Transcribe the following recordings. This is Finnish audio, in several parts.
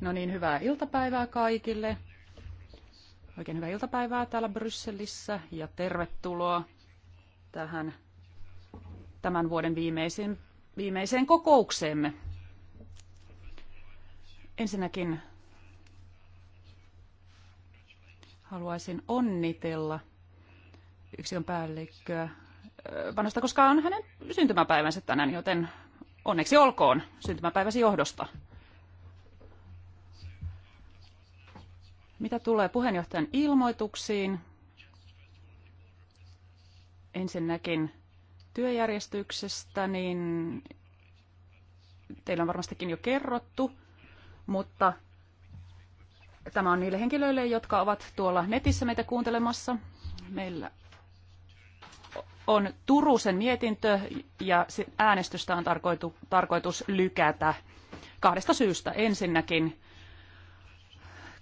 No niin, hyvää iltapäivää kaikille. Oikein hyvää iltapäivää täällä Brysselissä ja tervetuloa tähän tämän vuoden viimeiseen, viimeiseen kokoukseemme. Ensinnäkin haluaisin onnitella yksikön päällikköä Vanosta, koska on hänen syntymäpäivänsä tänään, joten onneksi olkoon syntymäpäiväsi johdosta. Mitä tulee puheenjohtajan ilmoituksiin, ensinnäkin työjärjestyksestä, niin teillä on varmastikin jo kerrottu, mutta tämä on niille henkilöille, jotka ovat tuolla netissä meitä kuuntelemassa. Meillä on Turusen mietintö ja äänestystä on tarkoitus lykätä kahdesta syystä. Ensinnäkin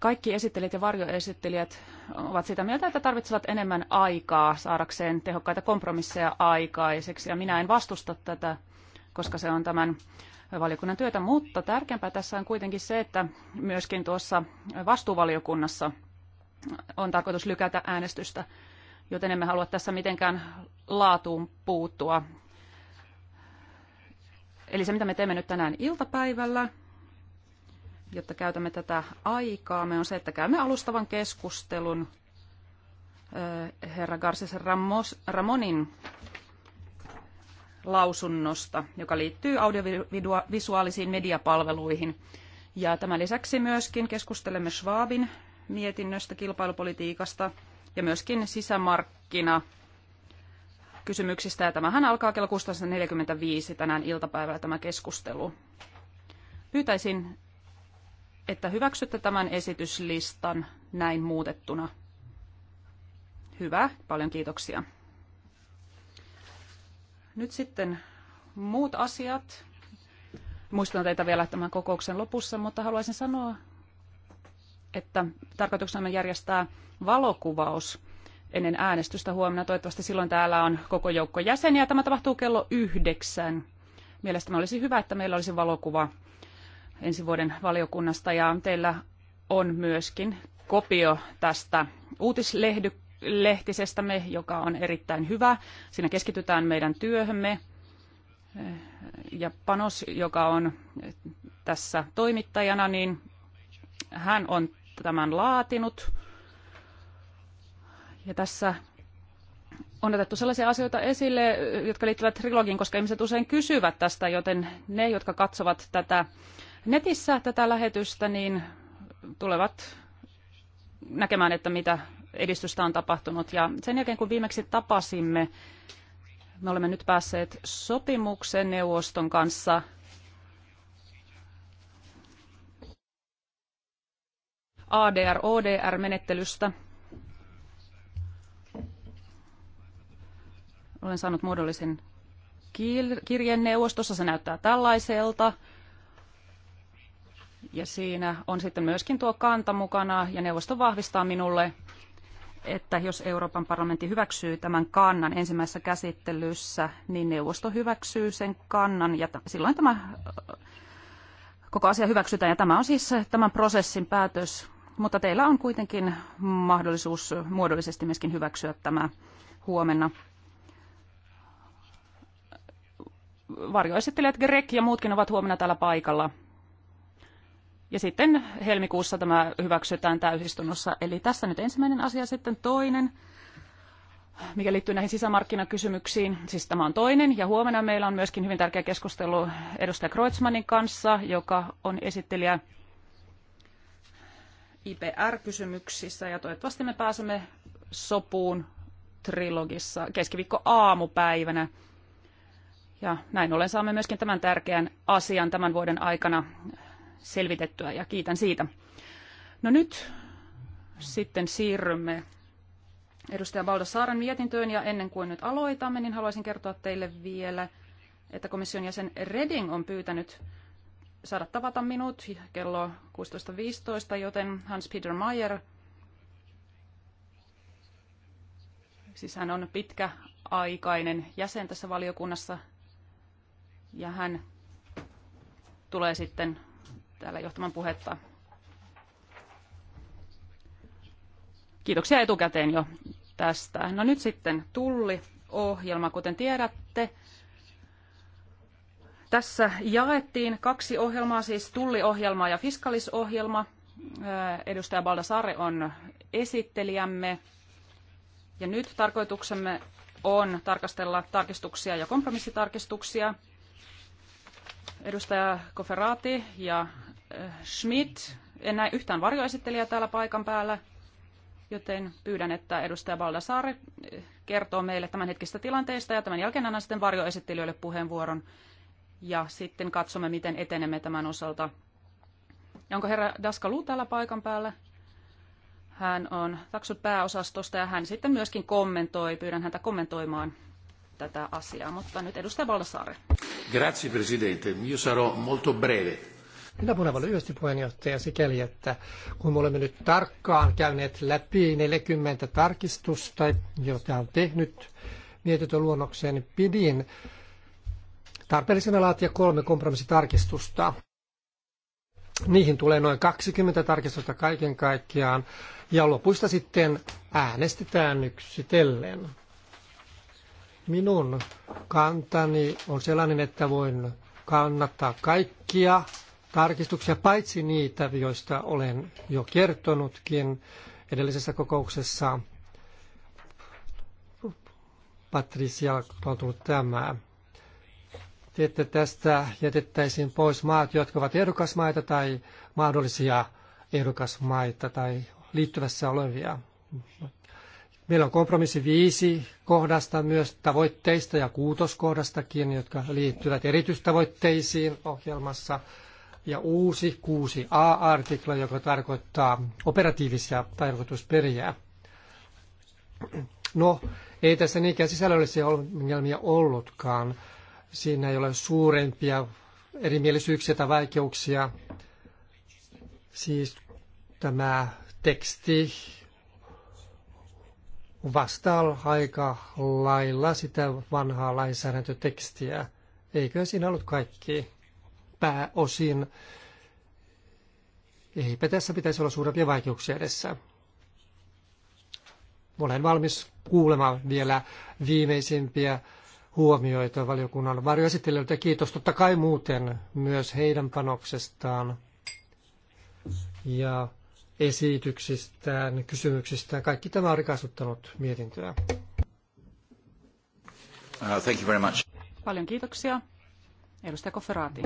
kaikki esittelijät ja varjoesittelijät ovat sitä mieltä, että tarvitsevat enemmän aikaa saadakseen tehokkaita kompromisseja aikaiseksi. Ja minä en vastusta tätä, koska se on tämän valiokunnan työtä, mutta tärkeämpää tässä on kuitenkin se, että myöskin tuossa vastuuvaliokunnassa on tarkoitus lykätä äänestystä, joten emme halua tässä mitenkään laatuun puuttua. Eli se, mitä me teemme nyt tänään iltapäivällä, jotta käytämme tätä aikaa, me on se, että käymme alustavan keskustelun herra Garces Ramos, Ramonin lausunnosta, joka liittyy audiovisuaalisiin mediapalveluihin. Ja tämän lisäksi myöskin keskustelemme Schwabin mietinnöstä kilpailupolitiikasta ja myöskin sisämarkkina kysymyksistä. Ja tämähän alkaa kello 16.45 tänään iltapäivällä tämä keskustelu. Pyytäisin että hyväksytte tämän esityslistan näin muutettuna. Hyvä, paljon kiitoksia. Nyt sitten muut asiat. Muistan teitä vielä tämän kokouksen lopussa, mutta haluaisin sanoa, että tarkoituksena on järjestää valokuvaus ennen äänestystä huomenna. Toivottavasti silloin täällä on koko joukko jäseniä. Tämä tapahtuu kello yhdeksän. Mielestäni olisi hyvä, että meillä olisi valokuva ensi vuoden valiokunnasta ja teillä on myöskin kopio tästä uutislehtisestämme, joka on erittäin hyvä. Siinä keskitytään meidän työhömme ja Panos, joka on tässä toimittajana, niin hän on tämän laatinut. Ja tässä on otettu sellaisia asioita esille, jotka liittyvät trilogiin, koska ihmiset usein kysyvät tästä, joten ne, jotka katsovat tätä netissä tätä lähetystä, niin tulevat näkemään, että mitä edistystä on tapahtunut. Ja sen jälkeen, kun viimeksi tapasimme, me olemme nyt päässeet sopimuksen neuvoston kanssa ADR-ODR-menettelystä. Olen saanut muodollisen kirjeen neuvostossa, se näyttää tällaiselta. Ja siinä on sitten myöskin tuo kanta mukana ja neuvosto vahvistaa minulle, että jos Euroopan parlamentti hyväksyy tämän kannan ensimmäisessä käsittelyssä, niin neuvosto hyväksyy sen kannan ja silloin tämä koko asia hyväksytään. Ja tämä on siis tämän prosessin päätös, mutta teillä on kuitenkin mahdollisuus muodollisesti myöskin hyväksyä tämä huomenna. Varjoesittelijät Grek ja muutkin ovat huomenna täällä paikalla – ja sitten helmikuussa tämä hyväksytään täysistunnossa. Eli tässä nyt ensimmäinen asia, sitten toinen, mikä liittyy näihin sisämarkkinakysymyksiin. Siis tämä on toinen. Ja huomenna meillä on myöskin hyvin tärkeä keskustelu edustaja Kreutzmannin kanssa, joka on esittelijä IPR-kysymyksissä. Ja toivottavasti me pääsemme sopuun trilogissa keskiviikko aamupäivänä. Ja näin ollen saamme myöskin tämän tärkeän asian tämän vuoden aikana selvitettyä ja kiitän siitä. No nyt sitten siirrymme edustaja Valdo Saaren mietintöön ja ennen kuin nyt aloitamme, niin haluaisin kertoa teille vielä, että komission jäsen Reding on pyytänyt saada tavata minut kello 16.15, joten Hans-Peter Mayer, siis hän on pitkäaikainen jäsen tässä valiokunnassa ja hän tulee sitten täällä johtaman puhetta. Kiitoksia etukäteen jo tästä. No nyt sitten tulliohjelma, kuten tiedätte. Tässä jaettiin kaksi ohjelmaa, siis tulliohjelma ja fiskalisohjelma. Äh, edustaja Baldassare on esittelijämme. Ja nyt tarkoituksemme on tarkastella tarkistuksia ja kompromissitarkistuksia. Edustaja Koferaati ja Schmidt. En näe yhtään varjoesittelijää täällä paikan päällä, joten pyydän, että edustaja Baldassare eh, kertoo meille tämän hetkistä tilanteesta ja tämän jälkeen annan sitten varjoesittelijöille puheenvuoron ja sitten katsomme, miten etenemme tämän osalta. Ja onko herra Daskalu täällä paikan päällä? Hän on taksut pääosastosta ja hän sitten myöskin kommentoi, pyydän häntä kommentoimaan tätä asiaa. Mutta nyt edustaja Baldassare. Grazie Presidente, io sarò molto breve. Minä puhun aivan lyhyesti puheenjohtaja sikäli, että kun me olemme nyt tarkkaan käyneet läpi 40 tarkistusta, joita on tehnyt mietintöluonnokseen, pidin tarpeellisena laatia kolme kompromissitarkistusta. Niihin tulee noin 20 tarkistusta kaiken kaikkiaan, ja lopuista sitten äänestetään yksitellen. Minun kantani on sellainen, että voin kannattaa kaikkia tarkistuksia, paitsi niitä, joista olen jo kertonutkin edellisessä kokouksessa. Patricia on tullut tämä. Että tästä jätettäisiin pois maat, jotka ovat ehdokasmaita tai mahdollisia ehdokasmaita tai liittyvässä olevia. Meillä on kompromissi viisi kohdasta myös tavoitteista ja kuutoskohdastakin, jotka liittyvät erityistavoitteisiin ohjelmassa ja uusi 6a-artikla, joka tarkoittaa operatiivisia tarkoitusperiä. No, ei tässä niinkään sisällöllisiä ongelmia ollutkaan. Siinä ei ole suurempia erimielisyyksiä tai vaikeuksia. Siis tämä teksti vastaa aika lailla sitä vanhaa lainsäädäntötekstiä. Eikö siinä ollut kaikki? pääosin. Eipä tässä pitäisi olla suurempia vaikeuksia edessä. Olen valmis kuulemaan vielä viimeisimpiä huomioita valiokunnan varjoesittelijöiltä. Kiitos totta kai muuten myös heidän panoksestaan ja esityksistään, kysymyksistään. Kaikki tämä on rikastuttanut mietintöä. Uh, thank you very much. Paljon kiitoksia. Edustaja Koferaati.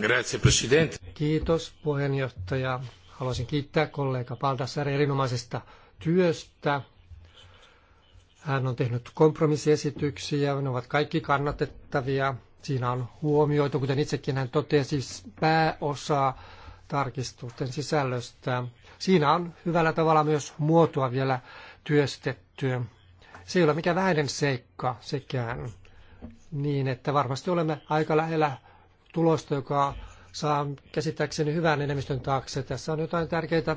Grazie, presidente. Kiitos puheenjohtaja. Haluaisin kiittää kollega Baldassare erinomaisesta työstä. Hän on tehnyt kompromissiesityksiä, ne ovat kaikki kannatettavia. Siinä on huomioitu, kuten itsekin hän totesi, pääosa tarkistusten sisällöstä. Siinä on hyvällä tavalla myös muotoa vielä työstetty. Se ei ole mikään vähäinen seikka sekään, niin että varmasti olemme aika lähellä tulosta, joka saa käsittääkseni hyvän enemmistön taakse. Tässä on jotain tärkeitä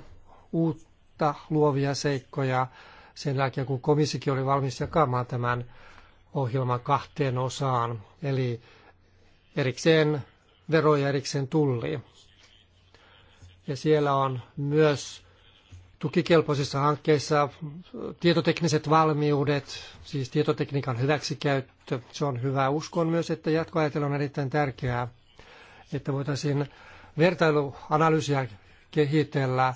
uutta luovia seikkoja sen jälkeen, kun komissikin oli valmis jakamaan tämän ohjelman kahteen osaan, eli erikseen vero ja erikseen tulli. Ja siellä on myös tukikelpoisissa hankkeissa tietotekniset valmiudet, siis tietotekniikan hyväksikäyttö. Se on hyvä. Uskon myös, että jatkoajatelu on erittäin tärkeää että voitaisiin vertailuanalyysiä kehitellä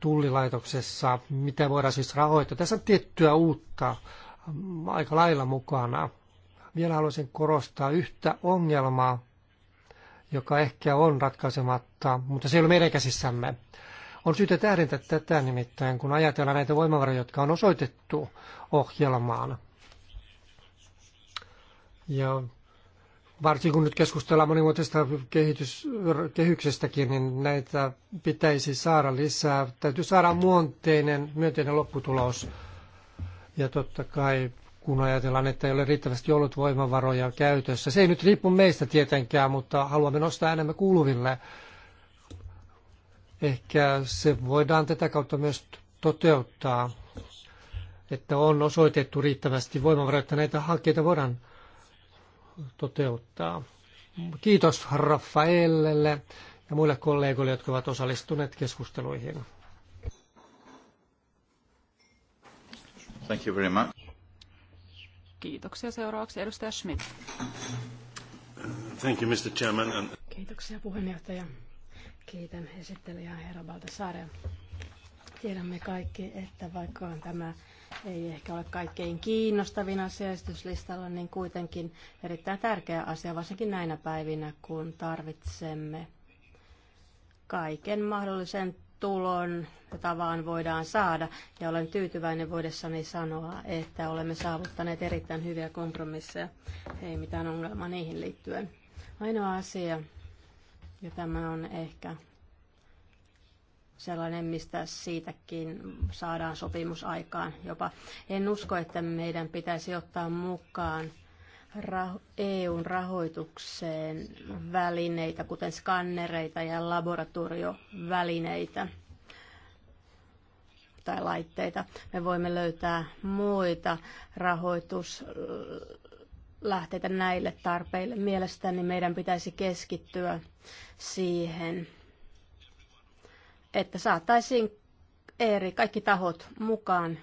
tullilaitoksessa, mitä voidaan siis rahoittaa. Tässä on tiettyä uutta aika lailla mukana. Vielä haluaisin korostaa yhtä ongelmaa, joka ehkä on ratkaisematta, mutta se ei ole meidän käsissämme. On syytä tähdentää tätä nimittäin, kun ajatellaan näitä voimavaroja, jotka on osoitettu ohjelmaan. Ja varsinkin kun nyt keskustellaan monimuotoisesta kehyksestäkin, niin näitä pitäisi saada lisää. Täytyy saada muonteinen, myönteinen lopputulos. Ja totta kai, kun ajatellaan, että ei ole riittävästi ollut voimavaroja käytössä. Se ei nyt riippu meistä tietenkään, mutta haluamme nostaa enemmän kuuluville. Ehkä se voidaan tätä kautta myös toteuttaa, että on osoitettu riittävästi voimavaroja, että näitä hankkeita voidaan toteuttaa. Kiitos Raffaellelle ja muille kollegoille, jotka ovat osallistuneet keskusteluihin. Thank you very much. Kiitoksia. Seuraavaksi edustaja Schmidt. Thank you, Mr. Chairman. And... Kiitoksia puheenjohtaja. Kiitän esittelijää herra Baltasarea. Tiedämme kaikki, että vaikka on tämä ei ehkä ole kaikkein kiinnostavin asia esityslistalla, niin kuitenkin erittäin tärkeä asia, varsinkin näinä päivinä, kun tarvitsemme kaiken mahdollisen tulon, jota vaan voidaan saada. Ja olen tyytyväinen voidessani sanoa, että olemme saavuttaneet erittäin hyviä kompromisseja. Ei mitään ongelmaa niihin liittyen. Ainoa asia, ja tämä on ehkä sellainen, mistä siitäkin saadaan sopimus aikaan jopa. En usko, että meidän pitäisi ottaa mukaan EUn rahoitukseen välineitä, kuten skannereita ja laboratoriovälineitä tai laitteita. Me voimme löytää muita rahoituslähteitä näille tarpeille. Mielestäni meidän pitäisi keskittyä siihen, että saataisiin eri kaikki tahot mukaan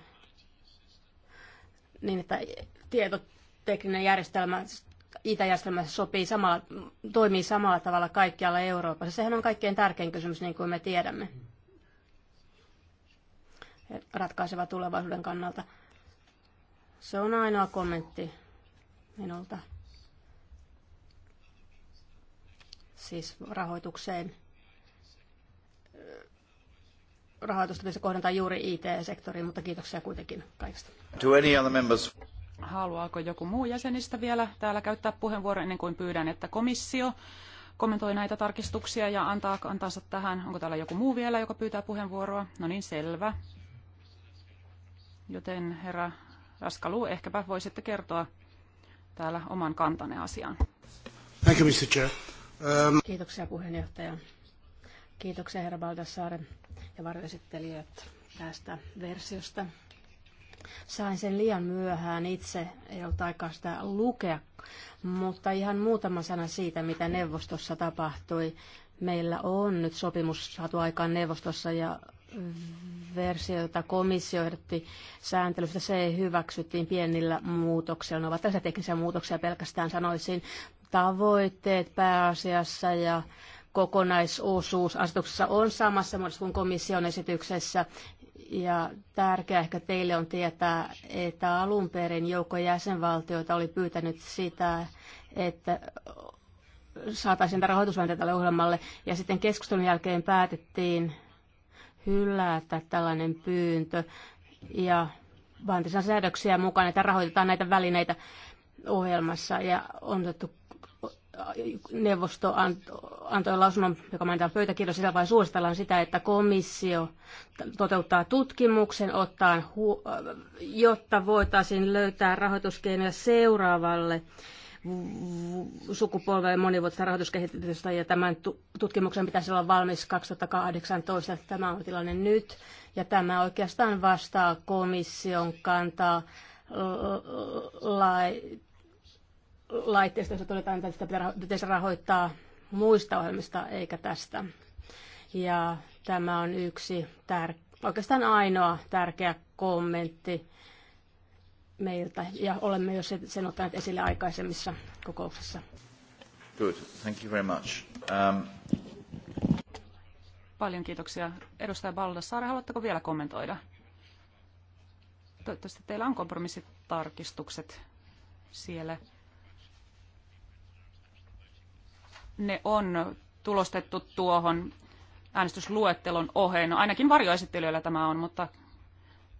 niin, että tietotekninen järjestelmä, itäjärjestelmä sopii samalla, toimii samalla tavalla kaikkialla Euroopassa. Sehän on kaikkein tärkein kysymys, niin kuin me tiedämme. Ratkaiseva tulevaisuuden kannalta. Se on ainoa kommentti minulta. Siis rahoitukseen rahoitusta pitäisi kohdentaa juuri IT-sektoriin, mutta kiitoksia kuitenkin kaikesta. To any other members? Haluaako joku muu jäsenistä vielä täällä käyttää puheenvuoron ennen kuin pyydän, että komissio kommentoi näitä tarkistuksia ja antaa kantansa tähän. Onko täällä joku muu vielä, joka pyytää puheenvuoroa? No niin, selvä. Joten herra Raskalu, ehkäpä voisitte kertoa täällä oman kantanne asiaan. Thank you, Mr. Chair. Um... Kiitoksia puheenjohtaja. Kiitoksia herra Baldassare ja varjoesittelijät tästä versiosta. Sain sen liian myöhään itse, ei ollut aikaa sitä lukea, mutta ihan muutama sana siitä, mitä neuvostossa tapahtui. Meillä on nyt sopimus saatu aikaan neuvostossa ja versio, jota komissio ehdotti sääntelystä, se hyväksyttiin pienillä muutoksilla. Ne ovat tällaisia teknisiä muutoksia pelkästään sanoisin. Tavoitteet pääasiassa ja kokonaisosuus asetuksessa on samassa muodossa kuin komission esityksessä. Ja tärkeää ehkä teille on tietää, että alun perin joukko jäsenvaltioita oli pyytänyt sitä, että saataisiin rahoitusvälineitä tälle ohjelmalle. Ja sitten keskustelun jälkeen päätettiin hylätä tällainen pyyntö. Ja vaan säädöksiä mukaan, että rahoitetaan näitä välineitä ohjelmassa ja on otettu neuvosto antoi lausunnon, joka mainitaan pöytäkirjassa, sillä vain suositellaan sitä, että komissio toteuttaa tutkimuksen, hu- jotta voitaisiin löytää rahoituskeinoja seuraavalle sukupolven monivuotisesta rahoituskehitystä ja tämän tutkimuksen pitäisi olla valmis 2018. Tämä on tilanne nyt ja tämä oikeastaan vastaa komission kantaa lait laitteesta, jossa todetaan, että sitä pitäisi rahoittaa muista ohjelmista eikä tästä. Ja tämä on yksi tär- oikeastaan ainoa tärkeä kommentti meiltä ja olemme jo sen ottaneet esille aikaisemmissa kokouksissa. Good. Thank you very much. Um... Paljon kiitoksia. Edustaja Baldassare, haluatteko vielä kommentoida? Toivottavasti teillä on kompromissitarkistukset siellä. ne on tulostettu tuohon äänestysluettelon oheen. No, ainakin varjoesittelijöillä tämä on, mutta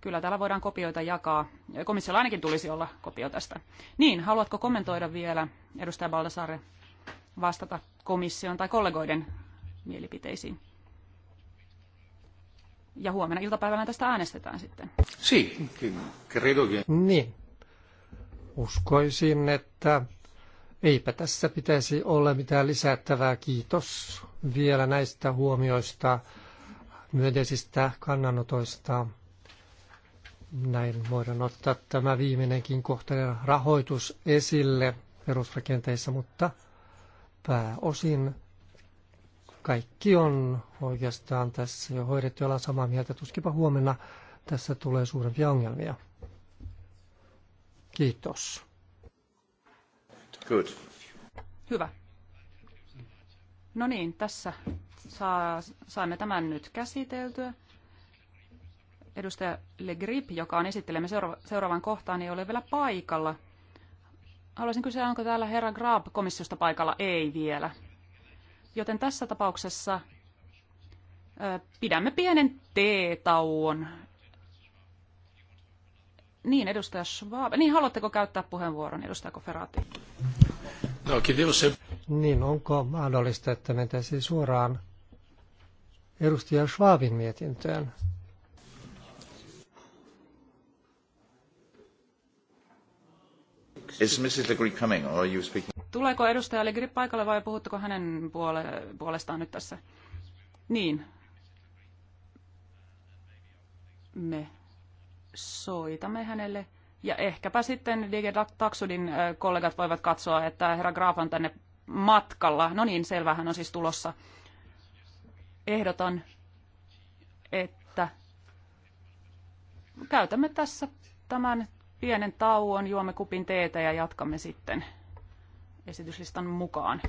kyllä täällä voidaan kopioita jakaa. Komissiolla ainakin tulisi olla kopio tästä. Niin, haluatko kommentoida vielä, edustaja Baldassare, vastata komission tai kollegoiden mielipiteisiin? Ja huomenna iltapäivällä tästä äänestetään sitten. Si, credo Niin. Uskoisin, että Eipä tässä pitäisi olla mitään lisättävää. Kiitos vielä näistä huomioista, myönteisistä kannanotoista. Näin voidaan ottaa tämä viimeinenkin kohtainen rahoitus esille perusrakenteissa, mutta pääosin kaikki on oikeastaan tässä jo hoidettu. Ollaan samaa mieltä, tuskipa huomenna tässä tulee suurempia ongelmia. Kiitos. Good. Hyvä. No niin, tässä saa, saamme tämän nyt käsiteltyä. Edustaja Le Grip, joka on esittelemme seuraavan kohtaan, ei ole vielä paikalla. Haluaisin kysyä, onko täällä herra Graab komissiosta paikalla? Ei vielä. Joten tässä tapauksessa pidämme pienen t-tauon. Niin, edustaja Schwab. Niin, haluatteko käyttää puheenvuoron, edustaja Koferati? No, se. Niin, onko mahdollista, että mentäisiin suoraan edustaja Schwabin mietintöön? Is Mrs. Legree coming, or are you speaking? Tuleeko edustaja Legri paikalle vai puhutteko hänen puole- puolestaan nyt tässä? Niin. Me soitamme hänelle. Ja ehkäpä sitten Taksudin äh, kollegat voivat katsoa, että herra Graaf on tänne matkalla. No niin, selvä, hän on siis tulossa. Ehdotan, että käytämme tässä tämän pienen tauon, juomme kupin teetä ja jatkamme sitten esityslistan mukaan.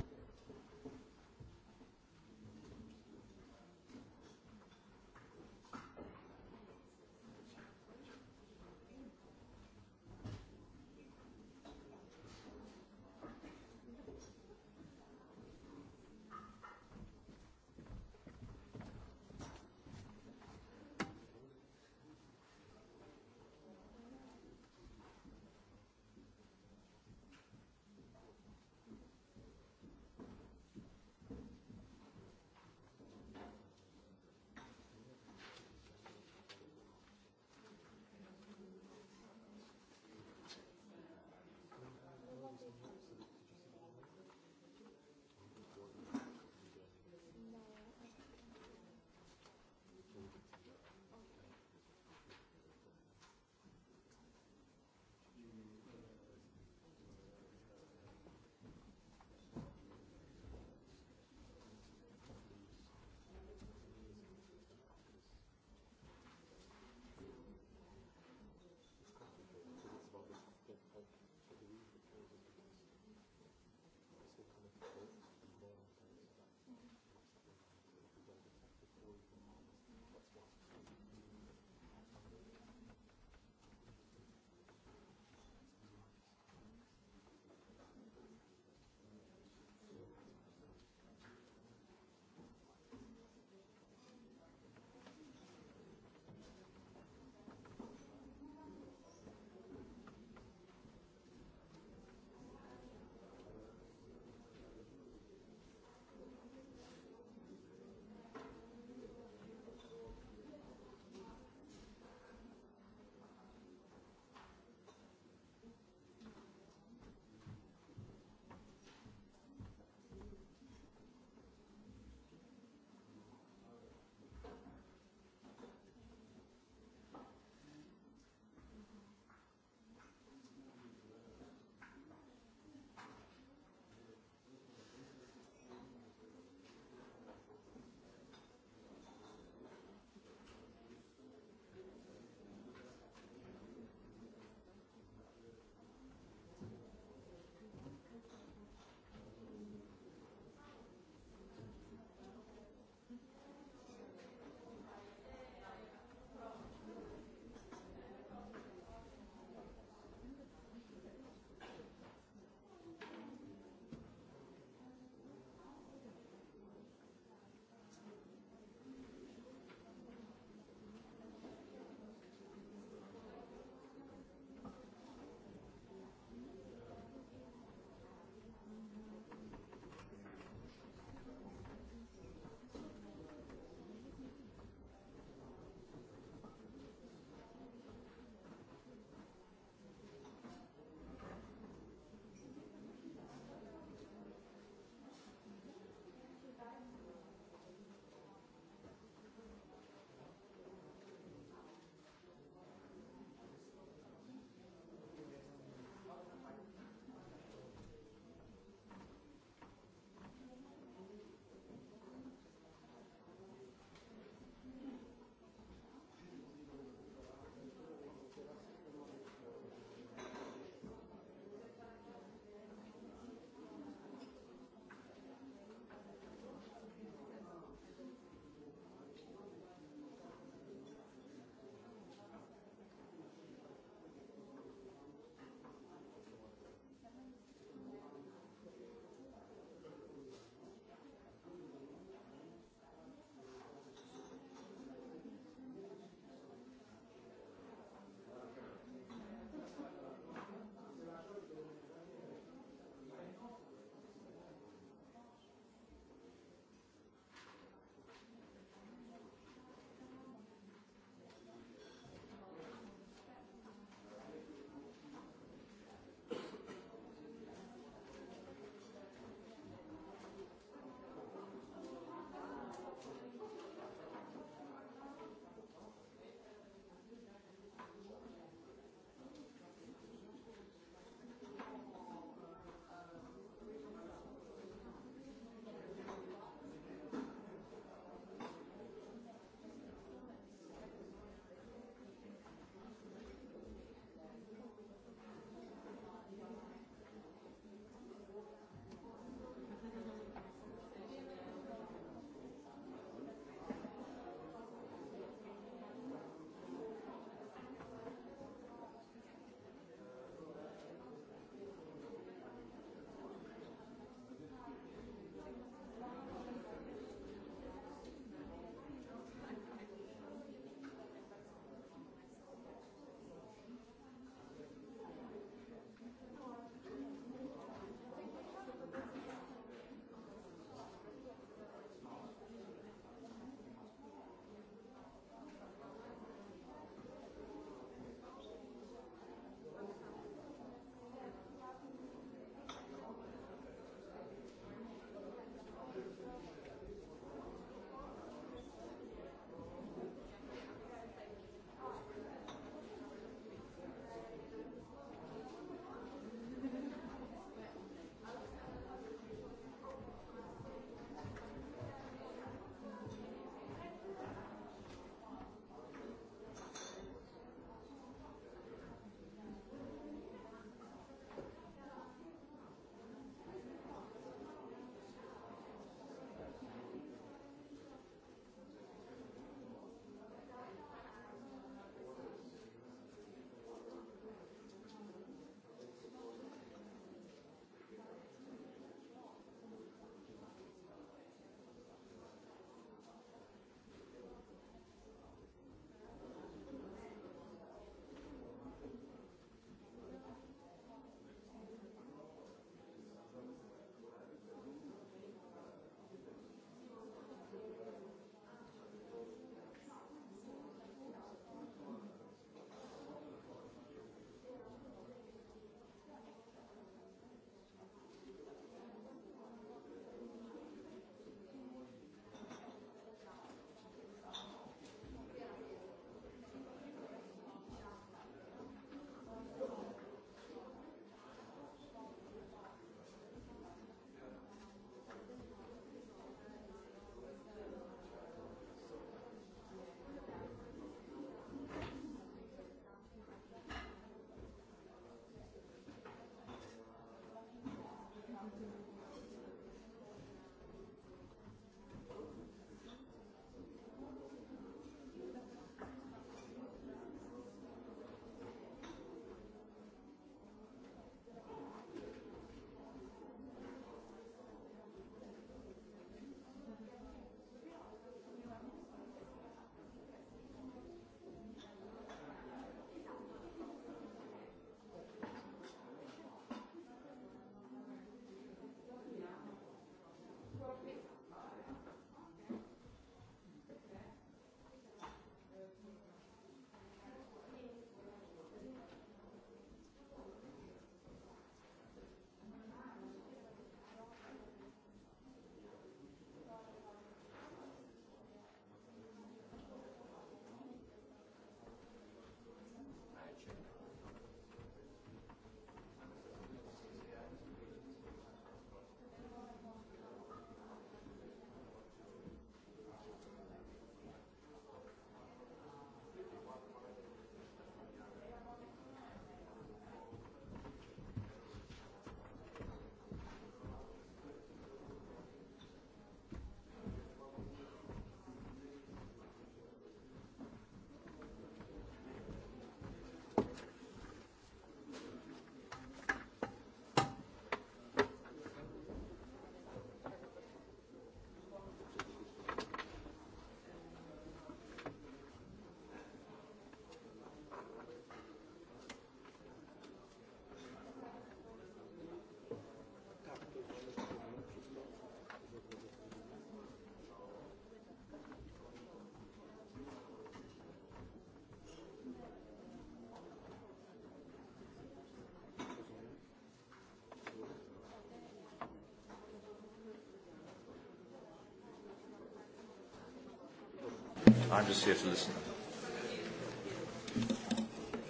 I'm just here to listen.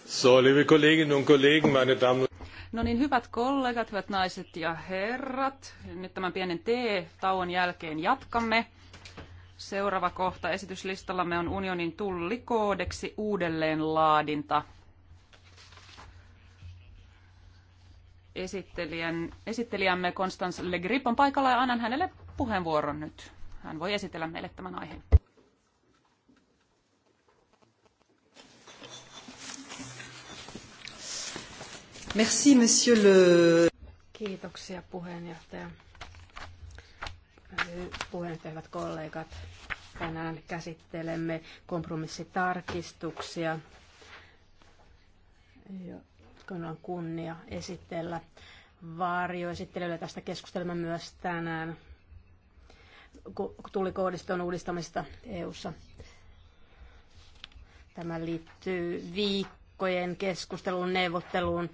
So, liebe Kolleginnen und Kollegen, meine Damen und No niin, hyvät kollegat, hyvät naiset ja herrat. Nyt tämän pienen tee-tauon jälkeen jatkamme. Seuraava kohta esityslistallamme on unionin tullikoodeksi uudelleenlaadinta. Esittelijän, esittelijämme Konstans Legrip on paikalla ja annan hänelle puheenvuoron nyt. Hän voi esitellä meille tämän aiheen. Merci, monsieur le... Kiitoksia puheenjohtaja. Puheenjohtaja, hyvät kollegat. Tänään käsittelemme kompromissitarkistuksia, jotka on kunnia esitellä varjoesittelylle. Tästä keskustelemme myös tänään tulikoodiston uudistamista EU-ssa. Tämä liittyy viikkoon palkkojen keskusteluun, neuvotteluun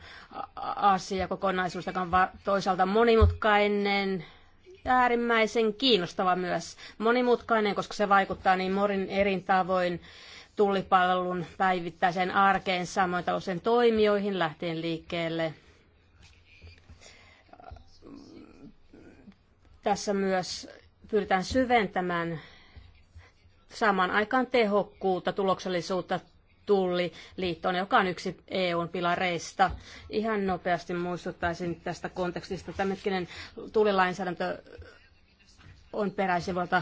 asia kokonaisuus, joka on toisaalta monimutkainen, äärimmäisen kiinnostava myös. Monimutkainen, koska se vaikuttaa niin morin eri tavoin tullipalvelun päivittäiseen arkeen, samoin talousen toimijoihin lähtien liikkeelle. Tässä myös pyritään syventämään samaan aikaan tehokkuutta, tuloksellisuutta, tulliliittoon, joka on yksi EUn pilareista. Ihan nopeasti muistuttaisin tästä kontekstista. Tämänhetkinen tullilainsäädäntö on peräisin vuolta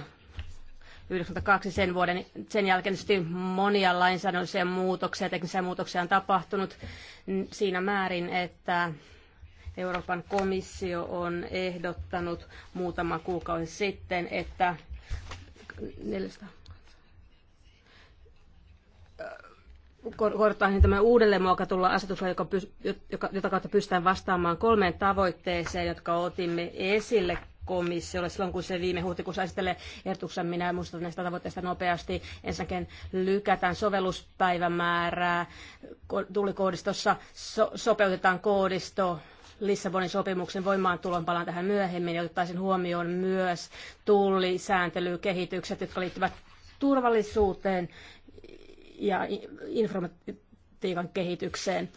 1992 sen vuoden. Sen jälkeen tietysti monia lainsäädännöllisiä muutoksia, teknisiä muutoksia on tapahtunut siinä määrin, että Euroopan komissio on ehdottanut muutama kuukausi sitten, että 400 korotaan niin tämä uudelleen muokatulla asetus, joka, joka, jota kautta pystytään vastaamaan kolmeen tavoitteeseen, jotka otimme esille komissiolle silloin, kun se viime huhtikuussa esittelee ehdotuksen. Minä muistutan näistä tavoitteista nopeasti. Ensinnäkin lykätään sovelluspäivämäärää. Tullikoodistossa so- sopeutetaan koodisto Lissabonin sopimuksen voimaantulon palaan tähän myöhemmin ja otettaisiin huomioon myös tullisääntelykehitykset, jotka liittyvät turvallisuuteen ja informatiikan kehitykseen.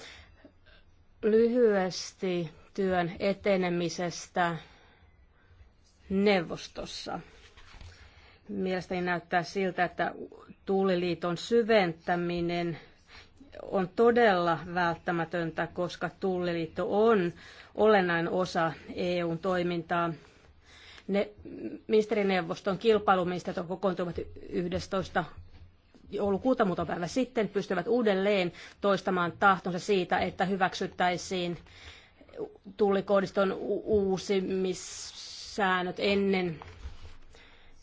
Lyhyesti työn etenemisestä neuvostossa. Mielestäni näyttää siltä, että tuuliliiton syventäminen on todella välttämätöntä, koska tuuliliitto on olennainen osa EUn toimintaa. Ne, ministerineuvoston kilpailuministerit kokoontuvat 11 joulukuuta muutama päivä sitten, pystyvät uudelleen toistamaan tahtonsa siitä, että hyväksyttäisiin tullikoodiston uusimissäännöt ennen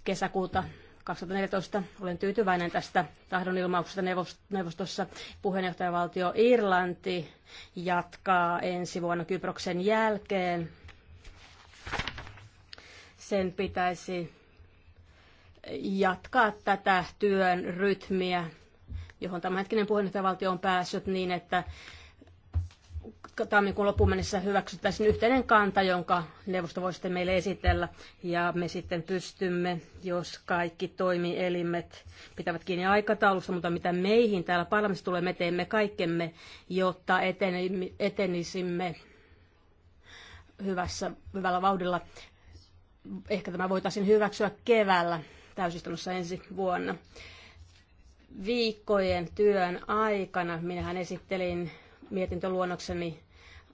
kesäkuuta 2014. Olen tyytyväinen tästä tahdonilmauksesta neuvostossa. Puheenjohtajavaltio Irlanti jatkaa ensi vuonna Kyproksen jälkeen. Sen pitäisi jatkaa tätä työn rytmiä, johon tämänhetkinen puheenjohtajavaltio on päässyt niin, että tammikuun loppuun mennessä hyväksyttäisiin yhteinen kanta, jonka neuvosto voi sitten meille esitellä. Ja me sitten pystymme, jos kaikki toimielimet pitävät kiinni aikataulusta, mutta mitä meihin täällä parlamentissa tulee, me teemme kaikkemme, jotta etenisimme hyvässä, hyvällä vauhdilla. Ehkä tämä voitaisiin hyväksyä keväällä täysistunnossa ensi vuonna. Viikkojen työn aikana minähän esittelin mietintöluonnokseni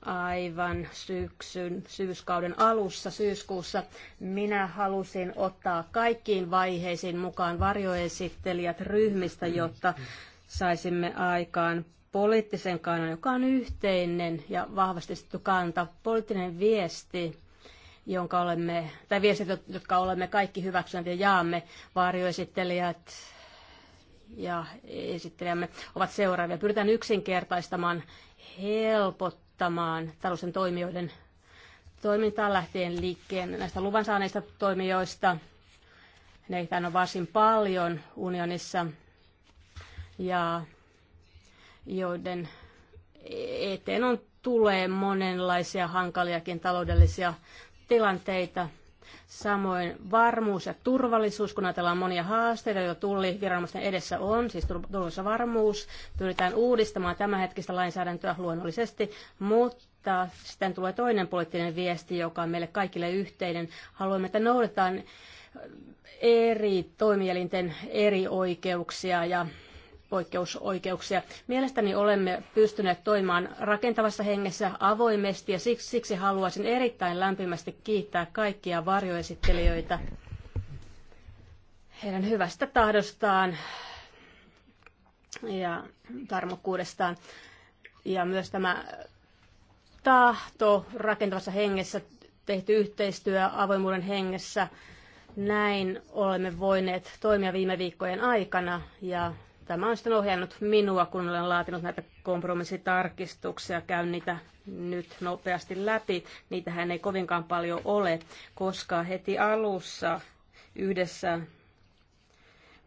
aivan syksyn, syyskauden alussa, syyskuussa, minä halusin ottaa kaikkiin vaiheisiin mukaan varjoesittelijät ryhmistä, jotta saisimme aikaan poliittisen kannan, joka on yhteinen ja vahvistettu kanta, poliittinen viesti jonka olemme, tai viestit, jotka olemme kaikki hyväksyneet ja jaamme, varjoesittelijät ja esittelijämme ovat seuraavia. Pyritään yksinkertaistamaan, helpottamaan tällaisen toimijoiden toimintaan lähtien liikkeen näistä luvan saaneista toimijoista. Neitä on varsin paljon unionissa ja joiden eteen on tulee monenlaisia hankaliakin taloudellisia tilanteita. Samoin varmuus ja turvallisuus, kun ajatellaan monia haasteita, joita tulli viranomaisten edessä on, siis turvallisuus ja varmuus, pyritään uudistamaan tämänhetkistä lainsäädäntöä luonnollisesti, mutta sitten tulee toinen poliittinen viesti, joka on meille kaikille yhteinen. Haluamme, että noudatetaan eri toimielinten eri oikeuksia ja poikkeusoikeuksia. Mielestäni olemme pystyneet toimimaan rakentavassa hengessä avoimesti ja siksi, siksi haluaisin erittäin lämpimästi kiittää kaikkia varjoesittelijöitä heidän hyvästä tahdostaan ja tarmokkuudestaan. Ja myös tämä tahto rakentavassa hengessä tehty yhteistyö avoimuuden hengessä. Näin olemme voineet toimia viime viikkojen aikana ja Tämä on sitten ohjannut minua, kun olen laatinut näitä kompromissitarkistuksia. Käyn niitä nyt nopeasti läpi. Niitähän ei kovinkaan paljon ole, koska heti alussa yhdessä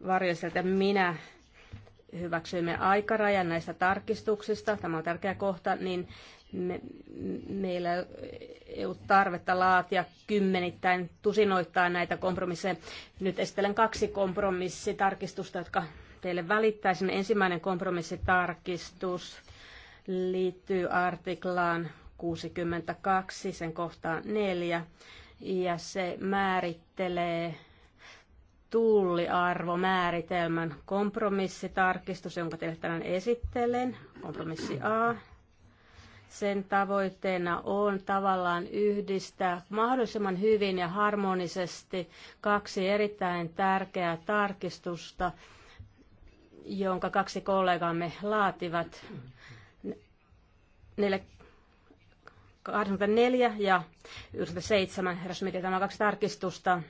varjoiselta minä hyväksyimme aikarajan näistä tarkistuksista, tämä on tärkeä kohta, niin me, meillä ei ole tarvetta laatia kymmenittäin, tusinoittain näitä kompromisseja. Nyt esittelen kaksi kompromissitarkistusta, jotka teille välittäisin. Ensimmäinen kompromissitarkistus liittyy artiklaan 62, sen kohtaan 4, ja se määrittelee tulliarvomääritelmän kompromissitarkistus, jonka teille tänään esittelen, kompromissi A. Sen tavoitteena on tavallaan yhdistää mahdollisimman hyvin ja harmonisesti kaksi erittäin tärkeää tarkistusta, jonka kaksi kollegaamme laativat. 84 ja 97, herra Schmidt, tämä kaksi tarkistusta.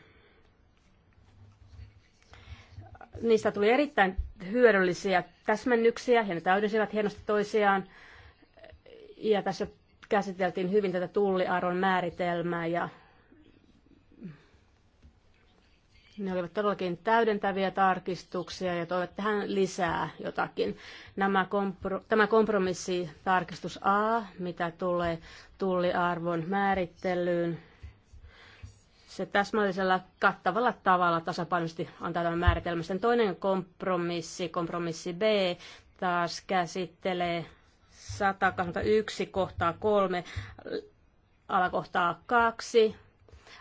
Niistä tuli erittäin hyödyllisiä täsmennyksiä ja ne täydensivät hienosti toisiaan. Ja tässä käsiteltiin hyvin tätä tulliarvon määritelmää ja Ne olivat todellakin täydentäviä tarkistuksia ja toivat tähän lisää jotakin. Nämä kompro, tämä tarkistus A, mitä tulee tulliarvon määrittelyyn, se täsmällisellä kattavalla tavalla tasapainoisesti antaa tämän määritelmän. Sen toinen kompromissi, kompromissi B, taas käsittelee 121 kohtaa 3 alakohtaa 2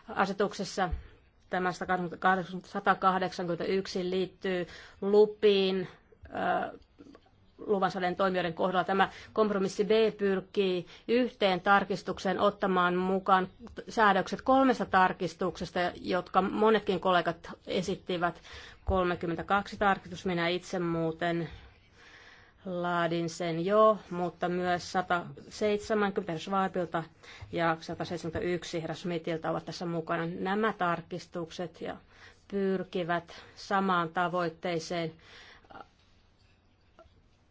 asetuksessa Tämä 181 liittyy lupiin luvansaiden toimijoiden kohdalla. Tämä kompromissi B pyrkii yhteen tarkistukseen ottamaan mukaan säädökset kolmesta tarkistuksesta, jotka monetkin kollegat esittivät. 32 tarkistus, minä itse muuten laadin sen jo, mutta myös 170 Schwabilta ja 171 Rasmitilta ovat tässä mukana. Nämä tarkistukset ja pyrkivät samaan tavoitteeseen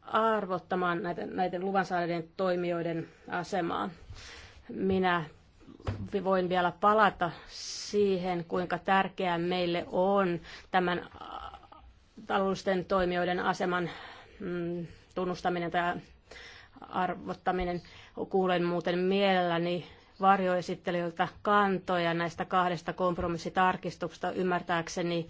arvottamaan näiden, näiden luvan toimijoiden asemaa. Minä voin vielä palata siihen, kuinka tärkeää meille on tämän taloudellisten toimijoiden aseman mm, tunnustaminen tai arvottaminen. Kuulen muuten mielelläni varjoesittelijöiltä kantoja näistä kahdesta kompromissitarkistuksesta. Ymmärtääkseni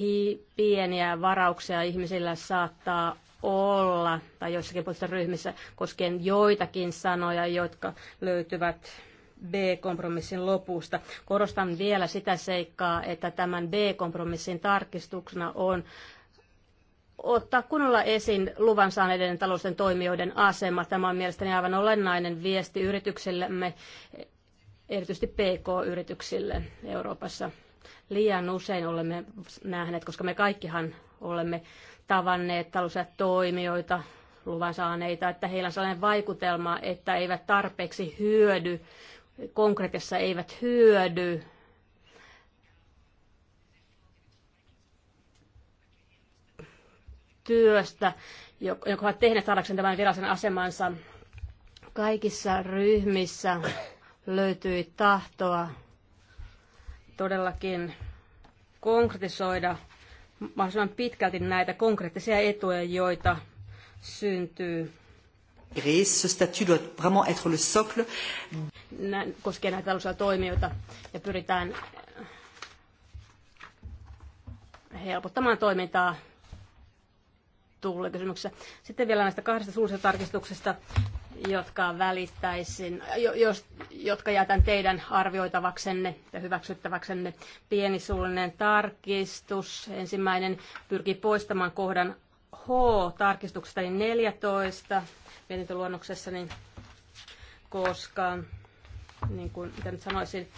hi- pieniä varauksia ihmisillä saattaa olla, tai joissakin puolissa ryhmissä, koskien joitakin sanoja, jotka löytyvät B-kompromissin lopusta. Korostan vielä sitä seikkaa, että tämän B-kompromissin tarkistuksena on ottaa kunnolla esiin luvan saaneiden talousten toimijoiden asema. Tämä on mielestäni aivan olennainen viesti yrityksillemme, erityisesti PK-yrityksille Euroopassa. Liian usein olemme nähneet, koska me kaikkihan olemme tavanneet taloudellisia toimijoita, luvan saaneita, että heillä on sellainen vaikutelma, että eivät tarpeeksi hyödy, konkreettisessa eivät hyödy työstä, jonka ovat tehneet saadakseen tämän virallisen asemansa. Kaikissa ryhmissä löytyi tahtoa todellakin konkretisoida mahdollisimman pitkälti näitä konkreettisia etuja, joita syntyy. Grèce, ce statut doit vraiment être le socle. koskee näitä taloudellisia toimijoita ja pyritään helpottamaan toimintaa tulee kysymyksessä. Sitten vielä näistä kahdesta suurista tarkistuksesta, jotka välittäisin, jos, jotka jätän teidän arvioitavaksenne ja hyväksyttäväksenne. suullinen tarkistus. Ensimmäinen pyrkii poistamaan kohdan H tarkistuksesta niin 14 mietintöluonnoksessa, niin koska, niin kuin mitä nyt sanoisin,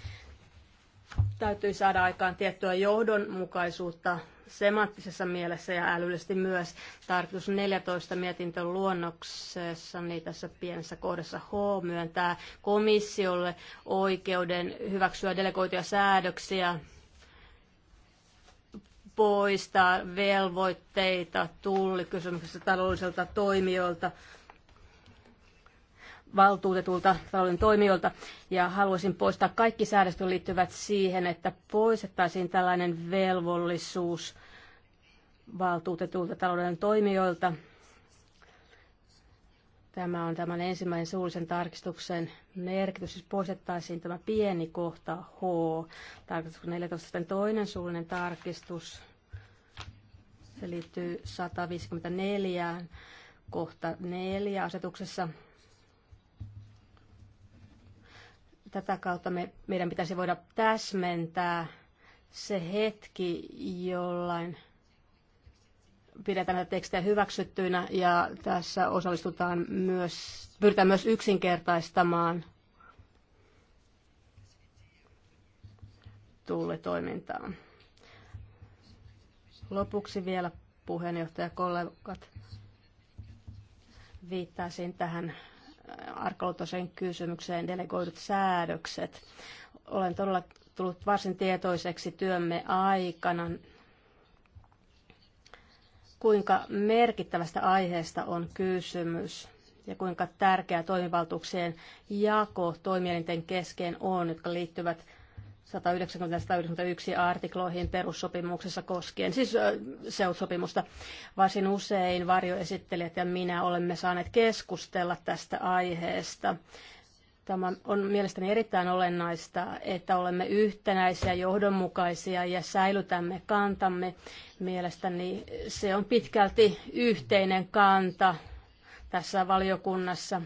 täytyy saada aikaan tiettyä johdonmukaisuutta semanttisessa mielessä ja älyllisesti myös. Tarkoitus 14 luonnoksessa niin tässä pienessä kohdassa H myöntää komissiolle oikeuden hyväksyä delegoituja säädöksiä poistaa velvoitteita tullikysymyksessä taloudelliselta toimijoilta valtuutetulta talouden toimijoilta ja haluaisin poistaa kaikki säädöstön liittyvät siihen, että poistettaisiin tällainen velvollisuus valtuutetulta talouden toimijoilta. Tämä on tämän ensimmäisen suullisen tarkistuksen merkitys, siis poistettaisiin tämä pieni kohta H, tarkistus 14, sitten toinen suullinen tarkistus, se liittyy 154 kohta 4 asetuksessa Tätä kautta me, meidän pitäisi voida täsmentää se hetki, jollain pidetään näitä tekstejä hyväksyttyinä ja tässä osallistutaan myös, pyritään myös yksinkertaistamaan tullitoimintaa. Lopuksi vielä puheenjohtajakollegat viittaisin tähän arkaluontoiseen kysymykseen delegoidut säädökset. Olen todella tullut varsin tietoiseksi työmme aikana, kuinka merkittävästä aiheesta on kysymys ja kuinka tärkeä toimivaltuuksien jako toimielinten kesken on, jotka liittyvät 190-191 artikloihin perussopimuksessa koskien, siis seutsopimusta. Varsin usein varjoesittelijät ja minä olemme saaneet keskustella tästä aiheesta. Tämä on mielestäni erittäin olennaista, että olemme yhtenäisiä, johdonmukaisia ja säilytämme kantamme. Mielestäni se on pitkälti yhteinen kanta tässä valiokunnassa.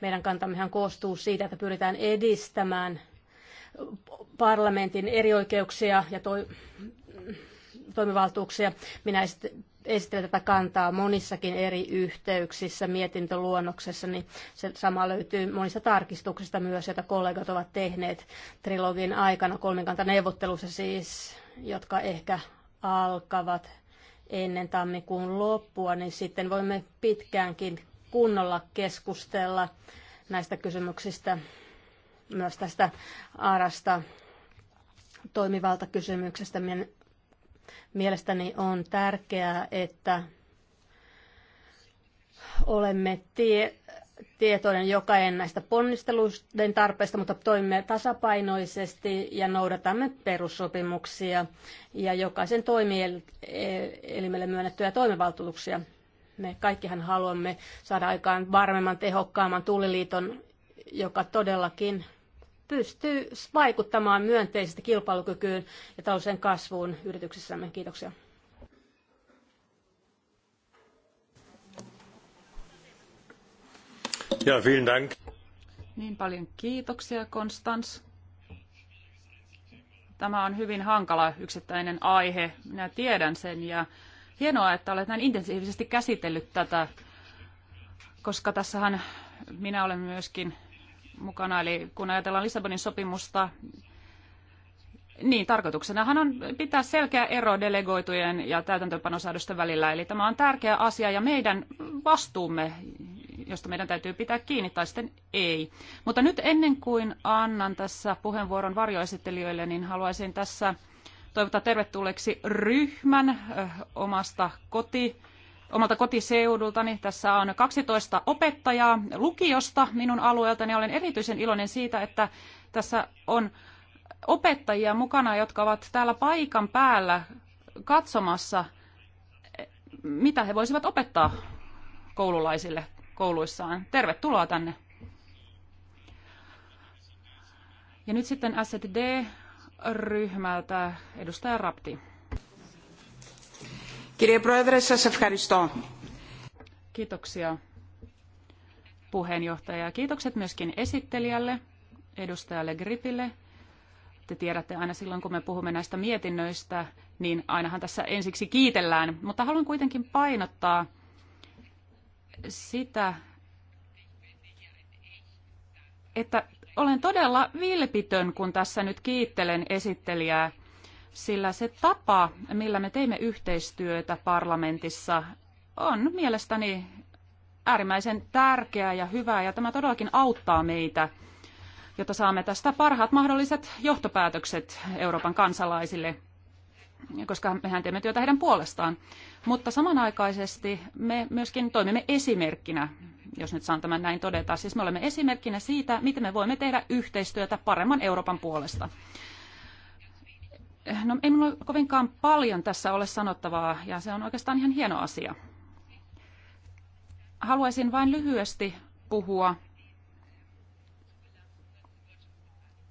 Meidän kantammehan koostuu siitä, että pyritään edistämään parlamentin eri oikeuksia ja toi, toimivaltuuksia. Minä esittelen tätä kantaa monissakin eri yhteyksissä mietintöluonnoksessa, niin se sama löytyy monista tarkistuksista myös, joita kollegat ovat tehneet trilogin aikana kolmikantaneuvottelussa siis, jotka ehkä alkavat ennen tammikuun loppua, niin sitten voimme pitkäänkin kunnolla keskustella näistä kysymyksistä myös tästä arasta toimivaltakysymyksestä. Mielestäni on tärkeää, että olemme tie, tietoinen jokainen näistä ponnisteluiden tarpeista, mutta toimimme tasapainoisesti ja noudatamme perussopimuksia ja jokaisen toimielimelle myönnettyjä toimivaltuuksia. Me kaikkihan haluamme saada aikaan varmemman, tehokkaamman tulliliiton, joka todellakin pystyy vaikuttamaan myönteisesti kilpailukykyyn ja talouden kasvuun yrityksissämme. Kiitoksia. Ja, vielen Dank. Niin paljon kiitoksia, Konstans. Tämä on hyvin hankala yksittäinen aihe. Minä tiedän sen ja hienoa, että olet näin intensiivisesti käsitellyt tätä, koska tässähän minä olen myöskin mukana. Eli kun ajatellaan Lissabonin sopimusta, niin, tarkoituksenahan on pitää selkeä ero delegoitujen ja täytäntöönpanosäädösten välillä. Eli tämä on tärkeä asia ja meidän vastuumme, josta meidän täytyy pitää kiinni tai sitten ei. Mutta nyt ennen kuin annan tässä puheenvuoron varjoesittelijöille, niin haluaisin tässä toivottaa tervetulleeksi ryhmän omasta koti omalta kotiseudultani. Tässä on 12 opettajaa lukiosta minun alueeltani. Olen erityisen iloinen siitä, että tässä on opettajia mukana, jotka ovat täällä paikan päällä katsomassa, mitä he voisivat opettaa koululaisille kouluissaan. Tervetuloa tänne. Ja nyt sitten SD-ryhmältä edustaja Rapti. Kirje Proedre, σας ευχαριστώ. Kiitoksia puheenjohtaja. Kiitokset myöskin esittelijälle, edustajalle Gripille. Te tiedätte aina silloin, kun me puhumme näistä mietinnöistä, niin ainahan tässä ensiksi kiitellään. Mutta haluan kuitenkin painottaa sitä, että olen todella vilpitön, kun tässä nyt kiittelen esittelijää – sillä se tapa, millä me teimme yhteistyötä parlamentissa, on mielestäni äärimmäisen tärkeää ja hyvää, ja tämä todellakin auttaa meitä, jotta saamme tästä parhaat mahdolliset johtopäätökset Euroopan kansalaisille, koska mehän teemme työtä heidän puolestaan. Mutta samanaikaisesti me myöskin toimimme esimerkkinä, jos nyt saan tämän näin todeta. Siis me olemme esimerkkinä siitä, miten me voimme tehdä yhteistyötä paremman Euroopan puolesta. Eh, no ei minulla kovinkaan paljon tässä ole sanottavaa ja se on oikeastaan ihan hieno asia. Haluaisin vain lyhyesti puhua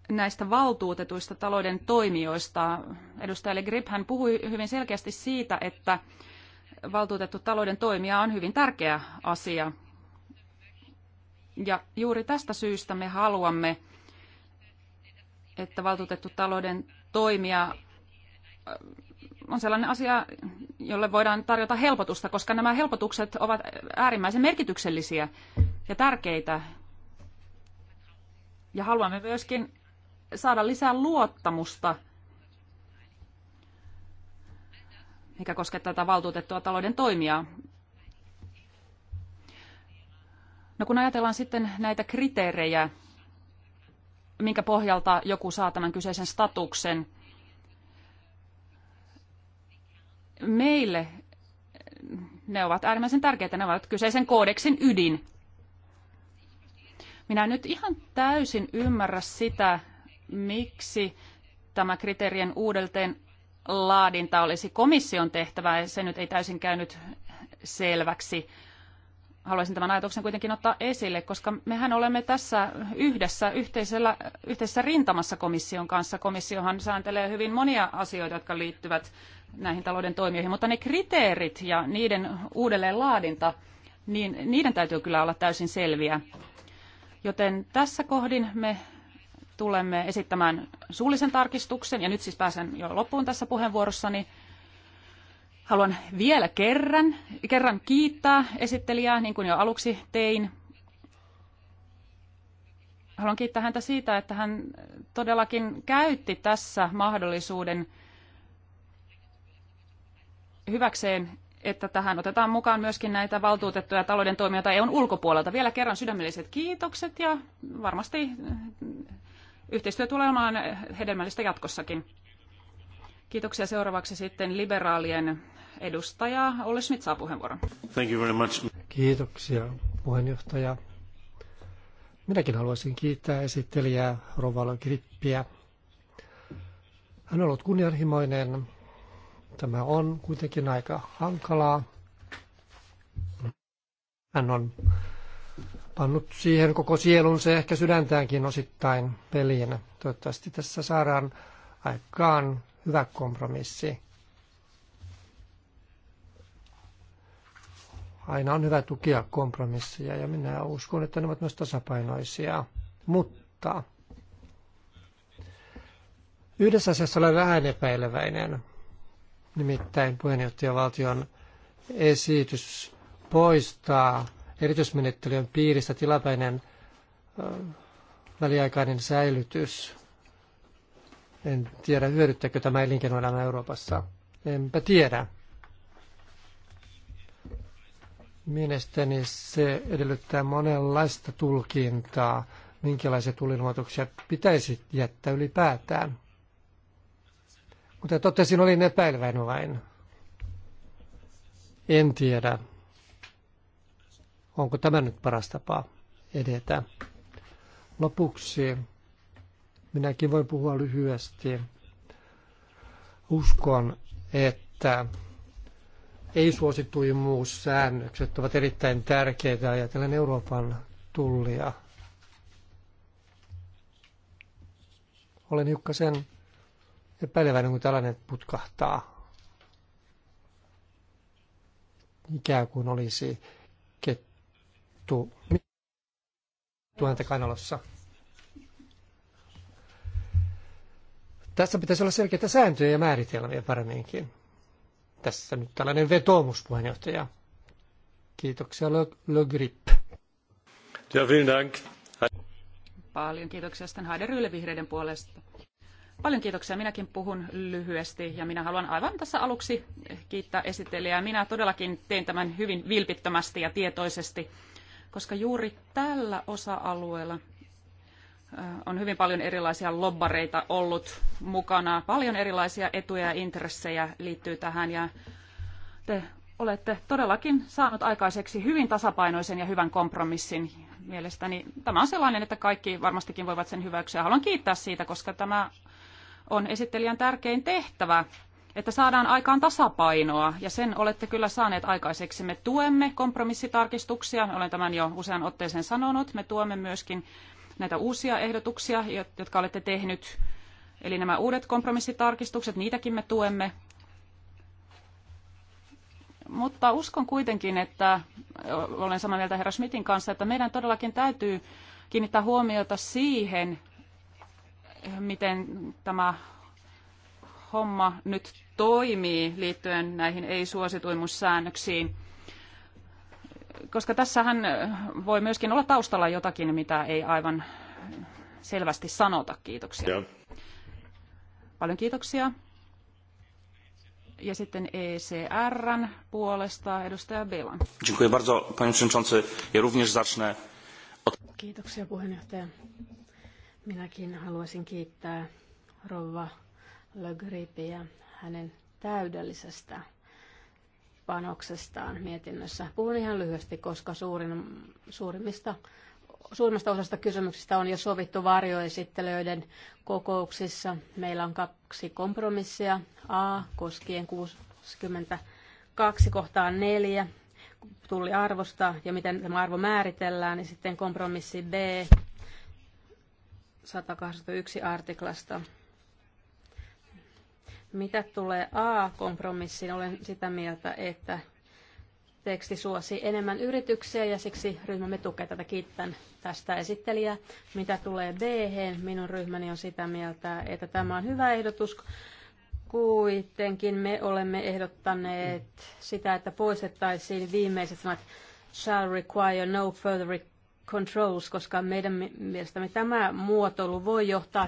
näistä valtuutetuista talouden toimijoista. Edustaja Le Grip hän puhui hyvin selkeästi siitä, että valtuutettu talouden toimija on hyvin tärkeä asia. Ja juuri tästä syystä me haluamme, että valtuutettu talouden toimija on sellainen asia, jolle voidaan tarjota helpotusta, koska nämä helpotukset ovat äärimmäisen merkityksellisiä ja tärkeitä. Ja haluamme myöskin saada lisää luottamusta, mikä koskettaa tätä valtuutettua talouden toimia. No kun ajatellaan sitten näitä kriteerejä, minkä pohjalta joku saa tämän kyseisen statuksen – meille ne ovat äärimmäisen tärkeitä, ne ovat kyseisen koodeksin ydin. Minä nyt ihan täysin ymmärrä sitä, miksi tämä kriteerien uudelteen laadinta olisi komission tehtävä, ja se nyt ei täysin käynyt selväksi. Haluaisin tämän ajatuksen kuitenkin ottaa esille, koska mehän olemme tässä yhdessä yhteisellä, yhteisessä rintamassa komission kanssa. Komissiohan sääntelee hyvin monia asioita, jotka liittyvät näihin talouden toimijoihin, mutta ne kriteerit ja niiden uudelleenlaadinta, niin niiden täytyy kyllä olla täysin selviä. Joten tässä kohdin me tulemme esittämään suullisen tarkistuksen, ja nyt siis pääsen jo loppuun tässä puheenvuorossani. Haluan vielä kerran, kerran kiittää esittelijää, niin kuin jo aluksi tein. Haluan kiittää häntä siitä, että hän todellakin käytti tässä mahdollisuuden – hyväkseen, että tähän otetaan mukaan myöskin näitä valtuutettuja talouden toimijoita EUn ulkopuolelta. Vielä kerran sydämelliset kiitokset ja varmasti mm, yhteistyö tulee olemaan hedelmällistä jatkossakin. Kiitoksia seuraavaksi sitten liberaalien edustaja Olle Schmidt saa puheenvuoron. Thank you very much. Kiitoksia puheenjohtaja. Minäkin haluaisin kiittää esittelijää Rovalo Grippiä. Hän on ollut kunnianhimoinen Tämä on kuitenkin aika hankalaa. Hän on pannut siihen koko sielunsa ja ehkä sydäntäänkin osittain peliin. Toivottavasti tässä saadaan aikaan hyvä kompromissi. Aina on hyvä tukea kompromisseja ja minä uskon, että ne ovat myös tasapainoisia. Mutta yhdessä asiassa olen vähän epäileväinen. Nimittäin puheenjohtajavaltion esitys poistaa erityismenettelyjen piiristä tilapäinen väliaikainen säilytys. En tiedä, hyödyttäkö tämä elinkeinoelämä Euroopassa. Enpä tiedä. Mielestäni se edellyttää monenlaista tulkintaa, minkälaisia tulilmoituksia pitäisi jättää ylipäätään. Kuten totesin, olin epäileväinen vain. En tiedä, onko tämä nyt paras tapa edetä. Lopuksi minäkin voin puhua lyhyesti. Uskon, että ei säännökset ovat erittäin tärkeitä ajatellen Euroopan tullia. Olen hiukkasen epäileväinen, kun tällainen putkahtaa. Ikään kuin olisi kettu tuhanta kanalossa. Tässä pitäisi olla selkeitä sääntöjä ja määritelmiä paremminkin. Tässä nyt tällainen vetoomus, puheenjohtaja. Kiitoksia, Le, Le Grip. Ja, vielen Dank. Paljon kiitoksia sitten Haider Rylle vihreiden puolesta. Paljon kiitoksia. Minäkin puhun lyhyesti ja minä haluan aivan tässä aluksi kiittää esittelijää. Minä todellakin tein tämän hyvin vilpittömästi ja tietoisesti, koska juuri tällä osa-alueella äh, on hyvin paljon erilaisia lobbareita ollut mukana. Paljon erilaisia etuja ja intressejä liittyy tähän ja te olette todellakin saanut aikaiseksi hyvin tasapainoisen ja hyvän kompromissin. Mielestäni tämä on sellainen, että kaikki varmastikin voivat sen hyväksyä. Haluan kiittää siitä, koska tämä on esittelijän tärkein tehtävä, että saadaan aikaan tasapainoa, ja sen olette kyllä saaneet aikaiseksi. Me tuemme kompromissitarkistuksia, olen tämän jo usean otteeseen sanonut, me tuemme myöskin näitä uusia ehdotuksia, jotka olette tehnyt. Eli nämä uudet kompromissitarkistukset, niitäkin me tuemme. Mutta uskon kuitenkin, että olen samaa mieltä herra Schmidtin kanssa, että meidän todellakin täytyy kiinnittää huomiota siihen, miten tämä homma nyt toimii liittyen näihin ei-suosituimussäännöksiin. Koska tässähän voi myöskin olla taustalla jotakin, mitä ei aivan selvästi sanota. Kiitoksia. Ja. Paljon kiitoksia. Ja sitten ECRn puolesta edustaja Belan. Dziękuję bardzo, panie przewodniczący. Ja również zacznę Kiitoksia puheenjohtaja. Minäkin haluaisin kiittää Rova Le Gripiä hänen täydellisestä panoksestaan mietinnössä. Puhun ihan lyhyesti, koska suurin, suurimmista, suurimmasta osasta kysymyksistä on jo sovittu varjoesittelijöiden kokouksissa. Meillä on kaksi kompromissia. A koskien 62 kohtaan 4 tulli arvosta ja miten tämä arvo määritellään, niin sitten kompromissi B 181 artiklasta. Mitä tulee A-kompromissiin, olen sitä mieltä, että teksti suosii enemmän yrityksiä ja siksi ryhmämme tukee tätä. Kiitän tästä esittelijää. Mitä tulee b minun ryhmäni on sitä mieltä, että tämä on hyvä ehdotus. Kuitenkin me olemme ehdottaneet sitä, että poistettaisiin viimeiset sanat shall require no further controls, koska meidän mielestämme tämä muotoilu voi johtaa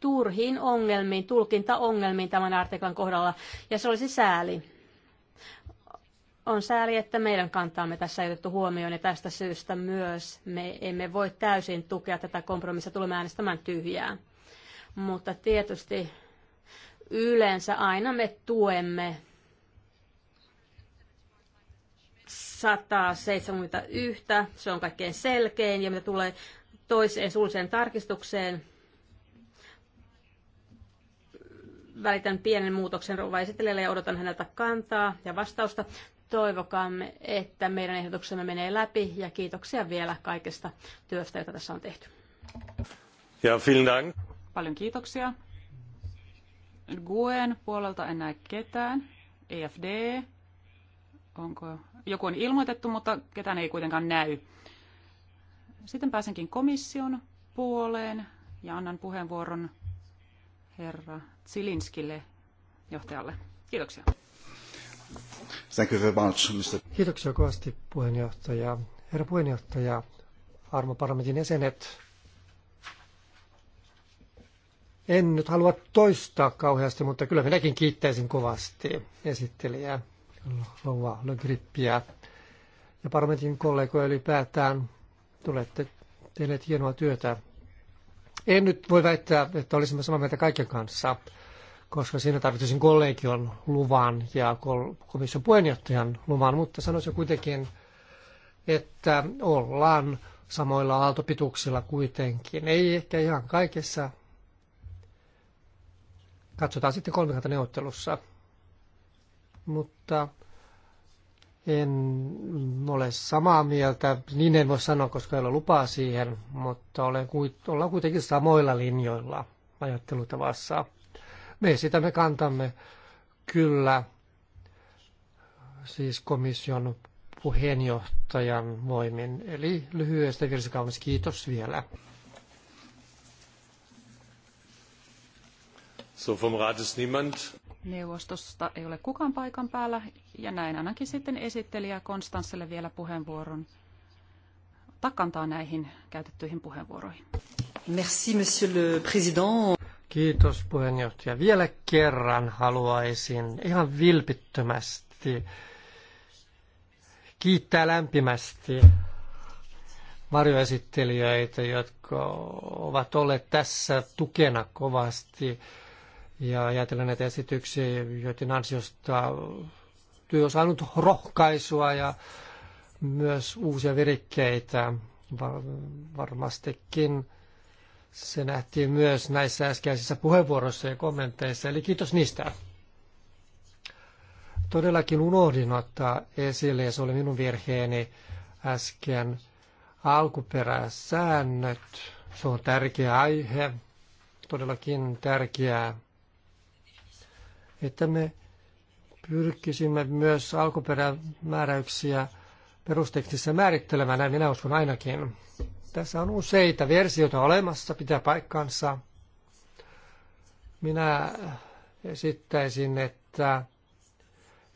turhiin ongelmiin, tulkintaongelmiin tämän artiklan kohdalla, ja se olisi sääli. On sääli, että meidän kantaamme tässä ei otettu huomioon, ja tästä syystä myös me emme voi täysin tukea tätä kompromissa tulemme äänestämään tyhjää. Mutta tietysti yleensä aina me tuemme 171, se on kaikkein selkein, ja mitä tulee toiseen suulliseen tarkistukseen, välitän pienen muutoksen rouva esittelijälle ja odotan häneltä kantaa ja vastausta. Toivokaamme, että meidän ehdotuksemme menee läpi ja kiitoksia vielä kaikesta työstä, jota tässä on tehty. Ja dank. Paljon kiitoksia. Guen puolelta en näe ketään. EFD, onko, joku on ilmoitettu, mutta ketään ei kuitenkaan näy. Sitten pääsenkin komission puoleen ja annan puheenvuoron herra Zilinskille, johtajalle. Kiitoksia. Thank you very much, Mr. Kiitoksia kovasti puheenjohtaja. Herra puheenjohtaja, armo parlamentin jäsenet, en nyt halua toistaa kauheasti, mutta kyllä minäkin kiittäisin kovasti esittelijää. Rova Le Grippiä ja parlamentin kollegoja ylipäätään. Tulette tehneet hienoa työtä. En nyt voi väittää, että olisimme samaa mieltä kaiken kanssa, koska siinä tarvitsisin kollegion luvan ja komission puheenjohtajan luvan, mutta sanoisin kuitenkin, että ollaan samoilla aaltopituksilla kuitenkin. Ei ehkä ihan kaikessa. Katsotaan sitten kolmikantaneuvottelussa mutta en ole samaa mieltä, niin en voi sanoa, koska ei ole lupaa siihen, mutta olen, ollaan kuitenkin samoilla linjoilla ajattelutavassa. Me sitä me kantamme kyllä, siis komission puheenjohtajan voimin. Eli lyhyestä virsikaunis kiitos vielä. So vom Rat ist niemand. Neuvostosta ei ole kukaan paikan päällä ja näin ainakin sitten esittelijä Konstansselle vielä puheenvuoron takantaa näihin käytettyihin puheenvuoroihin. Merci, monsieur le président. Kiitos puheenjohtaja. Vielä kerran haluaisin ihan vilpittömästi kiittää lämpimästi varjoesittelijöitä, jotka ovat olleet tässä tukena kovasti ja ajatellen näitä esityksiä, joiden ansiosta työ on saanut rohkaisua ja myös uusia virikkeitä varmastikin. Se nähtiin myös näissä äskeisissä puheenvuoroissa ja kommenteissa, eli kiitos niistä. Todellakin unohdin ottaa esille, ja se oli minun virheeni äsken, alkuperäsäännöt. Se on tärkeä aihe, todellakin tärkeää että me pyrkisimme myös alkuperämääräyksiä perustekstissä määrittelemään, näin minä uskon ainakin. Tässä on useita versioita olemassa, pitää paikkansa. Minä esittäisin, että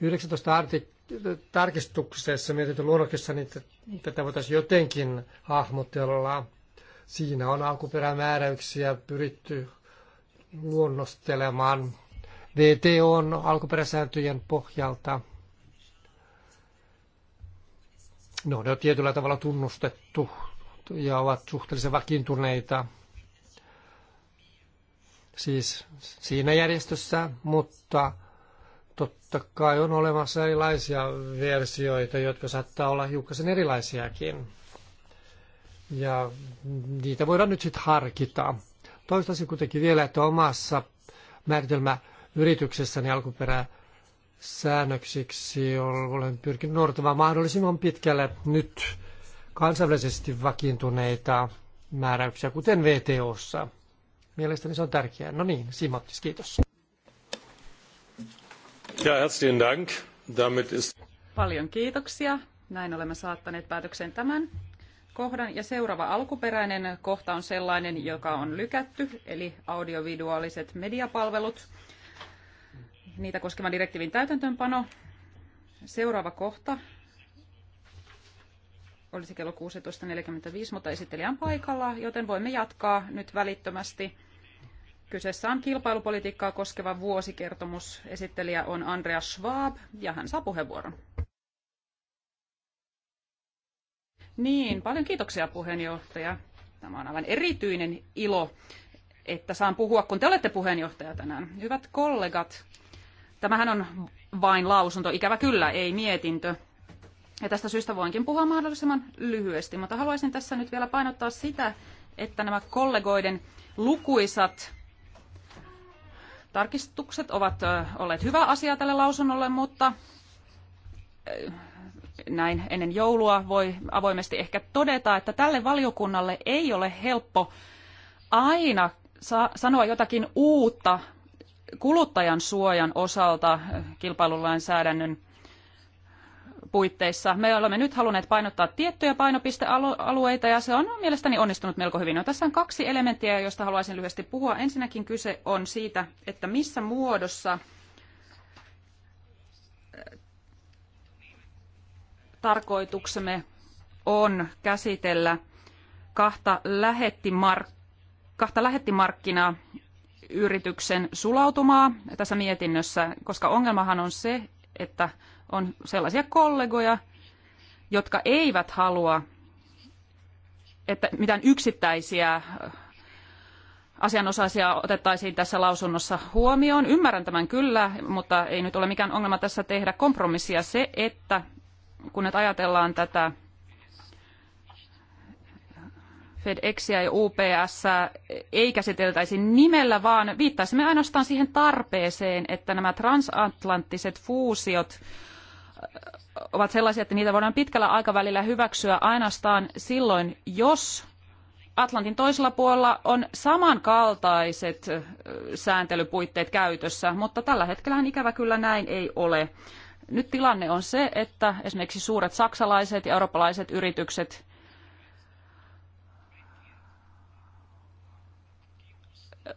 19 artik- tarkistuksessa mietitty luonnoksessa, niin tätä voitaisiin jotenkin hahmotella. Siinä on alkuperämääräyksiä pyritty luonnostelemaan VTOn alkuperäsääntöjen pohjalta. No, ne on tietyllä tavalla tunnustettu ja ovat suhteellisen vakiintuneita siis siinä järjestössä, mutta totta kai on olemassa erilaisia versioita, jotka saattaa olla hiukkasen erilaisiakin. Ja niitä voidaan nyt sitten harkita. Toistaisin kuitenkin vielä, että omassa määritelmä yrityksessäni niin alkuperäsäännöksiksi olen pyrkinyt noudattamaan mahdollisimman pitkälle nyt kansainvälisesti vakiintuneita määräyksiä, kuten VTOssa. Mielestäni se on tärkeää. No niin, Simottis, kiitos. Ja, herzlichen Dank. Damit ist... Paljon kiitoksia. Näin olemme saattaneet päätöksen tämän kohdan. Ja seuraava alkuperäinen kohta on sellainen, joka on lykätty, eli audiovisuaaliset mediapalvelut niitä koskevan direktiivin täytäntöönpano. Seuraava kohta olisi kello 16.45, mutta esittelijä on paikalla, joten voimme jatkaa nyt välittömästi. Kyseessä on kilpailupolitiikkaa koskeva vuosikertomus. Esittelijä on Andreas Schwab ja hän saa puheenvuoron. Niin, paljon kiitoksia puheenjohtaja. Tämä on aivan erityinen ilo, että saan puhua, kun te olette puheenjohtaja tänään. Hyvät kollegat, Tämähän on vain lausunto, ikävä kyllä, ei mietintö. Ja tästä syystä voinkin puhua mahdollisimman lyhyesti, mutta haluaisin tässä nyt vielä painottaa sitä, että nämä kollegoiden lukuisat tarkistukset ovat olleet hyvä asia tälle lausunnolle, mutta näin ennen joulua voi avoimesti ehkä todeta, että tälle valiokunnalle ei ole helppo aina sanoa jotakin uutta kuluttajan suojan osalta eh, kilpailulainsäädännön puitteissa. Me olemme nyt halunneet painottaa tiettyjä painopistealueita ja se on mielestäni onnistunut melko hyvin. No, tässä on kaksi elementtiä, joista haluaisin lyhyesti puhua. Ensinnäkin kyse on siitä, että missä muodossa eh, tarkoituksemme on käsitellä kahta lähettimark- kahta lähettimarkkinaa yrityksen sulautumaa tässä mietinnössä, koska ongelmahan on se, että on sellaisia kollegoja, jotka eivät halua, että mitään yksittäisiä äh, asianosaisia otettaisiin tässä lausunnossa huomioon. Ymmärrän tämän kyllä, mutta ei nyt ole mikään ongelma tässä tehdä kompromissia se, että kun nyt ajatellaan tätä Fedex ja UPS ei käsiteltäisi nimellä, vaan viittaisimme ainoastaan siihen tarpeeseen, että nämä transatlanttiset fuusiot äh, ovat sellaisia, että niitä voidaan pitkällä aikavälillä hyväksyä ainoastaan silloin, jos Atlantin toisella puolella on samankaltaiset äh, sääntelypuitteet käytössä, mutta tällä hetkellä ikävä kyllä näin ei ole. Nyt tilanne on se, että esimerkiksi suuret saksalaiset ja eurooppalaiset yritykset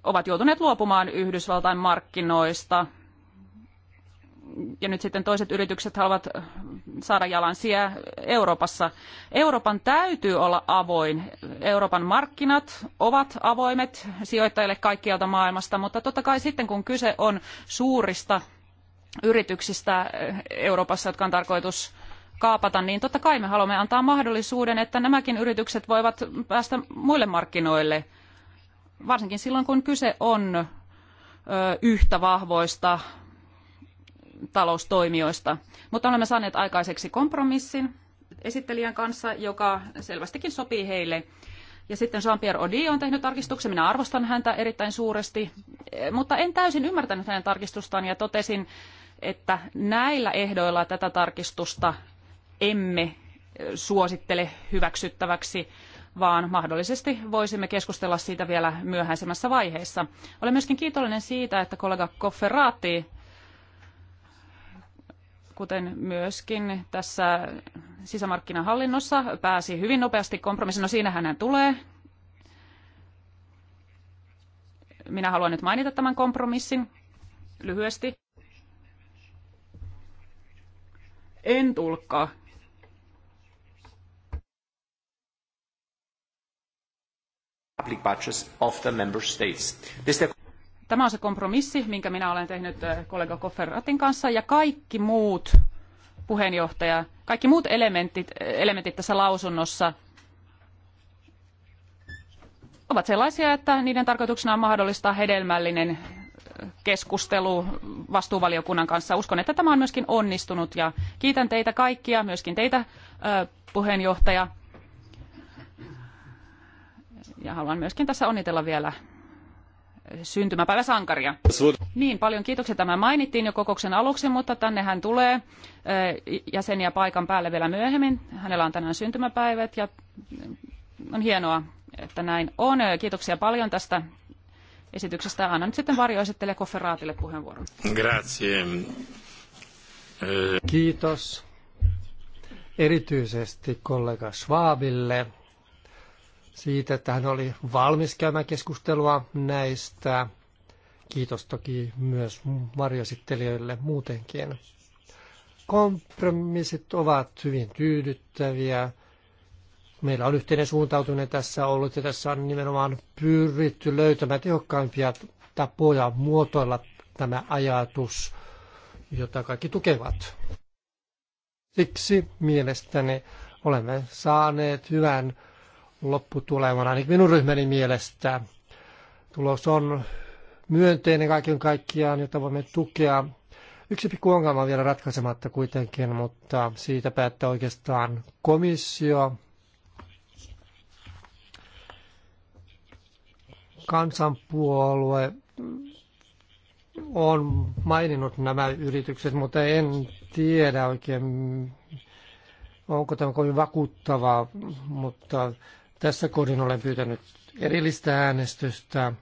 ovat joutuneet luopumaan Yhdysvaltain markkinoista. Ja nyt sitten toiset yritykset haluavat saada jalan siellä Euroopassa. Euroopan täytyy olla avoin. Euroopan markkinat ovat avoimet sijoittajille kaikkialta maailmasta, mutta totta kai sitten kun kyse on suurista yrityksistä Euroopassa, jotka on tarkoitus kaapata, niin totta kai me haluamme antaa mahdollisuuden, että nämäkin yritykset voivat päästä muille markkinoille – varsinkin silloin kun kyse on yhtä vahvoista taloustoimijoista. Mutta olemme saaneet aikaiseksi kompromissin esittelijän kanssa, joka selvästikin sopii heille. Ja sitten Jean-Pierre Odi on tehnyt tarkistuksen, minä arvostan häntä erittäin suuresti, e, mutta en täysin ymmärtänyt hänen tarkistustaan ja totesin, että näillä ehdoilla tätä tarkistusta emme e, suosittele hyväksyttäväksi vaan mahdollisesti voisimme keskustella siitä vielä myöhäisemmässä vaiheessa. Olen myöskin kiitollinen siitä, että kollega Kofferati, kuten myöskin tässä sisämarkkinahallinnossa, pääsi hyvin nopeasti kompromissiin. No siinähän hän tulee. Minä haluan nyt mainita tämän kompromissin lyhyesti. En tulkkaa public budgets of the member states. Tämä on se kompromissi, minkä minä olen tehnyt eh, kollega Kofferatin kanssa ja kaikki muut puheenjohtaja, kaikki muut elementit, eh, elementit tässä lausunnossa ovat sellaisia, että niiden tarkoituksena on mahdollistaa hedelmällinen eh, keskustelu vastuuvaliokunnan kanssa. Uskon, että tämä on myöskin onnistunut ja kiitän teitä kaikkia, myöskin teitä puheenjohtaja ja haluan myöskin tässä onnitella vielä syntymäpäiväsankaria. Niin, paljon kiitoksia. Tämä mainittiin jo kokouksen aluksi, mutta tänne hän tulee eh, jäseniä paikan päälle vielä myöhemmin. Hänellä on tänään syntymäpäivät ja on hienoa, että näin on. Eh, kiitoksia paljon tästä esityksestä. Annan nyt sitten varjoesittelijä Kofferaatille puheenvuoron. Grazie. Eh. Kiitos erityisesti kollega Schwabille siitä, että hän oli valmis käymään keskustelua näistä. Kiitos toki myös varjosittelijöille muutenkin. Kompromissit ovat hyvin tyydyttäviä. Meillä on yhteinen suuntautuminen tässä ollut ja tässä on nimenomaan pyritty löytämään tehokkaimpia tapoja muotoilla tämä ajatus, jota kaikki tukevat. Siksi mielestäni olemme saaneet hyvän lopputulemana, ainakin minun ryhmäni mielestä. Tulos on myönteinen kaiken kaikkiaan, jota voimme tukea. Yksi pikku ongelma on vielä ratkaisematta kuitenkin, mutta siitä päättää oikeastaan komissio. Kansanpuolue on maininnut nämä yritykset, mutta en tiedä oikein, onko tämä kovin vakuuttavaa, mutta tässä kohdin olen pyytänyt erillistä äänestystä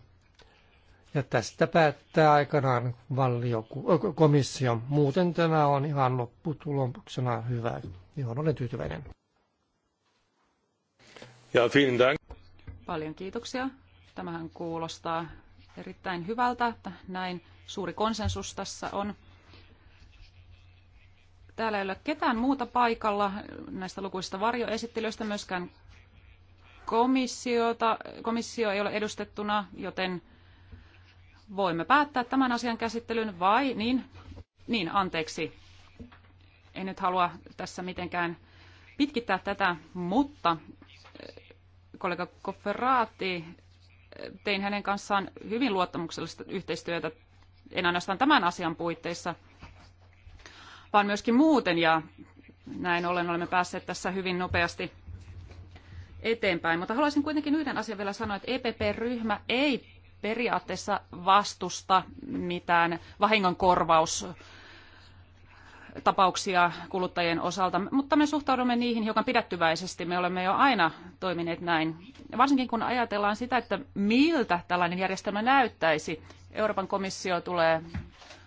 ja tästä päättää aikanaan valioku- komissio. Muuten tämä on ihan lopputuloksena hyvä, johon olen tyytyväinen. Ja vielen dank. Paljon kiitoksia. Tämähän kuulostaa erittäin hyvältä, että näin suuri konsensus tässä on. Täällä ei ole ketään muuta paikalla näistä lukuisista varjoesittelyistä, myöskään komissiota, komissio ei ole edustettuna, joten voimme päättää tämän asian käsittelyn vai niin, niin anteeksi. En nyt halua tässä mitenkään pitkittää tätä, mutta eh, kollega Kofferaati, eh, tein hänen kanssaan hyvin luottamuksellista yhteistyötä, en ainoastaan tämän asian puitteissa, vaan myöskin muuten, ja näin ollen olemme päässeet tässä hyvin nopeasti eteenpäin. Mutta haluaisin kuitenkin yhden asian vielä sanoa, että EPP-ryhmä ei periaatteessa vastusta mitään vahingonkorvaus tapauksia kuluttajien osalta, mutta me suhtaudumme niihin hiukan pidättyväisesti. Me olemme jo aina toimineet näin. Varsinkin kun ajatellaan sitä, että miltä tällainen järjestelmä näyttäisi. Euroopan komissio tulee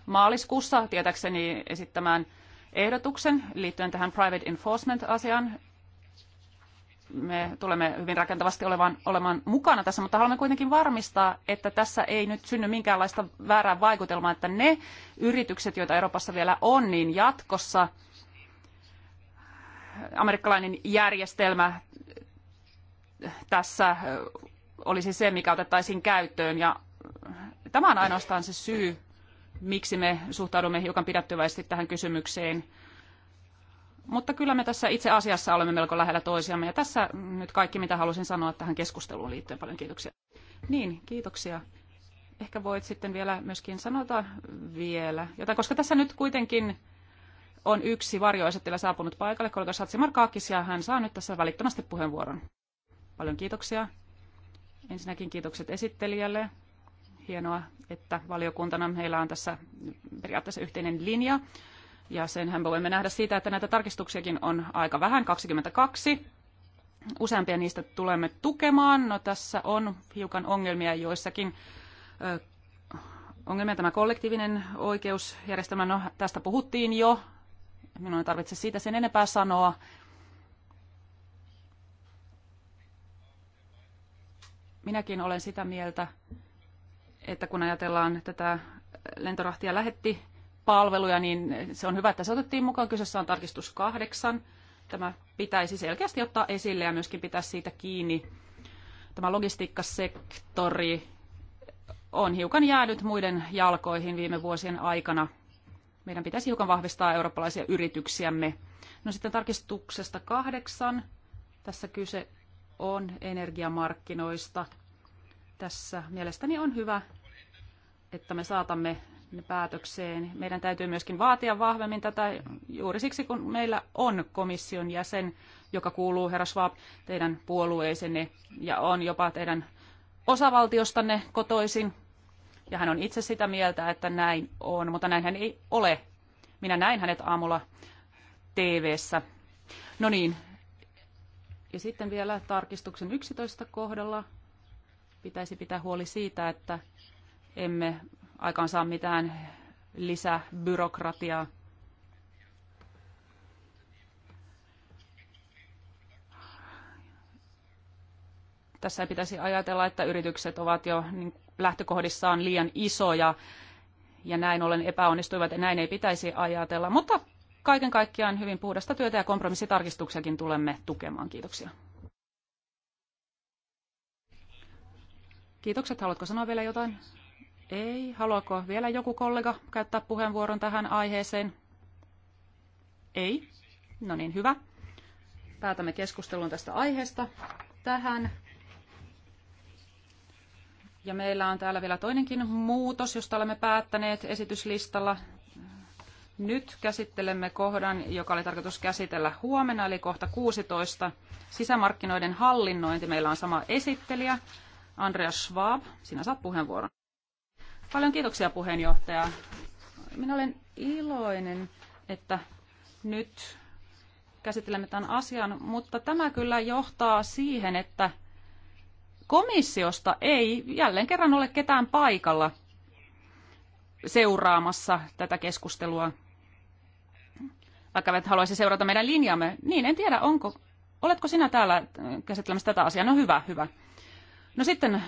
maaliskuussa tietäkseni esittämään ehdotuksen liittyen tähän private enforcement-asiaan me tulemme hyvin rakentavasti olevan, olemaan mukana tässä, mutta haluamme kuitenkin varmistaa, että tässä ei nyt synny minkäänlaista väärää vaikutelmaa, että ne yritykset, joita Euroopassa vielä on, niin jatkossa amerikkalainen järjestelmä tässä olisi se, mikä otettaisiin käyttöön. Ja tämä on ainoastaan se syy, miksi me suhtaudumme hiukan pidättyväisesti tähän kysymykseen – mutta kyllä me tässä itse asiassa olemme melko lähellä toisiamme. Ja tässä nyt kaikki, mitä halusin sanoa tähän keskusteluun liittyen. Paljon kiitoksia. Niin, kiitoksia. Ehkä voit sitten vielä myöskin sanota vielä jotain, koska tässä nyt kuitenkin on yksi varjoesittelijä saapunut paikalle, kollega Satsi Markaakis, ja hän saa nyt tässä välittömästi puheenvuoron. Paljon kiitoksia. Ensinnäkin kiitokset esittelijälle. Hienoa, että valiokuntana heillä on tässä periaatteessa yhteinen linja ja senhän voimme nähdä siitä, että näitä tarkistuksiakin on aika vähän, 22. Useampia niistä tulemme tukemaan. No tässä on hiukan ongelmia joissakin ö, ongelmia tämä kollektiivinen oikeusjärjestelmä, no tästä puhuttiin jo, minun ei tarvitse siitä sen enempää sanoa. Minäkin olen sitä mieltä, että kun ajatellaan tätä lentorahtia lähetti palveluja, niin se on hyvä, että se otettiin mukaan. Kyseessä on tarkistus kahdeksan. Tämä pitäisi selkeästi ottaa esille ja myöskin pitää siitä kiinni. Tämä logistiikkasektori on hiukan jäänyt muiden jalkoihin viime vuosien aikana. Meidän pitäisi hiukan vahvistaa eurooppalaisia yrityksiämme. No sitten tarkistuksesta kahdeksan. Tässä kyse on energiamarkkinoista. Tässä mielestäni on hyvä, että me saatamme päätökseen. Meidän täytyy myöskin vaatia vahvemmin tätä juuri siksi, kun meillä on komission jäsen, joka kuuluu, herra Schwab, teidän puolueisenne ja on jopa teidän osavaltiostanne kotoisin. Ja hän on itse sitä mieltä, että näin on, mutta näin hän ei ole. Minä näin hänet aamulla tv -ssä. No niin, ja sitten vielä tarkistuksen 11 kohdalla pitäisi pitää huoli siitä, että emme saa mitään lisäbyrokratiaa. Tässä pitäisi ajatella, että yritykset ovat jo niin lähtökohdissaan liian isoja ja näin ollen epäonnistuivat ja näin ei pitäisi ajatella. Mutta kaiken kaikkiaan hyvin puhdasta työtä ja kompromissitarkistuksiakin tulemme tukemaan. Kiitoksia. Kiitokset. Haluatko sanoa vielä jotain? Ei. Haluaako vielä joku kollega käyttää puheenvuoron tähän aiheeseen? Ei. No niin, hyvä. Päätämme keskustelun tästä aiheesta tähän. Ja meillä on täällä vielä toinenkin muutos, josta olemme päättäneet esityslistalla. Nyt käsittelemme kohdan, joka oli tarkoitus käsitellä huomenna, eli kohta 16. Sisämarkkinoiden hallinnointi. Meillä on sama esittelijä, Andreas Schwab. Sinä saat puheenvuoron. Paljon kiitoksia puheenjohtaja. Minä olen iloinen, että nyt käsittelemme tämän asian, mutta tämä kyllä johtaa siihen, että komissiosta ei jälleen kerran ole ketään paikalla seuraamassa tätä keskustelua. Vaikka et haluaisi seurata meidän linjamme, niin en tiedä, onko, oletko sinä täällä käsittelemässä tätä asiaa. No hyvä, hyvä. No sitten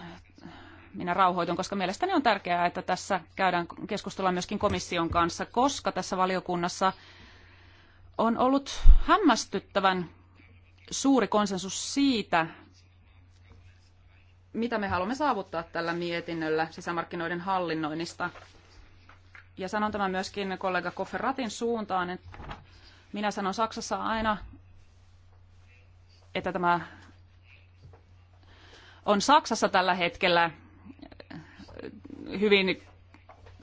minä rauhoitun, koska mielestäni on tärkeää, että tässä käydään keskustelua myöskin komission kanssa, koska tässä valiokunnassa on ollut hämmästyttävän suuri konsensus siitä, mitä me haluamme saavuttaa tällä mietinnöllä sisämarkkinoiden hallinnoinnista. Ja sanon tämän myöskin kollega Kofferatin suuntaan, että minä sanon Saksassa aina, että tämä on Saksassa tällä hetkellä hyvin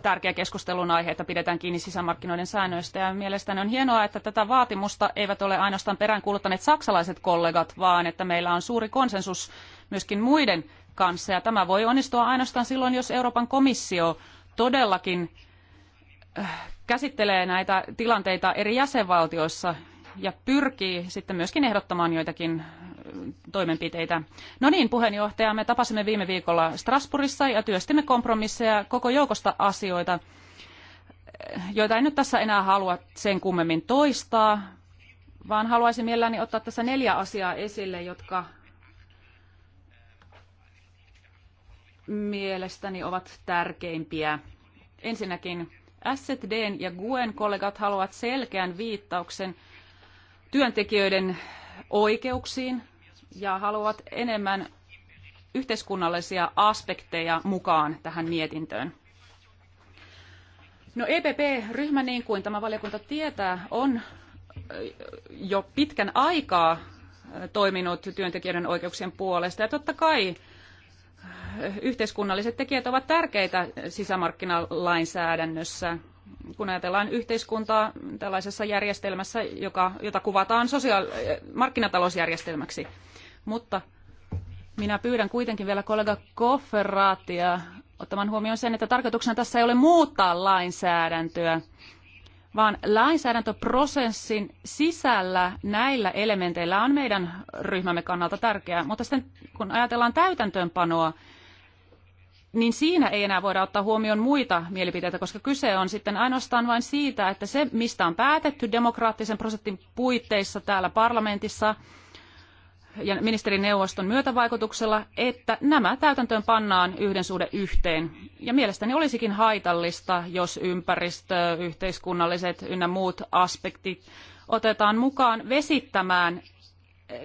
tärkeä keskustelun aihe, että pidetään kiinni sisämarkkinoiden säännöistä. Ja mielestäni on hienoa, että tätä vaatimusta eivät ole ainoastaan peräänkuuluttaneet saksalaiset kollegat, vaan että meillä on suuri konsensus myöskin muiden kanssa. Ja tämä voi onnistua ainoastaan silloin, jos Euroopan komissio todellakin äh, käsittelee näitä tilanteita eri jäsenvaltioissa ja pyrkii sitten myöskin ehdottamaan joitakin toimenpiteitä. No niin, puheenjohtaja, me tapasimme viime viikolla Strasbourgissa ja työstimme kompromisseja koko joukosta asioita, joita en nyt tässä enää halua sen kummemmin toistaa, vaan haluaisin mielelläni ottaa tässä neljä asiaa esille, jotka mielestäni ovat tärkeimpiä. Ensinnäkin SZDn ja GUEn kollegat haluavat selkeän viittauksen työntekijöiden oikeuksiin ja haluavat enemmän yhteiskunnallisia aspekteja mukaan tähän mietintöön. No EPP-ryhmä, niin kuin tämä valiokunta tietää, on jo pitkän aikaa toiminut työntekijöiden oikeuksien puolesta. Ja totta kai yhteiskunnalliset tekijät ovat tärkeitä sisämarkkinalainsäädännössä kun ajatellaan yhteiskuntaa tällaisessa järjestelmässä, joka, jota kuvataan sosiaal- markkinatalousjärjestelmäksi. Mutta minä pyydän kuitenkin vielä kollega Kofferaatia ottamaan huomioon sen, että tarkoituksena tässä ei ole muuttaa lainsäädäntöä, vaan lainsäädäntöprosessin sisällä näillä elementeillä on meidän ryhmämme kannalta tärkeää. Mutta sitten kun ajatellaan täytäntöönpanoa, niin siinä ei enää voida ottaa huomioon muita mielipiteitä, koska kyse on sitten ainoastaan vain siitä, että se, mistä on päätetty demokraattisen prosessin puitteissa täällä parlamentissa ja ministerineuvoston myötävaikutuksella, että nämä täytäntöön pannaan yhden suhde yhteen. Ja mielestäni olisikin haitallista, jos ympäristö, yhteiskunnalliset ynnä muut aspektit otetaan mukaan vesittämään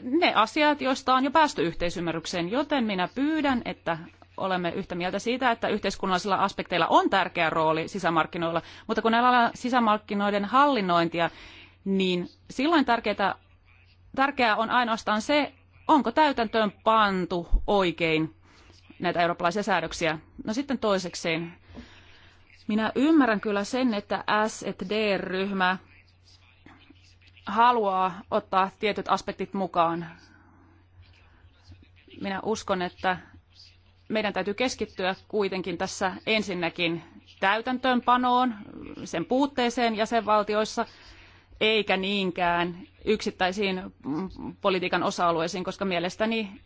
ne asiat, joista on jo päästy yhteisymmärrykseen, joten minä pyydän, että olemme yhtä mieltä siitä, että yhteiskunnallisilla aspekteilla on tärkeä rooli sisämarkkinoilla, mutta kun näillä sisämarkkinoiden hallinnointia, niin silloin tärkeää, tärkeää on ainoastaan se, onko täytäntöön pantu oikein näitä eurooppalaisia säädöksiä. No sitten toisekseen, minä ymmärrän kyllä sen, että S&D-ryhmä haluaa ottaa tietyt aspektit mukaan. Minä uskon, että meidän täytyy keskittyä kuitenkin tässä ensinnäkin täytäntöönpanoon, sen puutteeseen jäsenvaltioissa, eikä niinkään yksittäisiin politiikan osa-alueisiin, koska mielestäni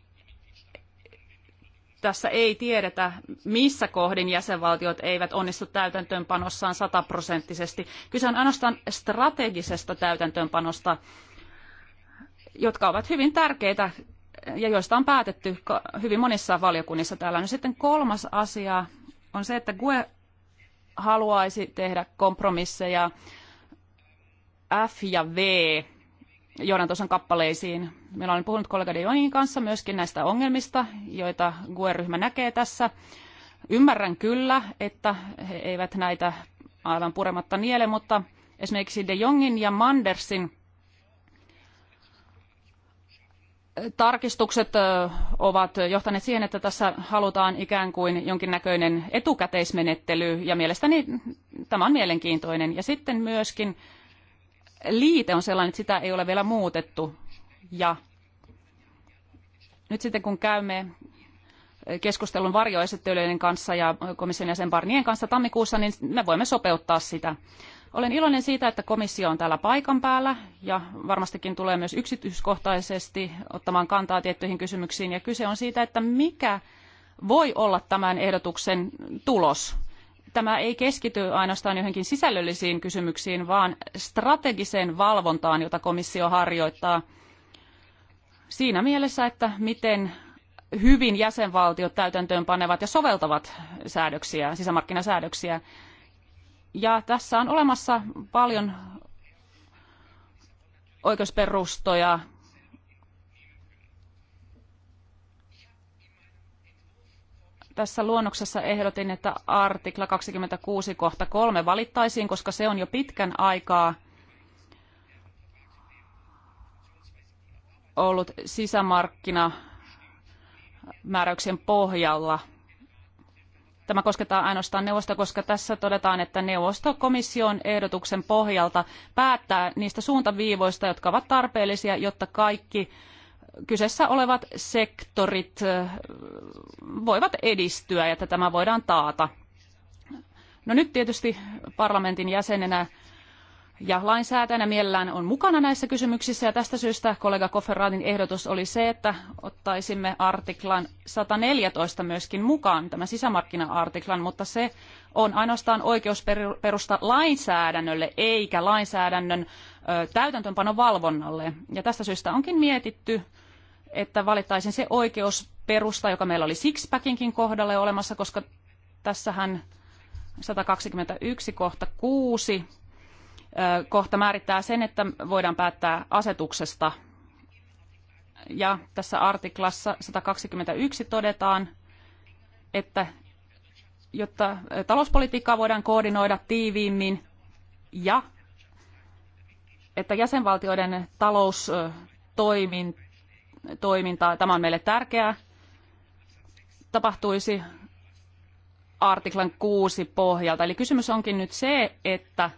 tässä ei tiedetä, missä kohdin jäsenvaltiot eivät onnistu täytäntöönpanossaan sataprosenttisesti. Kyse on ainoastaan strategisesta täytäntöönpanosta, jotka ovat hyvin tärkeitä ja joista on päätetty hyvin monissa valiokunnissa täällä. No sitten kolmas asia on se, että GUE haluaisi tehdä kompromisseja F ja V johdantosan kappaleisiin. Meillä on puhunut kollega De Jongin kanssa myöskin näistä ongelmista, joita GUE-ryhmä näkee tässä. Ymmärrän kyllä, että he eivät näitä aivan purematta niele, mutta esimerkiksi De Jongin ja Mandersin tarkistukset ovat johtaneet siihen, että tässä halutaan ikään kuin jonkinnäköinen etukäteismenettely, ja mielestäni tämä on mielenkiintoinen. Ja sitten myöskin liite on sellainen, että sitä ei ole vielä muutettu. Ja nyt sitten kun käymme keskustelun varjoesittelyiden kanssa ja komission jäsen Barnien kanssa tammikuussa, niin me voimme sopeuttaa sitä. Olen iloinen siitä, että komissio on täällä paikan päällä ja varmastikin tulee myös yksityiskohtaisesti ottamaan kantaa tiettyihin kysymyksiin. Ja kyse on siitä, että mikä voi olla tämän ehdotuksen tulos. Tämä ei keskity ainoastaan johonkin sisällöllisiin kysymyksiin, vaan strategiseen valvontaan, jota komissio harjoittaa siinä mielessä, että miten hyvin jäsenvaltiot täytäntöön panevat ja soveltavat säädöksiä, sisämarkkinasäädöksiä. Ja tässä on olemassa paljon oikeusperustoja. Tässä luonnoksessa ehdotin, että artikla 26 kohta 3 valittaisiin, koska se on jo pitkän aikaa ollut sisämarkkina määräyksen pohjalla – tämä koskettaa ainoastaan neuvostoa, koska tässä todetaan, että neuvosto komission ehdotuksen pohjalta päättää niistä suuntaviivoista, jotka ovat tarpeellisia, jotta kaikki kyseessä olevat sektorit voivat edistyä ja että tämä voidaan taata. No nyt tietysti parlamentin jäsenenä ja lainsäätäjänä mielellään on mukana näissä kysymyksissä ja tästä syystä kollega Kofferaatin ehdotus oli se, että ottaisimme artiklan 114 myöskin mukaan, tämä sisämarkkina-artiklan, mutta se on ainoastaan oikeusperusta lainsäädännölle eikä lainsäädännön ö, täytäntöönpanon valvonnalle. Ja tästä syystä onkin mietitty, että valittaisiin se oikeusperusta, joka meillä oli Sixpackinkin kohdalle olemassa, koska tässähän 121 kohta 6 kohta määrittää sen, että voidaan päättää asetuksesta. Ja tässä artiklassa 121 todetaan, että jotta talouspolitiikkaa voidaan koordinoida tiiviimmin ja että jäsenvaltioiden taloustoiminta, tämä on meille tärkeää, tapahtuisi artiklan 6 pohjalta. Eli kysymys onkin nyt se, että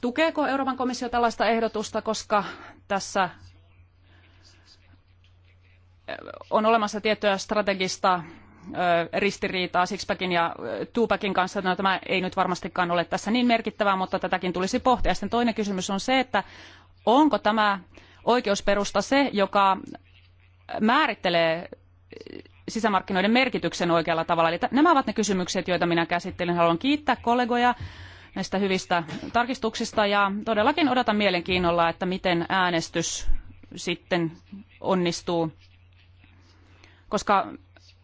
Tukeeko Euroopan komissio tällaista ehdotusta, koska tässä on olemassa tiettyä strategista ristiriitaa Sixpackin ja Tupakin kanssa. No, tämä ei nyt varmastikaan ole tässä niin merkittävää, mutta tätäkin tulisi pohtia. Sitten toinen kysymys on se, että onko tämä oikeusperusta se, joka määrittelee sisämarkkinoiden merkityksen oikealla tavalla. Eli nämä ovat ne kysymykset, joita minä käsittelin. Haluan kiittää kollegoja näistä hyvistä tarkistuksista ja todellakin odotan mielenkiinnolla, että miten äänestys sitten onnistuu, koska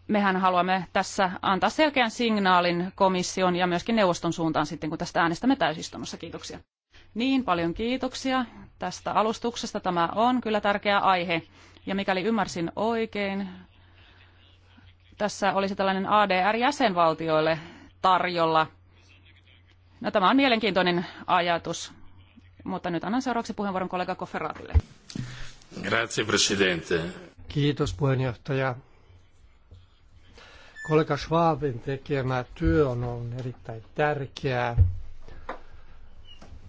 mehän haluamme tässä antaa selkeän signaalin komission ja myöskin neuvoston suuntaan sitten, kun tästä äänestämme täysistunnossa. Kiitoksia. Niin, paljon kiitoksia tästä alustuksesta. Tämä on kyllä tärkeä aihe. Ja mikäli ymmärsin oikein, tässä olisi tällainen ADR-jäsenvaltioille tarjolla – No, tämä on mielenkiintoinen ajatus, mutta nyt annan seuraavaksi puheenvuoron kollega Kofferatille. Grazie, Presidente. Kiitos puheenjohtaja. Kollega Schwabin tekemä työ on ollut erittäin tärkeää.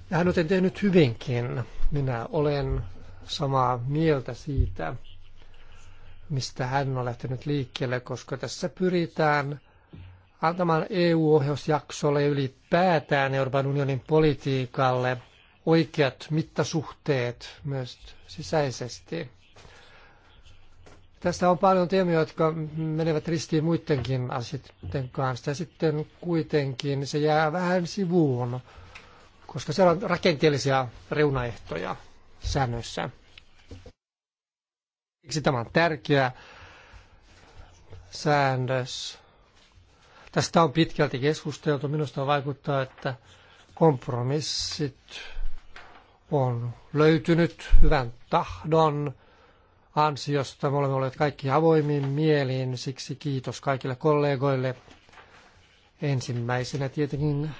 Ja hän on tehnyt hyvinkin. Minä olen samaa mieltä siitä, mistä hän on lähtenyt liikkeelle, koska tässä pyritään – antamaan EU-ohjausjaksolle ja ylipäätään Euroopan unionin politiikalle oikeat mittasuhteet myös sisäisesti. Tässä on paljon teemoja, jotka menevät ristiin muidenkin asioiden kanssa. Ja sitten kuitenkin se jää vähän sivuun, koska siellä on rakenteellisia reunaehtoja säännöissä. Siksi tämä on tärkeä säännös Tästä on pitkälti keskusteltu. Minusta vaikuttaa, että kompromissit on löytynyt hyvän tahdon ansiosta. Me olemme olleet kaikki avoimin mieliin, siksi kiitos kaikille kollegoille. Ensimmäisenä tietenkin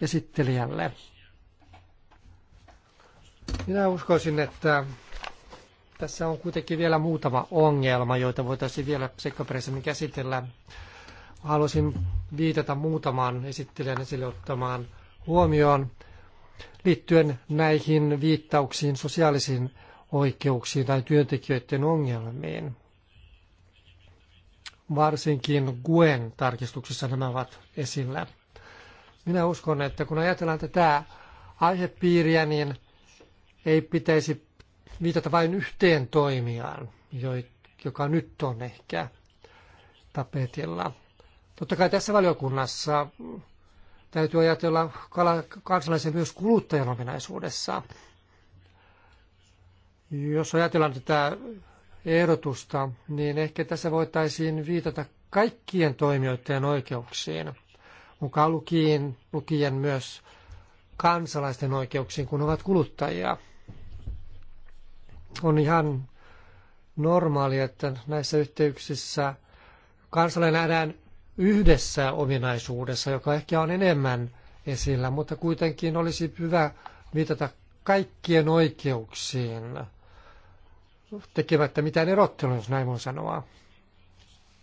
esittelijälle. Minä uskoisin, että tässä on kuitenkin vielä muutama ongelma, joita voitaisiin vielä seikkaperäisemmin käsitellä haluaisin viitata muutamaan esittelijän esille ottamaan huomioon liittyen näihin viittauksiin sosiaalisiin oikeuksiin tai työntekijöiden ongelmiin. Varsinkin Guen tarkistuksessa nämä ovat esillä. Minä uskon, että kun ajatellaan tätä aihepiiriä, niin ei pitäisi viitata vain yhteen toimijaan, joka nyt on ehkä tapetilla. Totta kai tässä valiokunnassa täytyy ajatella kansalaisen myös kuluttajan ominaisuudessa. Jos ajatellaan tätä ehdotusta, niin ehkä tässä voitaisiin viitata kaikkien toimijoiden oikeuksiin, mukaan lukien, lukien myös kansalaisten oikeuksiin, kun ovat kuluttajia. On ihan normaali, että näissä yhteyksissä kansalainen nähdään yhdessä ominaisuudessa, joka ehkä on enemmän esillä, mutta kuitenkin olisi hyvä viitata kaikkien oikeuksiin tekemättä mitään erottelua, jos näin voi sanoa.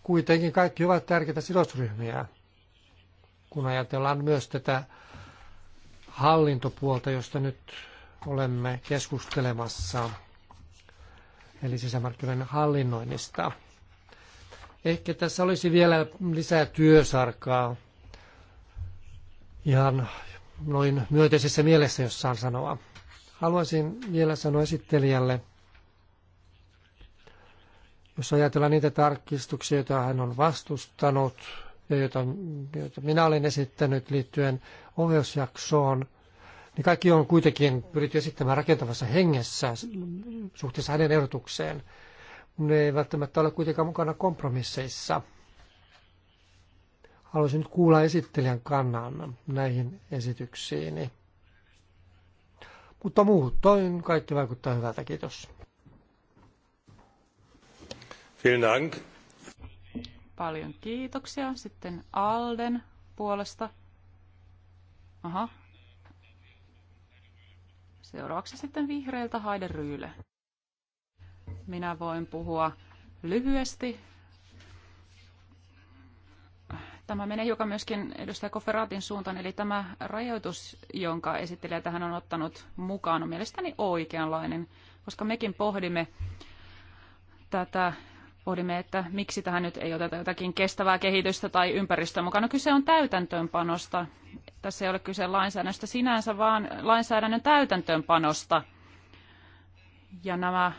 Kuitenkin kaikki ovat tärkeitä sidosryhmiä, kun ajatellaan myös tätä hallintopuolta, josta nyt olemme keskustelemassa, eli sisämarkkinoiden hallinnoinnista. Ehkä tässä olisi vielä lisää työsarkaa ihan noin myönteisessä mielessä, jos saan sanoa. Haluaisin vielä sanoa esittelijälle, jos ajatellaan niitä tarkistuksia, joita hän on vastustanut ja joita, joita minä olen esittänyt liittyen ohjausjaksoon, niin kaikki on kuitenkin pyritty esittämään rakentavassa hengessä suhteessa hänen erotukseen ne ei välttämättä ole kuitenkaan mukana kompromisseissa. Haluaisin nyt kuulla esittelijän kannan näihin esityksiin, Mutta muuttoin kaikki vaikuttaa hyvältä. Kiitos. Vielen Dank. Paljon kiitoksia. Sitten Alden puolesta. Aha. Seuraavaksi sitten vihreiltä Haide Ryyle. Minä voin puhua lyhyesti. Tämä menee hiukan myöskin edustaja Koferaatin suuntaan, eli tämä rajoitus, jonka esittelijä tähän on ottanut mukaan, on mielestäni oikeanlainen, koska mekin pohdimme tätä pohdimme, että miksi tähän nyt ei oteta jotakin kestävää kehitystä tai ympäristöä mukaan. No kyse on täytäntöönpanosta. Tässä ei ole kyse lainsäädännöstä sinänsä, vaan lainsäädännön täytäntöönpanosta. Ja nämä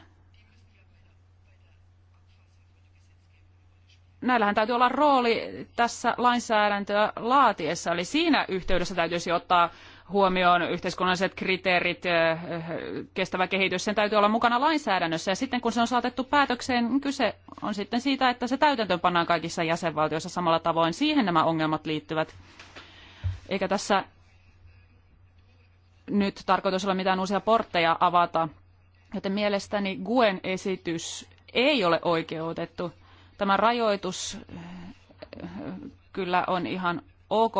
näillähän täytyy olla rooli tässä lainsäädäntöä laatiessa, eli siinä yhteydessä täytyisi ottaa huomioon yhteiskunnalliset kriteerit, eh, kestävä kehitys, sen täytyy olla mukana lainsäädännössä. Ja sitten kun se on saatettu päätökseen, niin kyse on sitten siitä, että se täytäntöön pannaan kaikissa jäsenvaltioissa samalla tavoin. Siihen nämä ongelmat liittyvät. Eikä tässä nyt tarkoitus ole mitään uusia portteja avata. Joten mielestäni Guen esitys ei ole oikeutettu tämä rajoitus kyllä on ihan ok.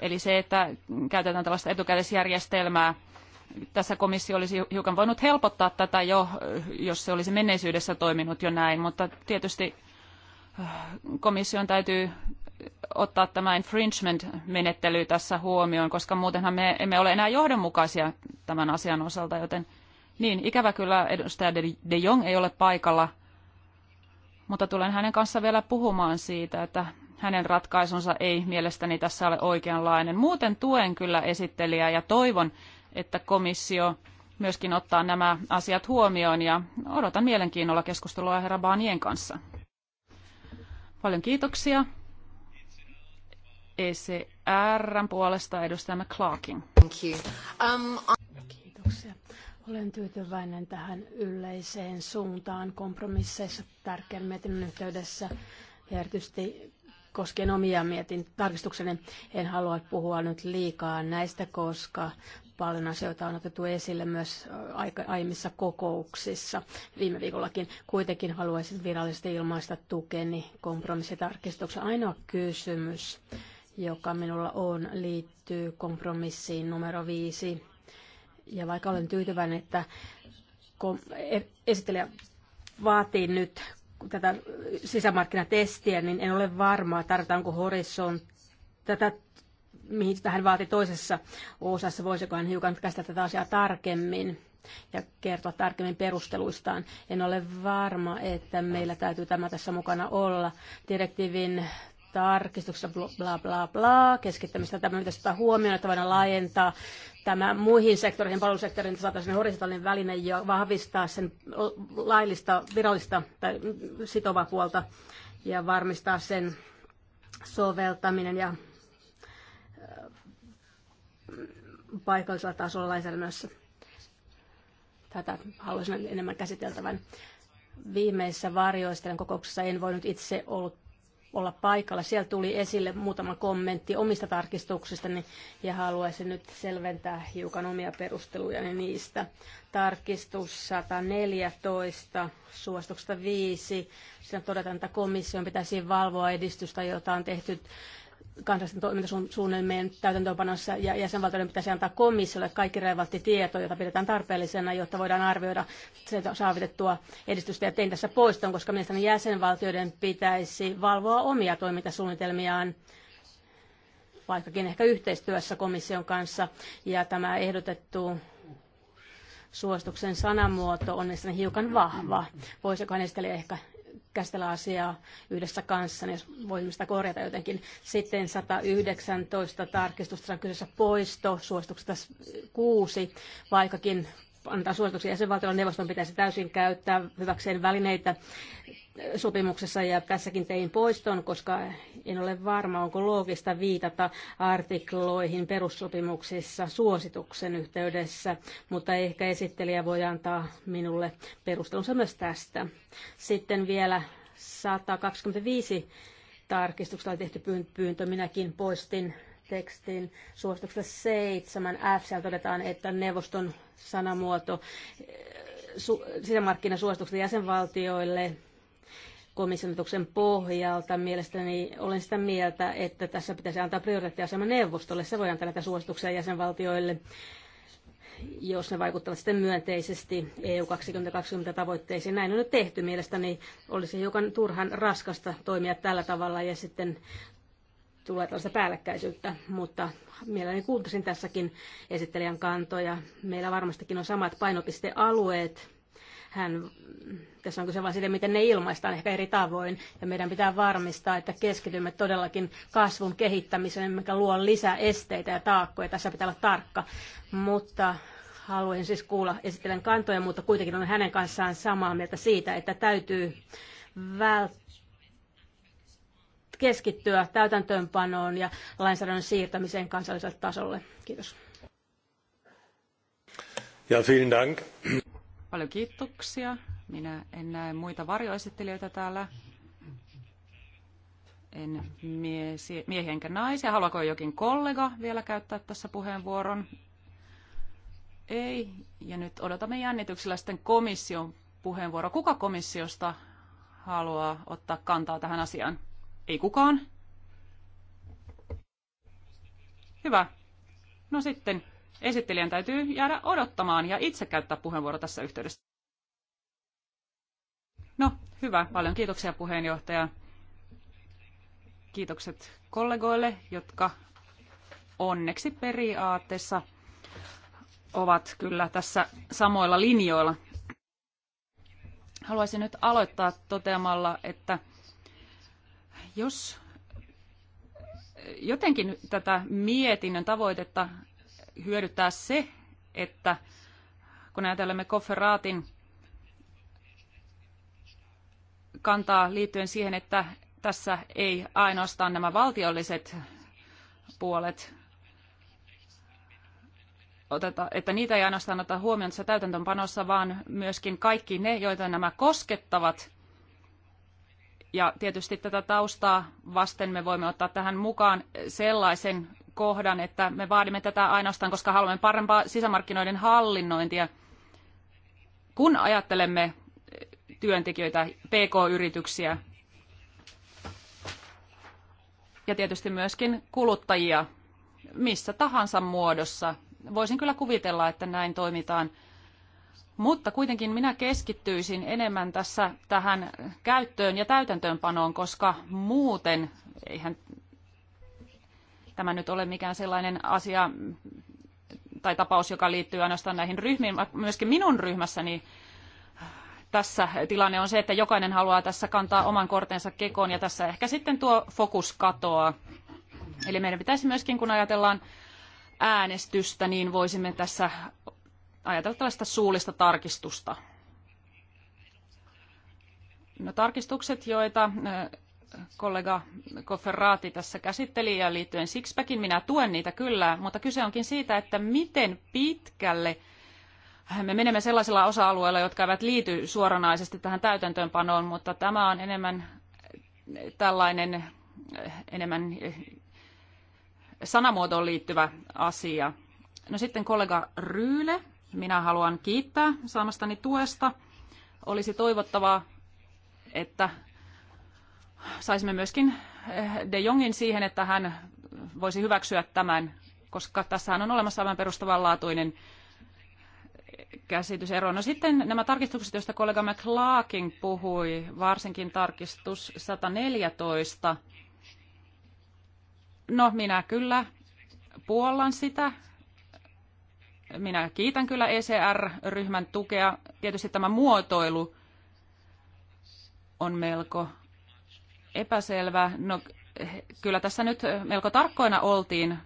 Eli se, että käytetään tällaista etukäteisjärjestelmää, tässä komissio olisi hiukan voinut helpottaa tätä jo, jos se olisi menneisyydessä toiminut jo näin, mutta tietysti äh, komission täytyy ottaa tämä infringement-menettely tässä huomioon, koska muutenhan me emme ole enää johdonmukaisia tämän asian osalta, joten niin, ikävä kyllä edustaja De Jong ei ole paikalla – mutta tulen hänen kanssa vielä puhumaan siitä, että hänen ratkaisunsa ei mielestäni tässä ole oikeanlainen. Muuten tuen kyllä esittelijää ja toivon, että komissio myöskin ottaa nämä asiat huomioon ja odotan mielenkiinnolla keskustelua herra Baanien kanssa. Paljon kiitoksia. ecr puolesta edustaja McClarkin. Um, kiitoksia. Olen tyytyväinen tähän yleiseen suuntaan kompromisseissa tärkeän mietinnön yhteydessä ja erityisesti koskien omia mietin tarkistukseni. En halua puhua nyt liikaa näistä, koska paljon asioita on otettu esille myös aiemmissa kokouksissa viime viikollakin. Kuitenkin haluaisin virallisesti ilmaista tukeni kompromissitarkistuksen. Ainoa kysymys, joka minulla on, liittyy kompromissiin numero viisi ja vaikka olen tyytyväinen, että e- esittelijä vaatii nyt tätä sisämarkkinatestiä, niin en ole varma, tarvitaanko horisont tätä mihin tähän vaati toisessa osassa, voisiko hän hiukan käsitellä tätä asiaa tarkemmin ja kertoa tarkemmin perusteluistaan. En ole varma, että meillä täytyy tämä tässä mukana olla. Direktiivin tarkistuksessa bla bla bla, bla keskittämistä tämä pitäisi ottaa huomioon, että voidaan laajentaa tämä muihin sektoreihin, palvelusektoriin, että saataisiin horisontaalinen väline ja vahvistaa sen laillista, virallista tai sitovaa puolta ja varmistaa sen soveltaminen ja paikallisella tasolla lainsäädännössä. Tätä haluaisin enemmän käsiteltävän. Viimeisessä varjoistelen kokouksessa en voinut itse ollut olla paikalla. Siellä tuli esille muutama kommentti omista tarkistuksistani ja haluaisin nyt selventää hiukan omia perustelujani niistä. Tarkistus 114, suosituksesta 5. Siinä todetaan, että komission pitäisi valvoa edistystä, jota on tehty kansallisten toimintasuunnitelmien täytäntöönpanossa ja jäsenvaltioiden pitäisi antaa komissiolle kaikki relevantti tieto, jota pidetään tarpeellisena, jotta voidaan arvioida se saavutettua edistystä. Ja tein tässä poiston, koska mielestäni jäsenvaltioiden pitäisi valvoa omia toimintasuunnitelmiaan vaikkakin ehkä yhteistyössä komission kanssa. Ja tämä ehdotettu suosituksen sanamuoto on mielestäni hiukan vahva. Voisiko hän ehkä käsitellä asiaa yhdessä kanssa, niin voimme sitä korjata jotenkin. Sitten 119 tarkistusta on kyseessä poisto, suosituksesta 6, vaikkakin antaa suosituksia jäsenvaltioille, neuvoston pitäisi täysin käyttää hyväkseen välineitä sopimuksessa ja tässäkin tein poiston, koska en ole varma, onko loogista viitata artikloihin perussopimuksissa suosituksen yhteydessä, mutta ehkä esittelijä voi antaa minulle perustelunsa myös tästä. Sitten vielä 125 tarkistuksella tehty pyyntö minäkin poistin tekstin suosituksessa seitsemän F todetaan, että neuvoston sanamuoto eh, su- sisämarkkinasuositukset jäsenvaltioille komissiotuksen pohjalta. Mielestäni olen sitä mieltä, että tässä pitäisi antaa prioriteettiasema neuvostolle. Se voi antaa näitä suosituksia jäsenvaltioille, jos ne vaikuttavat sitten myönteisesti EU 2020 tavoitteisiin. Näin on nyt tehty. Mielestäni olisi hiukan turhan raskasta toimia tällä tavalla ja sitten tulee tällaista päällekkäisyyttä, mutta mielelläni kuuntelisin tässäkin esittelijän kantoja. Meillä varmastikin on samat painopistealueet. Hän, tässä on kyse vain siitä, miten ne ilmaistaan ehkä eri tavoin, ja meidän pitää varmistaa, että keskitymme todellakin kasvun kehittämiseen, mikä luo lisää esteitä ja taakkoja. Tässä pitää olla tarkka, mutta haluaisin siis kuulla esittelen kantoja, mutta kuitenkin on hänen kanssaan samaa mieltä siitä, että täytyy välttää keskittyä täytäntöönpanoon ja lainsäädännön siirtämiseen kansalliselle tasolle. Kiitos. Ja vielen dank. Paljon kiitoksia. Minä en näe muita varjoesittelijöitä täällä. En miesi, miehi enkä naisia. Haluaako jokin kollega vielä käyttää tässä puheenvuoron? Ei. Ja nyt odotamme jännityksellä sitten komission puheenvuoro. Kuka komissiosta haluaa ottaa kantaa tähän asiaan? Ei kukaan? Hyvä. No sitten esittelijän täytyy jäädä odottamaan ja itse käyttää puheenvuoro tässä yhteydessä. No, hyvä. Paljon kiitoksia puheenjohtaja. Kiitokset kollegoille, jotka onneksi periaatteessa ovat kyllä tässä samoilla linjoilla. Haluaisin nyt aloittaa toteamalla, että jos jotenkin tätä mietinnön tavoitetta hyödyttää se, että kun ajatellemme kofferaatin kantaa liittyen siihen, että tässä ei ainoastaan nämä valtiolliset puolet oteta, että niitä ei ainoastaan ottaa huomioon tässä täytäntöönpanossa, vaan myöskin kaikki ne, joita nämä koskettavat – ja tietysti tätä taustaa vasten me voimme ottaa tähän mukaan sellaisen kohdan, että me vaadimme tätä ainoastaan, koska haluamme parempaa sisämarkkinoiden hallinnointia. Kun ajattelemme eh, työntekijöitä, PK-yrityksiä ja tietysti myöskin kuluttajia missä tahansa muodossa, voisin kyllä kuvitella, että näin toimitaan – mutta kuitenkin minä keskittyisin enemmän tässä tähän käyttöön ja täytäntöönpanoon, koska muuten eihän tämä nyt ole mikään sellainen asia tai tapaus, joka liittyy ainoastaan näihin ryhmiin. Myöskin minun ryhmässäni tässä tilanne on se, että jokainen haluaa tässä kantaa oman kortensa kekoon ja tässä ehkä sitten tuo fokus katoaa. Eli meidän pitäisi myöskin, kun ajatellaan äänestystä, niin voisimme tässä ajatella tällaista suullista tarkistusta. No, tarkistukset, joita kollega Kofferraati tässä käsitteli ja liittyen Sixpackin, minä tuen niitä kyllä, mutta kyse onkin siitä, että miten pitkälle me menemme sellaisilla osa-alueilla, jotka eivät liity suoranaisesti tähän täytäntöönpanoon, mutta tämä on enemmän tällainen enemmän sanamuotoon liittyvä asia. No sitten kollega Ryyle minä haluan kiittää saamastani tuesta. Olisi toivottavaa, että saisimme myöskin eh, De Jongin siihen, että hän voisi hyväksyä tämän, koska tässä on olemassa aivan perustavanlaatuinen käsitysero. No sitten nämä tarkistukset, joista kollega McLaakin puhui, varsinkin tarkistus 114. No minä kyllä puollan sitä minä kiitän kyllä ECR-ryhmän tukea. Tietysti tämä muotoilu on melko epäselvä. No, kyllä tässä nyt melko tarkkoina oltiin.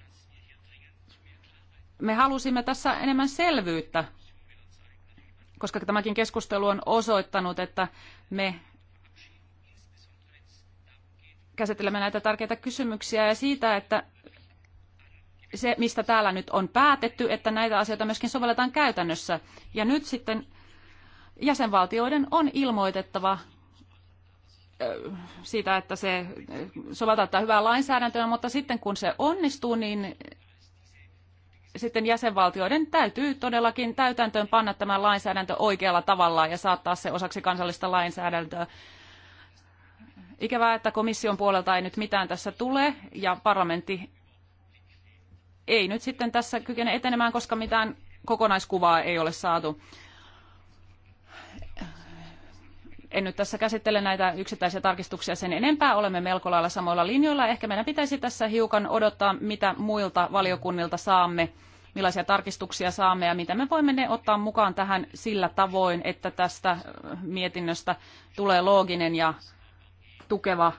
Me halusimme tässä enemmän selvyyttä, koska tämäkin keskustelu on osoittanut, että me käsittelemme näitä tärkeitä kysymyksiä ja siitä, että se, mistä täällä nyt on päätetty, että näitä asioita myöskin sovelletaan käytännössä. Ja nyt sitten jäsenvaltioiden on ilmoitettava siitä, että se soveltaa hyvää lainsäädäntöä, mutta sitten kun se onnistuu, niin sitten jäsenvaltioiden täytyy todellakin täytäntöön panna tämä lainsäädäntö oikealla tavalla ja saattaa se osaksi kansallista lainsäädäntöä. Ikävää, että komission puolelta ei nyt mitään tässä tule ja parlamentti ei nyt sitten tässä kykene etenemään, koska mitään kokonaiskuvaa ei ole saatu. En nyt tässä käsittele näitä yksittäisiä tarkistuksia sen enempää. Olemme melko lailla samoilla linjoilla. Ehkä meidän pitäisi tässä hiukan odottaa, mitä muilta valiokunnilta saamme, millaisia tarkistuksia saamme ja mitä me voimme ne ottaa mukaan tähän sillä tavoin, että tästä mietinnöstä tulee looginen ja tukeva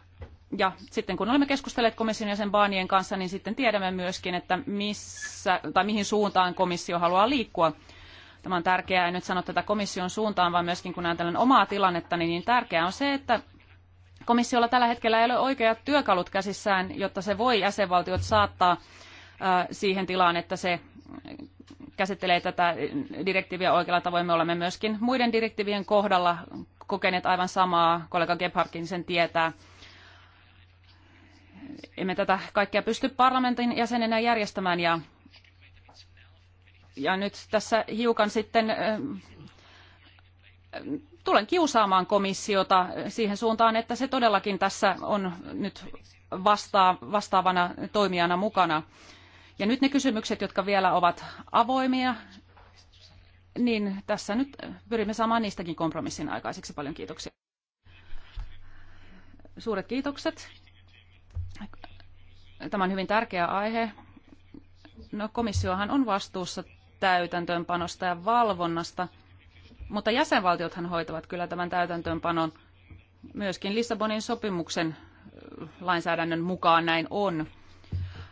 ja sitten kun olemme keskustelleet komission jäsen Baanien kanssa, niin sitten tiedämme myöskin, että missä, tai mihin suuntaan komissio haluaa liikkua. Tämä on tärkeää, en nyt sano tätä komission suuntaan, vaan myöskin kun ajatellaan omaa tilannetta, niin, niin tärkeää on se, että komissiolla tällä hetkellä ei ole oikeat työkalut käsissään, jotta se voi jäsenvaltiot saattaa siihen tilaan, että se käsittelee tätä direktiiviä oikealla tavoin. Me olemme myöskin muiden direktiivien kohdalla kokeneet aivan samaa, kollega Gebhardkin sen tietää emme tätä kaikkea pysty parlamentin jäsenenä järjestämään ja, ja nyt tässä hiukan sitten tulen kiusaamaan komissiota siihen suuntaan, että se todellakin tässä on nyt vastaa, vastaavana toimijana mukana. Ja nyt ne kysymykset, jotka vielä ovat avoimia, niin tässä nyt pyrimme saamaan niistäkin kompromissin aikaiseksi. Paljon kiitoksia. Suuret kiitokset. Tämä on hyvin tärkeä aihe. No, komissiohan on vastuussa täytäntöönpanosta ja valvonnasta, mutta jäsenvaltiothan hoitavat kyllä tämän täytäntöönpanon. Myöskin Lissabonin sopimuksen lainsäädännön mukaan näin on.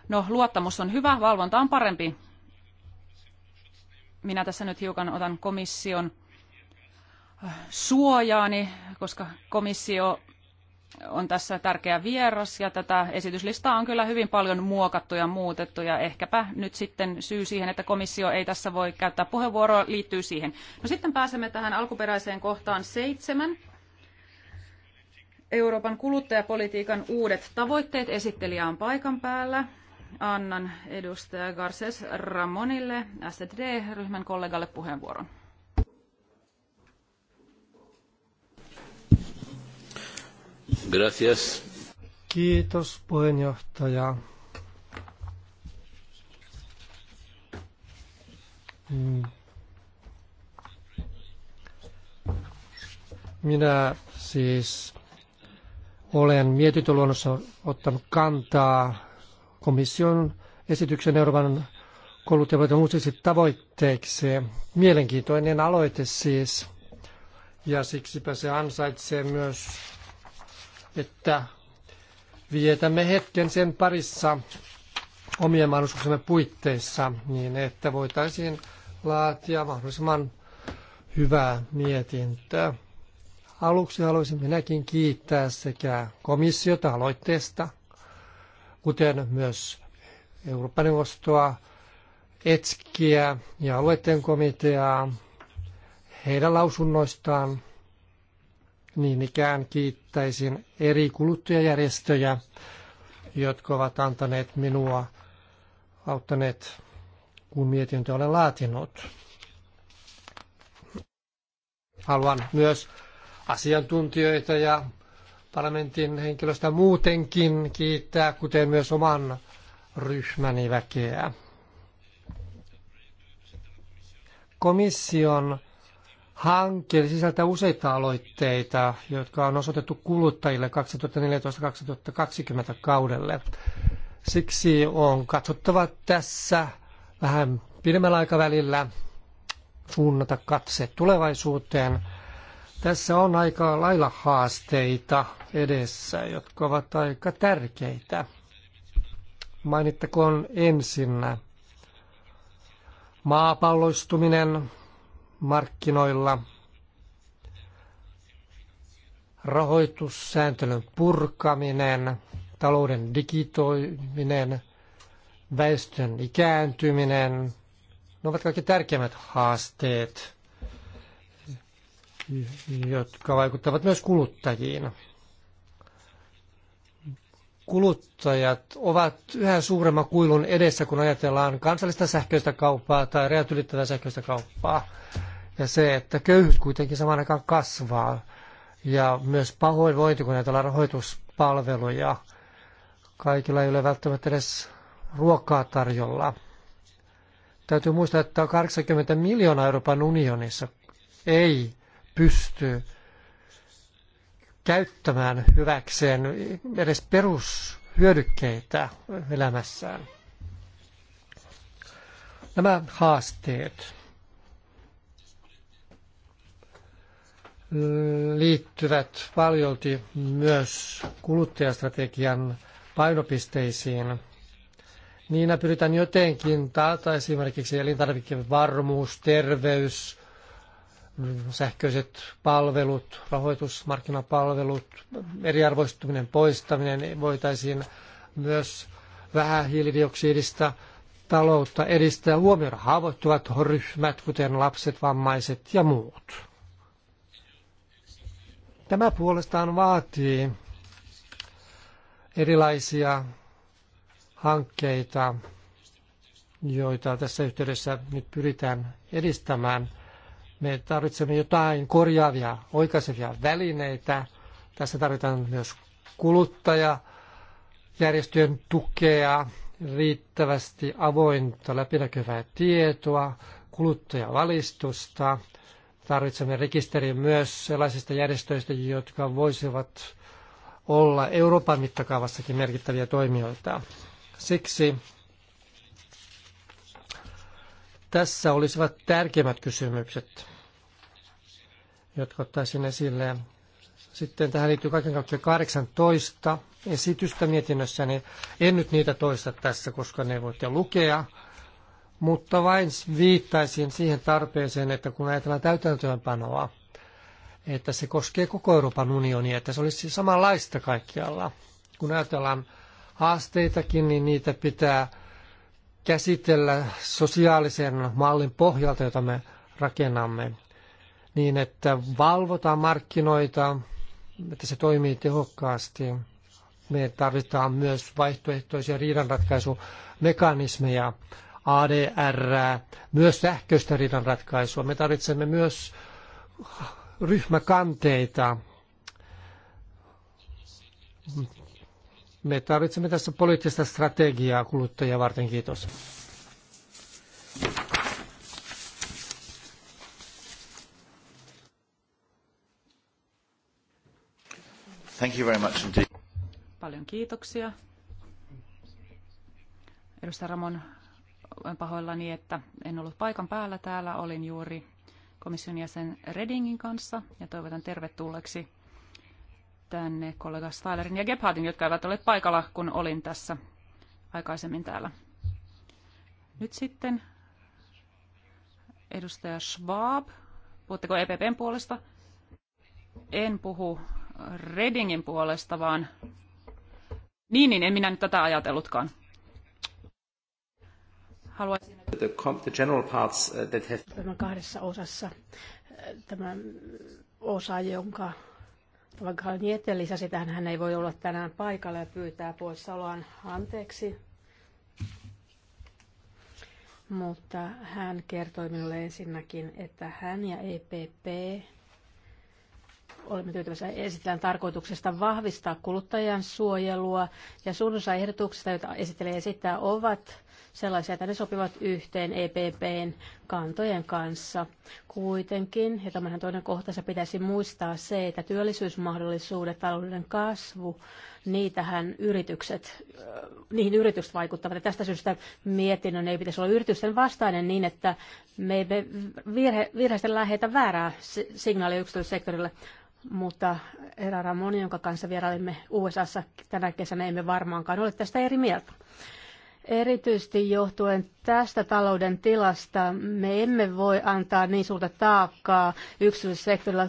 No, luottamus on hyvä, valvonta on parempi. Minä tässä nyt hiukan otan komission suojaani, koska komissio on tässä tärkeä vieras ja tätä esityslistaa on kyllä hyvin paljon muokattu ja muutettu ja ehkäpä nyt sitten syy siihen, että komissio ei tässä voi käyttää puheenvuoroa, liittyy siihen. No sitten pääsemme tähän alkuperäiseen kohtaan seitsemän. Euroopan kuluttajapolitiikan uudet tavoitteet. Esittelijä on paikan päällä. Annan edustaja Garces Ramonille, SD-ryhmän kollegalle puheenvuoron. Gracias. Kiitos puheenjohtaja. Mm. Minä siis olen mietintöluonnossa ottanut kantaa komission esityksen Euroopan kouluttajavuoden uusiksi tavoitteiksi. Mielenkiintoinen aloite siis, ja siksipä se ansaitsee myös että vietämme hetken sen parissa omien mahdollisuuksiemme puitteissa, niin että voitaisiin laatia mahdollisimman hyvää mietintöä. Aluksi haluaisin minäkin kiittää sekä komissiota aloitteesta, kuten myös Euroopan neuvostoa, ETSKiä ja alueiden komiteaa heidän lausunnoistaan niin ikään kiittäisin eri kuluttajajärjestöjä, jotka ovat antaneet minua auttaneet, kun mietintö olen laatinut. Haluan myös asiantuntijoita ja parlamentin henkilöstä muutenkin kiittää, kuten myös oman ryhmäni väkeä. Komission hanke sisältää useita aloitteita, jotka on osoitettu kuluttajille 2014-2020 kaudelle. Siksi on katsottava tässä vähän pidemmällä aikavälillä suunnata katse tulevaisuuteen. Tässä on aika lailla haasteita edessä, jotka ovat aika tärkeitä. Mainittakoon ensin maapalloistuminen, markkinoilla, rahoitussääntelyn purkaminen, talouden digitoiminen, väestön ikääntyminen, ne ovat kaikki tärkeimmät haasteet, jotka vaikuttavat myös kuluttajiin kuluttajat ovat yhä suuremman kuilun edessä, kun ajatellaan kansallista sähköistä kauppaa tai rajat ylittävää sähköistä kauppaa. Ja se, että köyhyys kuitenkin samaan aikaan kasvaa. Ja myös pahoinvointi, kun ajatellaan rahoituspalveluja. Kaikilla ei ole välttämättä edes ruokaa tarjolla. Täytyy muistaa, että 80 miljoonaa Euroopan unionissa ei pysty käyttämään hyväkseen edes perushyödykkeitä elämässään. Nämä haasteet liittyvät paljolti myös kuluttajastrategian painopisteisiin. Niinä pyritään jotenkin taata esimerkiksi elintarvikevarmuus, terveys, sähköiset palvelut, rahoitusmarkkinapalvelut, eriarvoistuminen poistaminen voitaisiin myös vähähiilidioksidista taloutta edistää huomioida haavoittuvat ryhmät, kuten lapset, vammaiset ja muut. Tämä puolestaan vaatii erilaisia hankkeita, joita tässä yhteydessä nyt pyritään edistämään – me tarvitsemme jotain korjaavia, oikaisevia välineitä. Tässä tarvitaan myös kuluttajajärjestöjen tukea, riittävästi avointa läpinäkyvää tietoa, kuluttajavalistusta. Tarvitsemme rekisterin myös sellaisista järjestöistä, jotka voisivat olla Euroopan mittakaavassakin merkittäviä toimijoita. Siksi tässä olisivat tärkeimmät kysymykset, jotka ottaisin esille. Sitten tähän liittyy kaiken kaikkiaan 18 esitystä mietinnössä, niin en nyt niitä toista tässä, koska ne voitte lukea. Mutta vain viittaisin siihen tarpeeseen, että kun ajatellaan täytäntöönpanoa, että se koskee koko Euroopan unionia, että se olisi samanlaista kaikkialla. Kun ajatellaan haasteitakin, niin niitä pitää käsitellä sosiaalisen mallin pohjalta, jota me rakennamme, niin että valvotaan markkinoita, että se toimii tehokkaasti. Me tarvitaan myös vaihtoehtoisia riidanratkaisumekanismeja, ADR, myös sähköistä riidanratkaisua. Me tarvitsemme myös ryhmäkanteita, me tarvitsemme tässä poliittista strategiaa kuluttajia varten. Kiitos. Thank you very much indeed. Paljon kiitoksia. Edustaja Ramon, olen pahoillani, että en ollut paikan päällä täällä. Olin juuri komission jäsen Redingin kanssa ja toivotan tervetulleeksi tänne kollega Stylerin ja Gebhardin, jotka eivät ole paikalla, kun olin tässä aikaisemmin täällä. Nyt sitten edustaja Schwab. Puhutteko EPPn puolesta? En puhu Redingin puolesta, vaan... Niin, niin, en minä nyt tätä ajatellutkaan. Haluaisin... The, the general parts uh, that have... Tämä kahdessa osassa. Äh, tämä osa, jonka vaikka Niette lisäsi tähän, hän ei voi olla tänään paikalla ja pyytää poissaoloaan anteeksi. Mutta hän kertoi minulle ensinnäkin, että hän ja EPP olemme tyytyväisiä esitellään tarkoituksesta vahvistaa kuluttajan suojelua ja suunnassa ehdotuksista, joita esittelee esittää, ovat sellaisia, että ne sopivat yhteen EPPn kantojen kanssa. Kuitenkin, ja tämähän toinen kohtansa pitäisi muistaa se, että työllisyysmahdollisuudet, talouden kasvu, niitähän yritykset, äh, niihin yritykset vaikuttavat. Ja tästä syystä mietinnön ei pitäisi olla yritysten vastainen niin, että me emme virhe, virheisten lähetä väärää signaalia yksityissektorille mutta herra Ramoni, jonka kanssa vierailimme USAssa tänä kesänä, emme varmaankaan ole tästä eri mieltä. Erityisesti johtuen tästä talouden tilasta me emme voi antaa niin suurta taakkaa yksityissektorilla,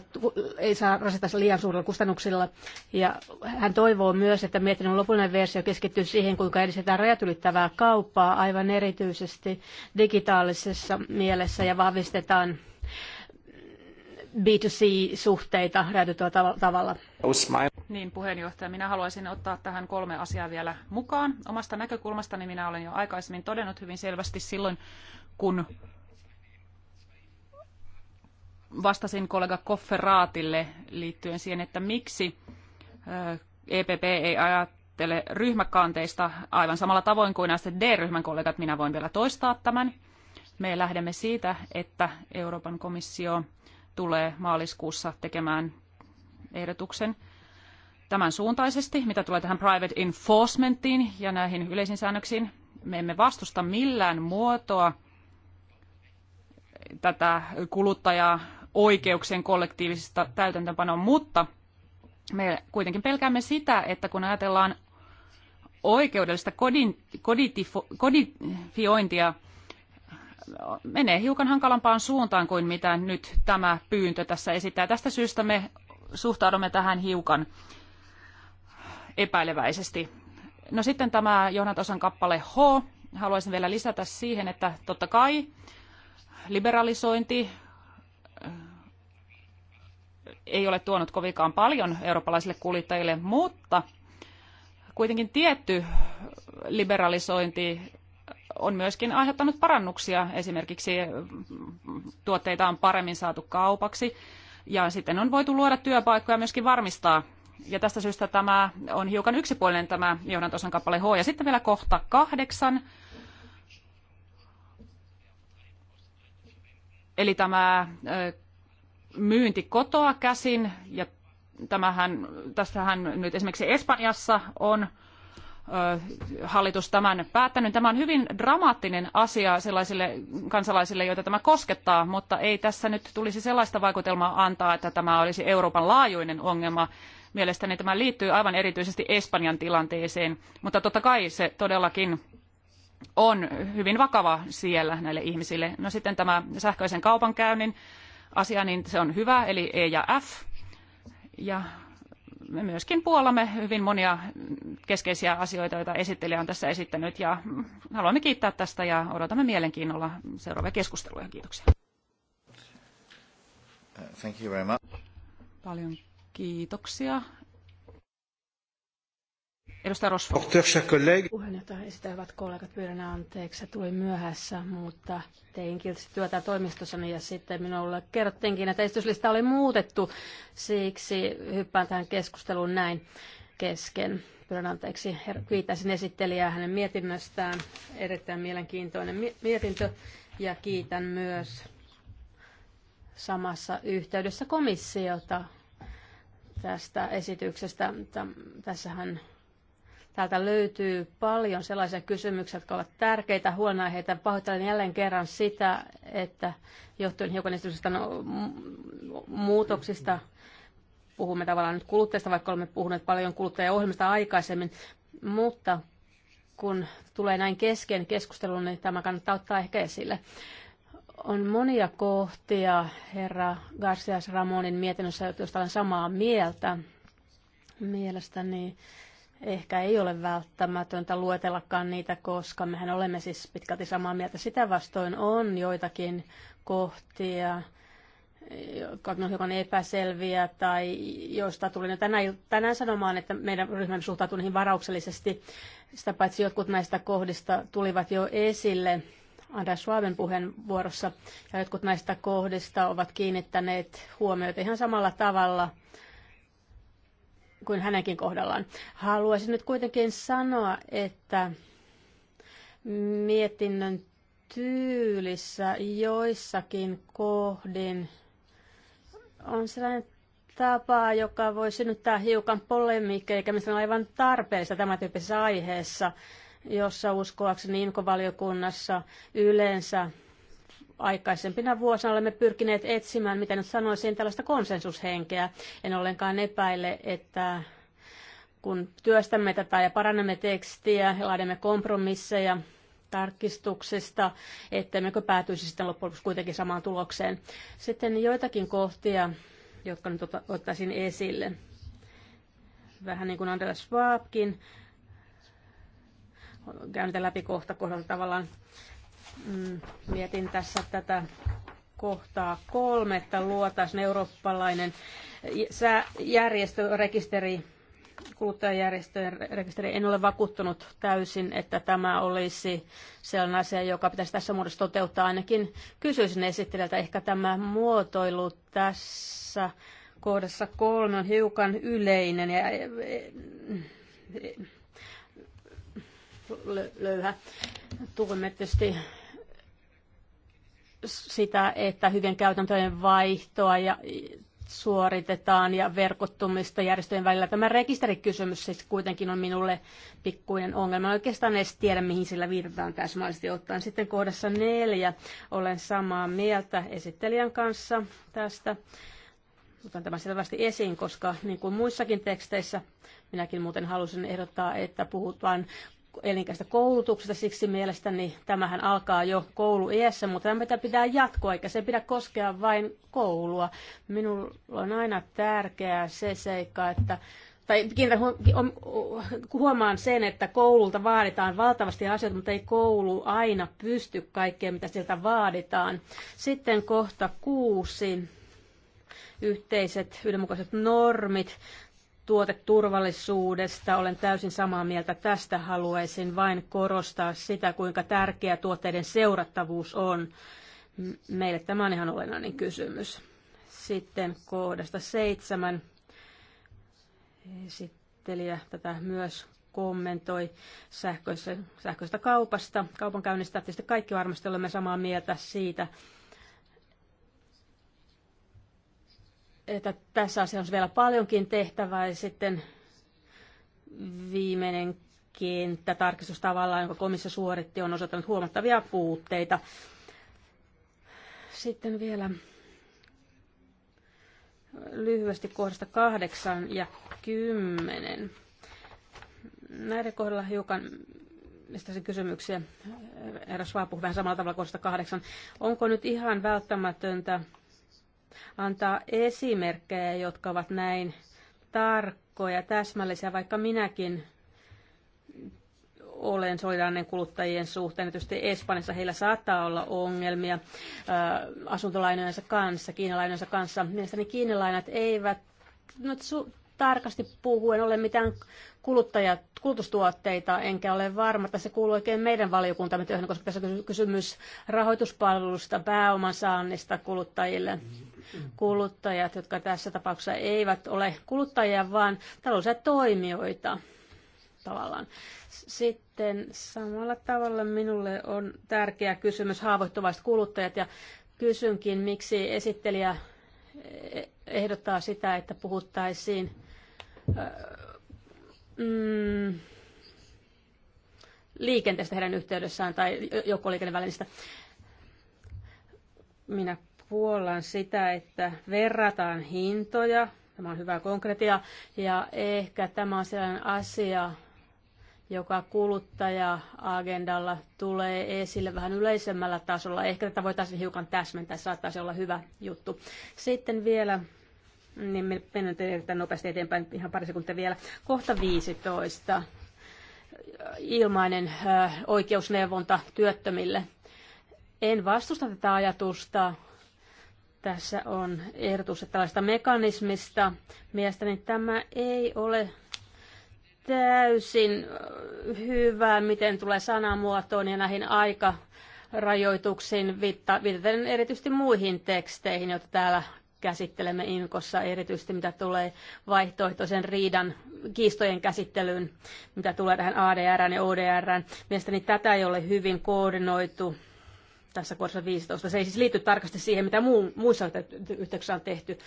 ei saa rasittaa liian suurilla kustannuksilla. Ja hän toivoo myös, että mietinnön lopullinen versio keskittyy siihen, kuinka edistetään rajat ylittävää kauppaa aivan erityisesti digitaalisessa mielessä ja vahvistetaan B2C-suhteita tav- tavalla. Niin puheenjohtaja, minä haluaisin ottaa tähän kolme asiaa vielä mukaan. Omasta näkökulmastani minä olen jo aikaisemmin todennut hyvin selvästi silloin, kun vastasin kollega Kofferaatille liittyen siihen, että miksi EPP ei ajattele ryhmäkanteista aivan samalla tavoin kuin näistä D-ryhmän kollegat. Minä voin vielä toistaa tämän. Me lähdemme siitä, että Euroopan komissio tulee maaliskuussa tekemään ehdotuksen tämän suuntaisesti, mitä tulee tähän private enforcementiin ja näihin yleisiin säännöksiin. Me emme vastusta millään muotoa tätä kuluttajaa oikeuksien kollektiivisesta täytäntöönpanoa, mutta me kuitenkin pelkäämme sitä, että kun ajatellaan oikeudellista kodin, koditifo, kodifiointia, menee hiukan hankalampaan suuntaan kuin mitä nyt tämä pyyntö tässä esittää. Tästä syystä me suhtaudumme tähän hiukan epäileväisesti. No sitten tämä Johnatosan kappale H. Haluaisin vielä lisätä siihen, että totta kai liberalisointi eh, ei ole tuonut kovinkaan paljon eurooppalaisille kuljettajille, mutta kuitenkin tietty liberalisointi on myöskin aiheuttanut parannuksia. Esimerkiksi eh, tuotteita on paremmin saatu kaupaksi ja sitten on voitu luoda työpaikkoja myöskin varmistaa. Ja tästä syystä tämä on hiukan yksipuolinen tämä johdantosan kappale H. Ja sitten vielä kohta kahdeksan. Eli tämä eh, myynti kotoa käsin, ja tämähän, tästähän nyt esimerkiksi Espanjassa on hallitus tämän päättänyt. Tämä on hyvin dramaattinen asia sellaisille kansalaisille, joita tämä koskettaa, mutta ei tässä nyt tulisi sellaista vaikutelmaa antaa, että tämä olisi Euroopan laajuinen ongelma. Mielestäni tämä liittyy aivan erityisesti Espanjan tilanteeseen, mutta totta kai se todellakin on hyvin vakava siellä näille ihmisille. No sitten tämä sähköisen kaupankäynnin asia, niin se on hyvä, eli E ja F. Ja me myöskin puolamme hyvin monia keskeisiä asioita, joita esittelijä on tässä esittänyt. Ja haluamme kiittää tästä ja odotamme mielenkiinnolla seuraavia keskusteluja. Kiitoksia. Thank you very much. Paljon kiitoksia Edustaja Rosvo. Puheenjohtaja esittävät kollegat, pyydän anteeksi, tuli myöhässä, mutta tein kiltisti työtä toimistossani ja sitten minulle kerrottiinkin, että esityslista oli muutettu, siksi hyppään tähän keskusteluun näin kesken. Pyydän anteeksi, kiitäisin esittelijää hänen mietinnöstään, erittäin mielenkiintoinen mietintö ja kiitän myös samassa yhteydessä komissiota tästä esityksestä. Tässähän Täältä löytyy paljon sellaisia kysymyksiä, jotka ovat tärkeitä huolenaiheita. Pahoittelen jälleen kerran sitä, että johtuen hiukan esityksestä no, muutoksista puhumme tavallaan nyt kuluttajista, vaikka olemme puhuneet paljon kuluttajaohjelmista aikaisemmin, mutta kun tulee näin kesken keskustelun, niin tämä kannattaa ottaa ehkä esille. On monia kohtia herra Garcias Ramonin mietinnössä, joista olen samaa mieltä. Mielestäni ehkä ei ole välttämätöntä luetellakaan niitä, koska mehän olemme siis pitkälti samaa mieltä. Sitä vastoin on joitakin kohtia, jotka on hiukan epäselviä tai joista tulin tänään, tänään sanomaan, että meidän ryhmämme suhtautuu niihin varauksellisesti. Sitä paitsi jotkut näistä kohdista tulivat jo esille Anders Schwaben puheenvuorossa ja jotkut näistä kohdista ovat kiinnittäneet huomiota ihan samalla tavalla – kuin hänenkin kohdallaan. Haluaisin nyt kuitenkin sanoa, että mietinnön tyylissä joissakin kohdin on sellainen tapa, joka voi synnyttää hiukan polemiikkaa, eikä on aivan tarpeellista tämän tyyppisessä aiheessa, jossa uskoakseni inkovaliokunnassa yleensä aikaisempina vuosina olemme pyrkineet etsimään, miten nyt sanoisin, tällaista konsensushenkeä. En ollenkaan epäile, että kun työstämme tätä ja parannamme tekstiä ja laadimme kompromisseja tarkistuksesta, ettemmekö päätyisi sitten loppujen lopuksi kuitenkin samaan tulokseen. Sitten joitakin kohtia, jotka nyt ottaisin esille. Vähän niin kuin Andrea Schwabkin, käyn läpi kohta kohdalla tavallaan Mm, mietin tässä tätä kohtaa kolme, että luotaisiin eurooppalainen järjestörekisteri, kuluttajajärjestöjen rekisteri. En ole vakuuttunut täysin, että tämä olisi sellainen asia, joka pitäisi tässä muodossa toteuttaa. Ainakin kysyisin esittelijältä, ehkä tämä muotoilu tässä kohdassa kolme on hiukan yleinen ja e, e, e, löyhä. Tuemme tietysti sitä, että hyvien käytäntöjen vaihtoa ja suoritetaan ja verkottumista järjestöjen välillä. Tämä rekisterikysymys siis kuitenkin on minulle pikkuinen ongelma. En oikeastaan edes tiedä, mihin sillä viitataan täsmällisesti ottaen. Sitten kohdassa neljä olen samaa mieltä esittelijän kanssa tästä. Otan tämän selvästi esiin, koska niin kuin muissakin teksteissä, minäkin muuten halusin ehdottaa, että puhutaan elinikäistä koulutuksesta, siksi mielestäni tämähän alkaa jo kouluiässä, mutta tämä pitää jatkoa, eikä se pidä koskea vain koulua. Minulla on aina tärkeää se seikka, että tai huomaan sen, että koululta vaaditaan valtavasti asioita, mutta ei koulu aina pysty kaikkeen, mitä sieltä vaaditaan. Sitten kohta kuusi, yhteiset yhdenmukaiset normit tuoteturvallisuudesta. Olen täysin samaa mieltä tästä. Haluaisin vain korostaa sitä, kuinka tärkeä tuotteiden seurattavuus on. Meille tämä on ihan olennainen kysymys. Sitten kohdasta seitsemän. Esittelijä tätä myös kommentoi sähköisestä kaupasta, kaupankäynnistä. Tietysti kaikki varmasti olemme samaa mieltä siitä, että tässä asiassa on vielä paljonkin tehtävää ja sitten viimeinen kenttä tarkistus tavallaan, jonka komissio suoritti, on osoittanut huomattavia puutteita. Sitten vielä lyhyesti kohdasta 8 ja 10. Näiden kohdalla hiukan listasin kysymyksiä. Eräs Vaap vähän samalla tavalla kohdasta 8. Onko nyt ihan välttämätöntä antaa esimerkkejä, jotka ovat näin tarkkoja, täsmällisiä, vaikka minäkin olen solidaarinen kuluttajien suhteen. Tietysti Espanjassa heillä saattaa olla ongelmia asuntolainojensa kanssa, kiinalainojensa kanssa. Mielestäni kiinalainat eivät no, su- tarkasti puhuen ole mitään kuluttajat, kulutustuotteita, enkä ole varma, että se kuuluu oikein meidän valiokuntamme työhön, koska tässä on kysymys rahoituspalvelusta, pääoman saannista kuluttajille. Mm-hmm kuluttajat, jotka tässä tapauksessa eivät ole kuluttajia, vaan taloudellisia toimijoita tavallaan. Sitten samalla tavalla minulle on tärkeä kysymys haavoittuvaiset kuluttajat ja kysynkin, miksi esittelijä ehdottaa sitä, että puhuttaisiin äh, mm, liikenteestä heidän yhteydessään tai joukkoliikennevälineistä. Minä puollan sitä, että verrataan hintoja. Tämä on hyvä konkretia. Ja ehkä tämä on sellainen asia, joka kuluttaja-agendalla tulee esille vähän yleisemmällä tasolla. Ehkä tätä voitaisiin hiukan täsmentää, saattaisi olla hyvä juttu. Sitten vielä, niin mennään erittäin nopeasti eteenpäin, ihan pari sekuntia vielä. Kohta 15. Ilmainen oikeusneuvonta työttömille. En vastusta tätä ajatusta, tässä on ehdotus tällaista mekanismista. Mielestäni tämä ei ole täysin äh, hyvä, miten tulee sanamuotoon ja näihin aikarajoituksiin, viitaten erityisesti muihin teksteihin, joita täällä käsittelemme Inkossa, erityisesti mitä tulee vaihtoehtoisen riidan kiistojen käsittelyyn, mitä tulee tähän ADR ja ODR. Mielestäni tätä ei ole hyvin koordinoitu tässä kohdassa 15. Se ei siis liity tarkasti siihen, mitä muu, muissa yhteyksissä on tehty.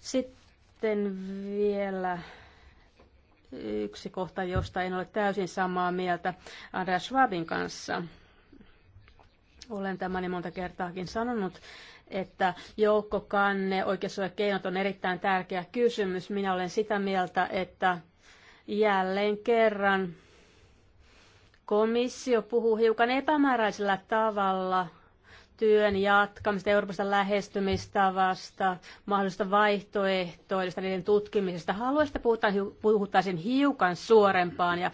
Sitten vielä yksi kohta, josta en ole täysin samaa mieltä Andreas Schwabin kanssa. Olen tämän niin monta kertaakin sanonut, että joukkokanne, oikeussuojakeinot on erittäin tärkeä kysymys. Minä olen sitä mieltä, että jälleen kerran komissio puhuu hiukan epämääräisellä tavalla työn jatkamista, Euroopasta lähestymistavasta, mahdollisista vaihtoehtoista, niiden tutkimisesta. Haluaisita puhuttaisiin hiukan suorempaan ja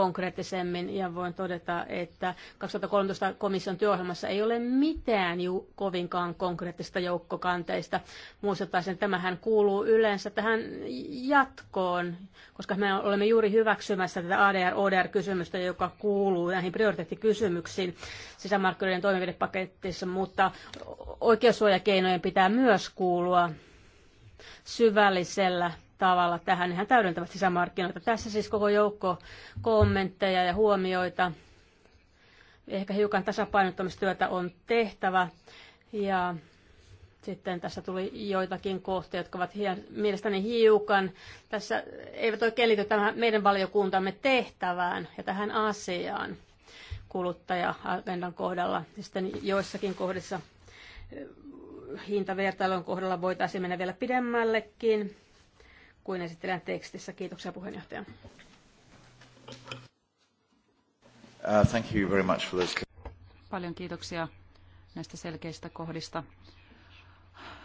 konkreettisemmin ja voin todeta, että 2013 komission työohjelmassa ei ole mitään ju- kovinkaan konkreettista joukkokanteista. Muistuttaisin, että tämähän kuuluu yleensä tähän jatkoon, koska me olemme juuri hyväksymässä tätä ADR-ODR-kysymystä, joka kuuluu näihin prioriteettikysymyksiin sisämarkkinoiden toimenpidepakettissa, mutta oikeussuojakeinojen pitää myös kuulua syvällisellä tavalla tähän. Nehän täydentävät sisämarkkinoita. Tässä siis koko joukko kommentteja ja huomioita. Ehkä hiukan tasapainottamistyötä on tehtävä. Ja sitten tässä tuli joitakin kohtia, jotka ovat hien, mielestäni hiukan, tässä eivät oikein liity tämän meidän valiokuntamme tehtävään ja tähän asiaan kuluttaja-agendan kohdalla. Sitten joissakin kohdissa eh, hintavertailun kohdalla voitaisiin mennä vielä pidemmällekin kuin esitellään tekstissä. Kiitoksia puheenjohtaja. Uh, thank you very much for those... Paljon kiitoksia näistä selkeistä kohdista.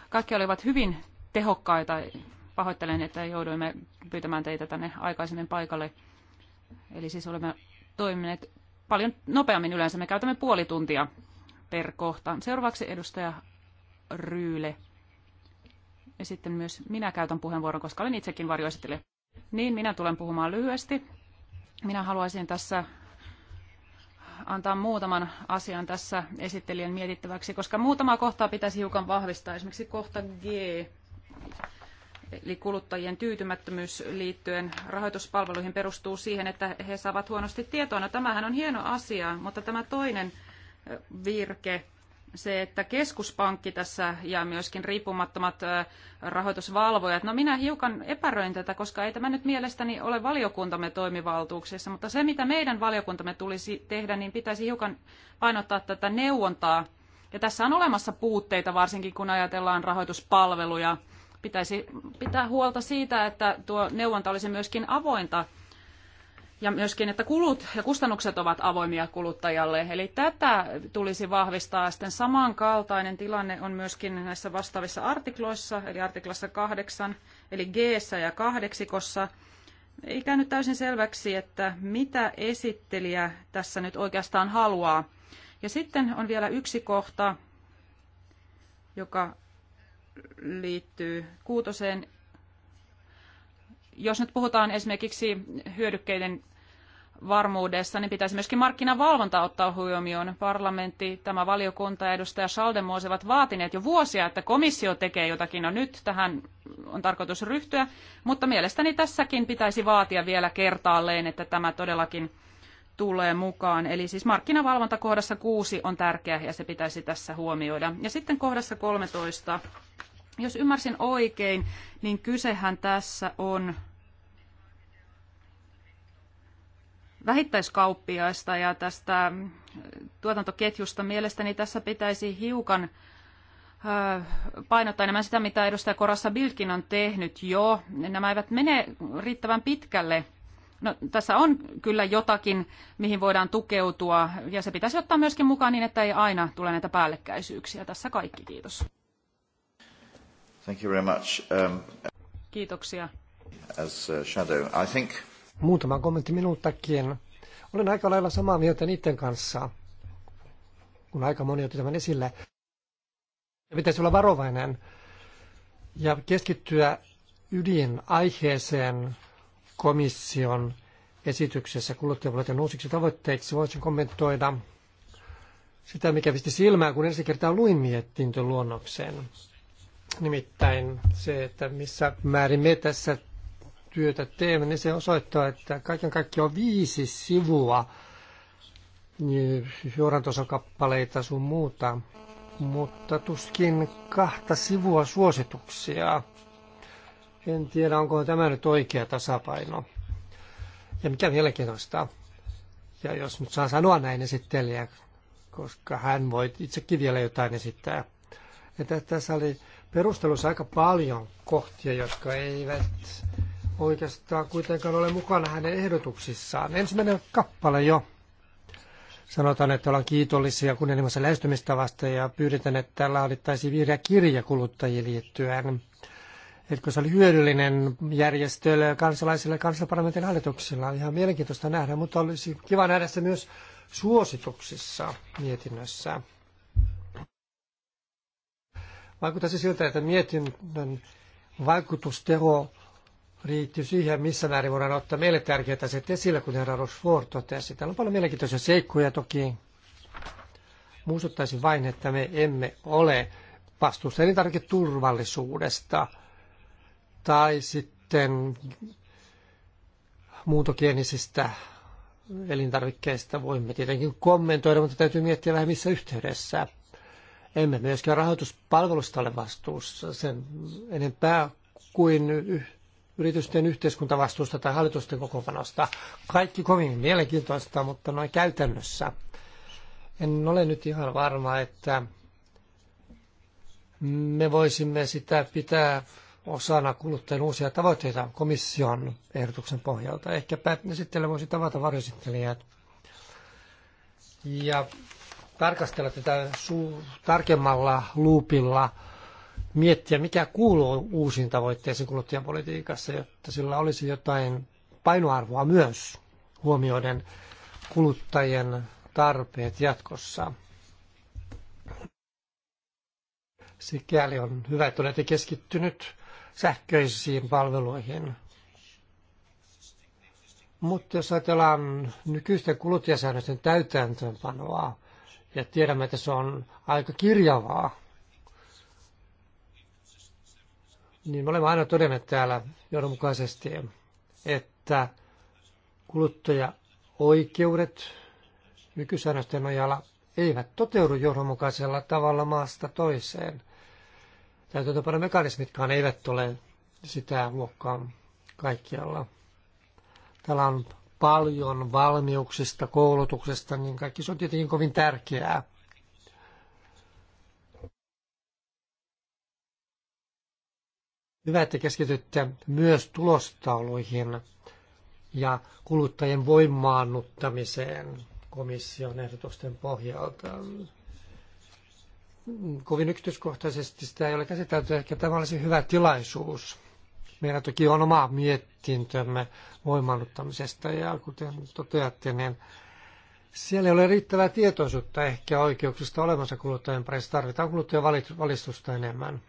Kaikki olivat hyvin tehokkaita. Pahoittelen, että jouduimme pyytämään teitä tänne aikaisemmin paikalle. Eli siis olemme toimineet paljon nopeammin yleensä. Me käytämme puoli tuntia per kohta. Seuraavaksi edustaja Ryyle. Ja sitten myös minä käytän puheenvuoron, koska olen itsekin varjoesittelijä. Niin, minä tulen puhumaan lyhyesti. Minä haluaisin tässä antaa muutaman asian tässä esittelijän mietittäväksi, koska muutama kohtaa pitäisi hiukan vahvistaa. Esimerkiksi kohta G, eli kuluttajien tyytymättömyys liittyen rahoituspalveluihin perustuu siihen, että he saavat huonosti tietoa. No tämähän on hieno asia, mutta tämä toinen virke, se, että keskuspankki tässä ja myöskin riippumattomat rahoitusvalvojat. No minä hiukan epäröin tätä, koska ei tämä nyt mielestäni ole valiokuntamme toimivaltuuksissa, mutta se mitä meidän valiokuntamme tulisi tehdä, niin pitäisi hiukan painottaa tätä neuvontaa. Ja tässä on olemassa puutteita, varsinkin kun ajatellaan rahoituspalveluja. Pitäisi pitää huolta siitä, että tuo neuvonta olisi myöskin avointa ja myöskin, että kulut ja kustannukset ovat avoimia kuluttajalle. Eli tätä tulisi vahvistaa. Sitten samankaltainen tilanne on myöskin näissä vastaavissa artikloissa, eli artiklassa 8, eli g ja kahdeksikossa. Ei käynyt täysin selväksi, että mitä esittelijä tässä nyt oikeastaan haluaa. Ja sitten on vielä yksi kohta, joka liittyy kuutoseen jos nyt puhutaan esimerkiksi hyödykkeiden varmuudessa, niin pitäisi myöskin markkinavalvonta ottaa huomioon. Parlamentti, tämä valiokunta ja edustaja Schaldemose ovat vaatineet jo vuosia, että komissio tekee jotakin. No nyt tähän on tarkoitus ryhtyä, mutta mielestäni tässäkin pitäisi vaatia vielä kertaalleen, että tämä todellakin tulee mukaan. Eli siis markkinavalvonta kohdassa 6 on tärkeä ja se pitäisi tässä huomioida. Ja sitten kohdassa 13. Jos ymmärsin oikein, niin kysehän tässä on vähittäiskauppiaista ja tästä mm, tuotantoketjusta mielestäni tässä pitäisi hiukan painottaa enemmän sitä, mitä edustaja Korassa Bilkin on tehnyt jo. Nämä eivät mene riittävän pitkälle. No, tässä on kyllä jotakin, mihin voidaan tukeutua, ja se pitäisi ottaa myöskin mukaan niin, että ei aina tule näitä päällekkäisyyksiä. Tässä kaikki, kiitos. Thank you very much. Um, Kiitoksia. As, uh, shadow, I think Muutama kommentti minultakin. Olen aika lailla samaa mieltä niiden kanssa, kun aika moni otti tämän esille. Ja pitäisi olla varovainen ja keskittyä ydinaiheeseen komission esityksessä kuluttajapuolten uusiksi tavoitteiksi. Voisin kommentoida sitä, mikä pisti silmää, kun ensi kertaa luin luonnokseen. Nimittäin se, että missä määrin me tässä työtä teemme, niin se osoittaa, että kaiken kaikkiaan on viisi sivua niin kappaleita sun muuta, mutta tuskin kahta sivua suosituksia. En tiedä, onko tämä nyt oikea tasapaino. Ja mikä mielenkiintoista, ja jos nyt saa sanoa näin esittelijä, koska hän voi itsekin vielä jotain esittää. Että tässä oli perustelussa aika paljon kohtia, jotka eivät oikeastaan kuitenkaan ole mukana hänen ehdotuksissaan. Ensimmäinen kappale jo. Sanotaan, että ollaan kiitollisia kunnianhimoisen lähestymistavasta ja pyydetään, että laadittaisiin vihreä kirja kuluttajiin liittyen. Etkö se oli hyödyllinen järjestöille, kansalaisille, kansanparlamentin hallituksilla. Ihan mielenkiintoista nähdä, mutta olisi kiva nähdä se myös suosituksissa mietinnössä. Vaikuttaisi siltä, että mietinnön vaikutusteho riittyy siihen, missä määrin voidaan ottaa meille tärkeitä asiat esillä, kun herra Rosford totesi. Täällä on paljon mielenkiintoisia seikkoja toki. Muistuttaisin vain, että me emme ole vastuussa elintarviketurvallisuudesta tai sitten muutokienisistä elintarvikkeista voimme tietenkin kommentoida, mutta täytyy miettiä vähän missä yhteydessä. Emme myöskään rahoituspalvelusta ole vastuussa sen enempää kuin yritysten yhteiskuntavastuusta tai hallitusten kokoonpanosta. Kaikki kovin mielenkiintoista, mutta noin käytännössä. En ole nyt ihan varma, että me voisimme sitä pitää osana kuluttajien uusia tavoitteita komission ehdotuksen pohjalta. Ehkäpä esittelijä voisi tavata varjosittelijät ja tarkastella tätä tarkemmalla luupilla – miettiä, mikä kuuluu uusiin tavoitteisiin kuluttajapolitiikassa, jotta sillä olisi jotain painoarvoa myös huomioiden kuluttajien tarpeet jatkossa. Sikäli on hyvä, että olette keskittynyt sähköisiin palveluihin. Mutta jos ajatellaan nykyisten kuluttajasäännösten täytäntöönpanoa, ja tiedämme, että se on aika kirjavaa, niin me olemme aina todenneet täällä johdonmukaisesti, että kuluttajaoikeudet nykysäännösten nojalla eivät toteudu johdonmukaisella tavalla maasta toiseen. Täytäntöpano mekanismitkaan eivät ole sitä luokkaa kaikkialla. Täällä on paljon valmiuksista, koulutuksesta, niin kaikki se on tietenkin kovin tärkeää. Hyvä, että keskitytte myös tulostauluihin ja kuluttajien voimaannuttamiseen komission ehdotusten pohjalta. Kovin yksityiskohtaisesti sitä ei ole käsitelty. Ehkä tämä olisi hyvä tilaisuus. Meillä toki on oma mietintömme voimaannuttamisesta ja kuten toteatte, niin siellä ei ole riittävää tietoisuutta ehkä oikeuksista olemassa kuluttajien parissa. Tarvitaan kuluttajavalistusta enemmän.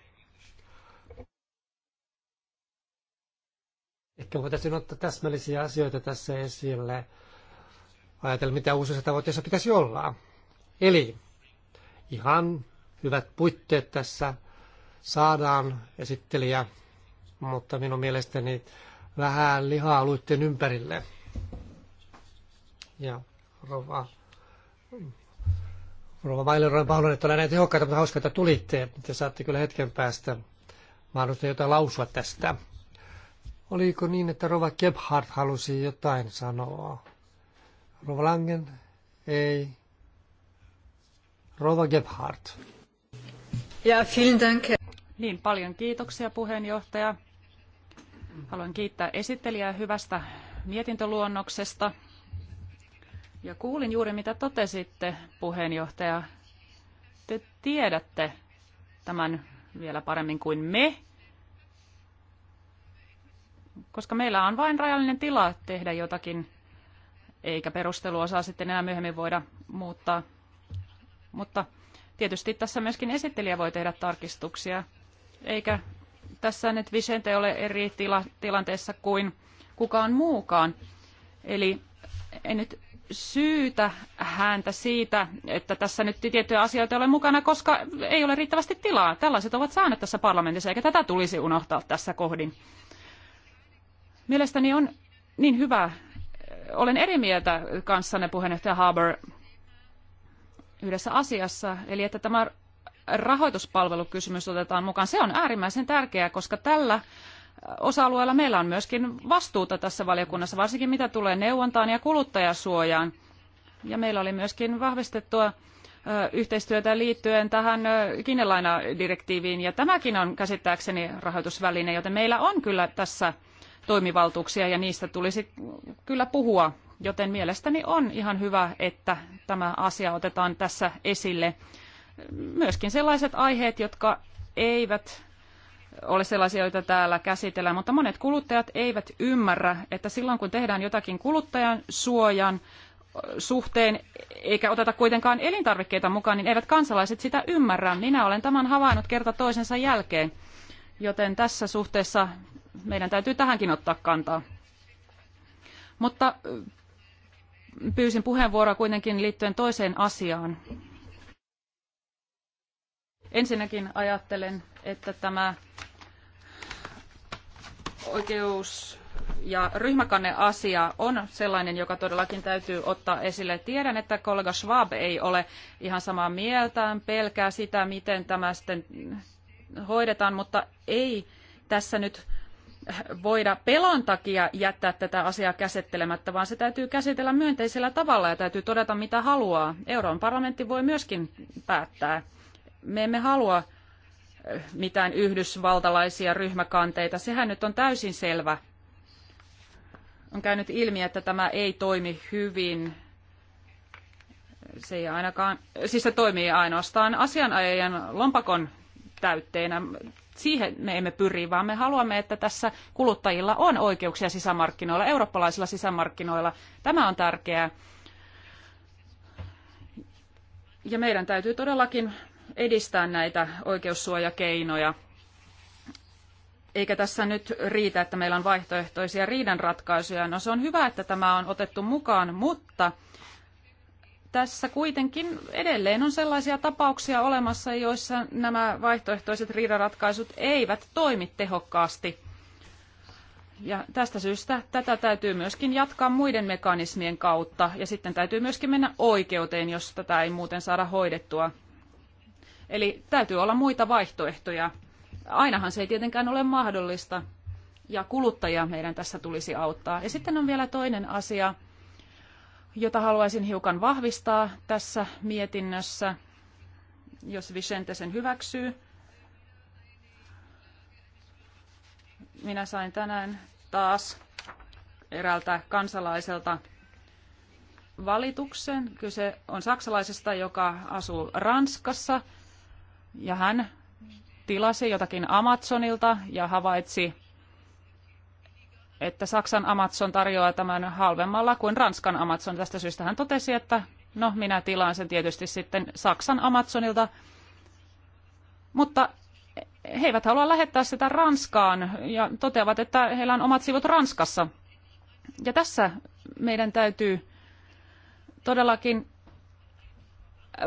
Ehkä voitaisiin ottaa täsmällisiä asioita tässä esille, ajatella mitä uusissa tavoitteissa pitäisi olla. Eli ihan hyvät puitteet tässä saadaan esittelijä, mutta minun mielestäni vähän lihaa aluiden ympärille. Ja rova, rova Mailer on että olen näin tehokkaita, mutta hauska, että tulitte. Te saatte kyllä hetken päästä mahdollista jotain lausua tästä. Oliko niin, että Rova Gebhardt halusi jotain sanoa? Rova Langen? Ei. Rova Gebhardt. Ja, vielen dank. Niin, paljon kiitoksia puheenjohtaja. Haluan kiittää esittelijää hyvästä mietintöluonnoksesta. Ja kuulin juuri, mitä totesitte, puheenjohtaja. Te tiedätte tämän vielä paremmin kuin me, koska meillä on vain rajallinen tila tehdä jotakin, eikä saa sitten enää myöhemmin voida muuttaa. Mutta tietysti tässä myöskin esittelijä voi tehdä tarkistuksia, eikä tässä nyt Vicente ole eri tila, tilanteessa kuin kukaan muukaan. Eli en nyt syytä häntä siitä, että tässä nyt tiettyjä asioita ei ole mukana, koska ei ole riittävästi tilaa. Tällaiset ovat säännöt tässä parlamentissa, eikä tätä tulisi unohtaa tässä kohdin. Mielestäni on niin hyvä, olen eri mieltä kanssanne puheenjohtaja Haber yhdessä asiassa, eli että tämä rahoituspalvelukysymys otetaan mukaan. Se on äärimmäisen tärkeää, koska tällä osa-alueella meillä on myöskin vastuuta tässä valiokunnassa, varsinkin mitä tulee neuvontaan ja kuluttajasuojaan. Ja meillä oli myöskin vahvistettua yhteistyötä liittyen tähän kiinelainadirektiiviin, ja tämäkin on käsittääkseni rahoitusväline, joten meillä on kyllä tässä toimivaltuuksia ja niistä tulisi kyllä puhua. Joten mielestäni on ihan hyvä, että tämä asia otetaan tässä esille. Myöskin sellaiset aiheet, jotka eivät ole sellaisia, joita täällä käsitellään, mutta monet kuluttajat eivät ymmärrä, että silloin kun tehdään jotakin kuluttajan suojan suhteen, eikä oteta kuitenkaan elintarvikkeita mukaan, niin eivät kansalaiset sitä ymmärrä. Minä olen tämän havainnut kerta toisensa jälkeen. Joten tässä suhteessa meidän täytyy tähänkin ottaa kantaa. Mutta pyysin puheenvuoroa kuitenkin liittyen toiseen asiaan. Ensinnäkin ajattelen, että tämä oikeus ja ryhmäkanneasia on sellainen, joka todellakin täytyy ottaa esille. Tiedän, että kollega Schwab ei ole ihan samaa mieltä, pelkää sitä, miten tämä sitten hoidetaan, mutta ei tässä nyt voida pelon takia jättää tätä asiaa käsittelemättä, vaan se täytyy käsitellä myönteisellä tavalla ja täytyy todeta, mitä haluaa. Euroopan parlamentti voi myöskin päättää. Me emme halua eh, mitään yhdysvaltalaisia ryhmäkanteita. Sehän nyt on täysin selvä. On käynyt ilmi, että tämä ei toimi hyvin. Se ei ainakaan, siis se toimii ainoastaan asianajajan lompakon täytteenä siihen me emme pyri, vaan me haluamme, että tässä kuluttajilla on oikeuksia sisämarkkinoilla, eurooppalaisilla sisämarkkinoilla. Tämä on tärkeää. Ja meidän täytyy todellakin edistää näitä oikeussuojakeinoja. Eikä tässä nyt riitä, että meillä on vaihtoehtoisia riidanratkaisuja. No se on hyvä, että tämä on otettu mukaan, mutta – tässä kuitenkin edelleen on sellaisia tapauksia olemassa, joissa nämä vaihtoehtoiset riidaratkaisut eivät toimi tehokkaasti. Ja tästä syystä tätä täytyy myöskin jatkaa muiden mekanismien kautta ja sitten täytyy myöskin mennä oikeuteen, jos tätä ei muuten saada hoidettua. Eli täytyy olla muita vaihtoehtoja. Ainahan se ei tietenkään ole mahdollista ja kuluttajia meidän tässä tulisi auttaa. Ja sitten on vielä toinen asia, jota haluaisin hiukan vahvistaa tässä mietinnössä, jos Vicente sen hyväksyy. Minä sain tänään taas eräältä kansalaiselta valituksen. Kyse on saksalaisesta, joka asuu Ranskassa ja hän tilasi jotakin Amazonilta ja havaitsi että Saksan Amazon tarjoaa tämän halvemmalla kuin Ranskan Amazon. Tästä syystä hän totesi, että no minä tilaan sen tietysti sitten Saksan Amazonilta, mutta he eivät halua lähettää sitä Ranskaan ja toteavat, että heillä on omat sivut Ranskassa. Ja tässä meidän täytyy todellakin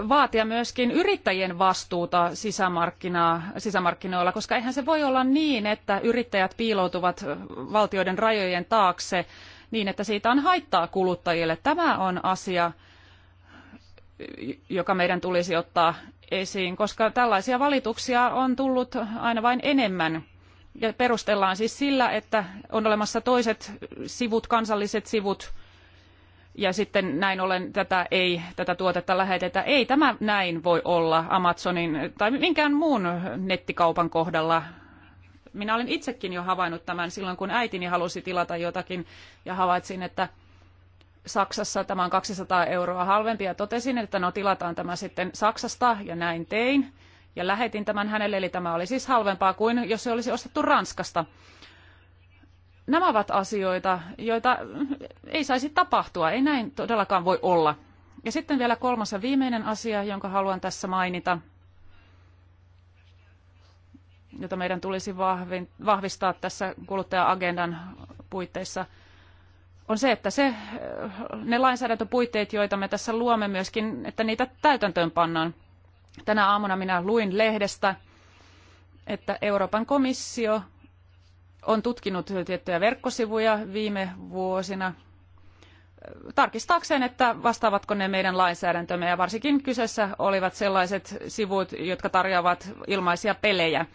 vaatia myöskin yrittäjien vastuuta sisämarkkinaa, sisämarkkinoilla, koska eihän se voi olla niin, että yrittäjät piiloutuvat valtioiden rajojen taakse niin, että siitä on haittaa kuluttajille. Tämä on asia, joka meidän tulisi ottaa esiin, koska tällaisia valituksia on tullut aina vain enemmän. Ja perustellaan siis sillä, että on olemassa toiset sivut, kansalliset sivut, ja sitten näin ollen tätä, ei, tätä tuotetta lähetetä. Ei tämä näin voi olla Amazonin tai minkään muun nettikaupan kohdalla. Minä olen itsekin jo havainnut tämän silloin, kun äitini halusi tilata jotakin ja havaitsin, että Saksassa tämä on 200 euroa halvempi ja totesin, että no tilataan tämä sitten Saksasta ja näin tein. Ja lähetin tämän hänelle, eli tämä oli siis halvempaa kuin jos se olisi ostettu Ranskasta. Nämä ovat asioita, joita ei saisi tapahtua. Ei näin todellakaan voi olla. Ja sitten vielä kolmas ja viimeinen asia, jonka haluan tässä mainita, jota meidän tulisi vahvistaa tässä kuluttaja-agendan puitteissa, on se, että se, ne lainsäädäntöpuitteet, joita me tässä luomme myöskin, että niitä täytäntöön pannaan. Tänä aamuna minä luin lehdestä, että Euroopan komissio on tutkinut tiettyjä verkkosivuja viime vuosina tarkistaakseen, että vastaavatko ne meidän lainsäädäntömme ja varsinkin kyseessä olivat sellaiset sivut, jotka tarjoavat ilmaisia pelejä.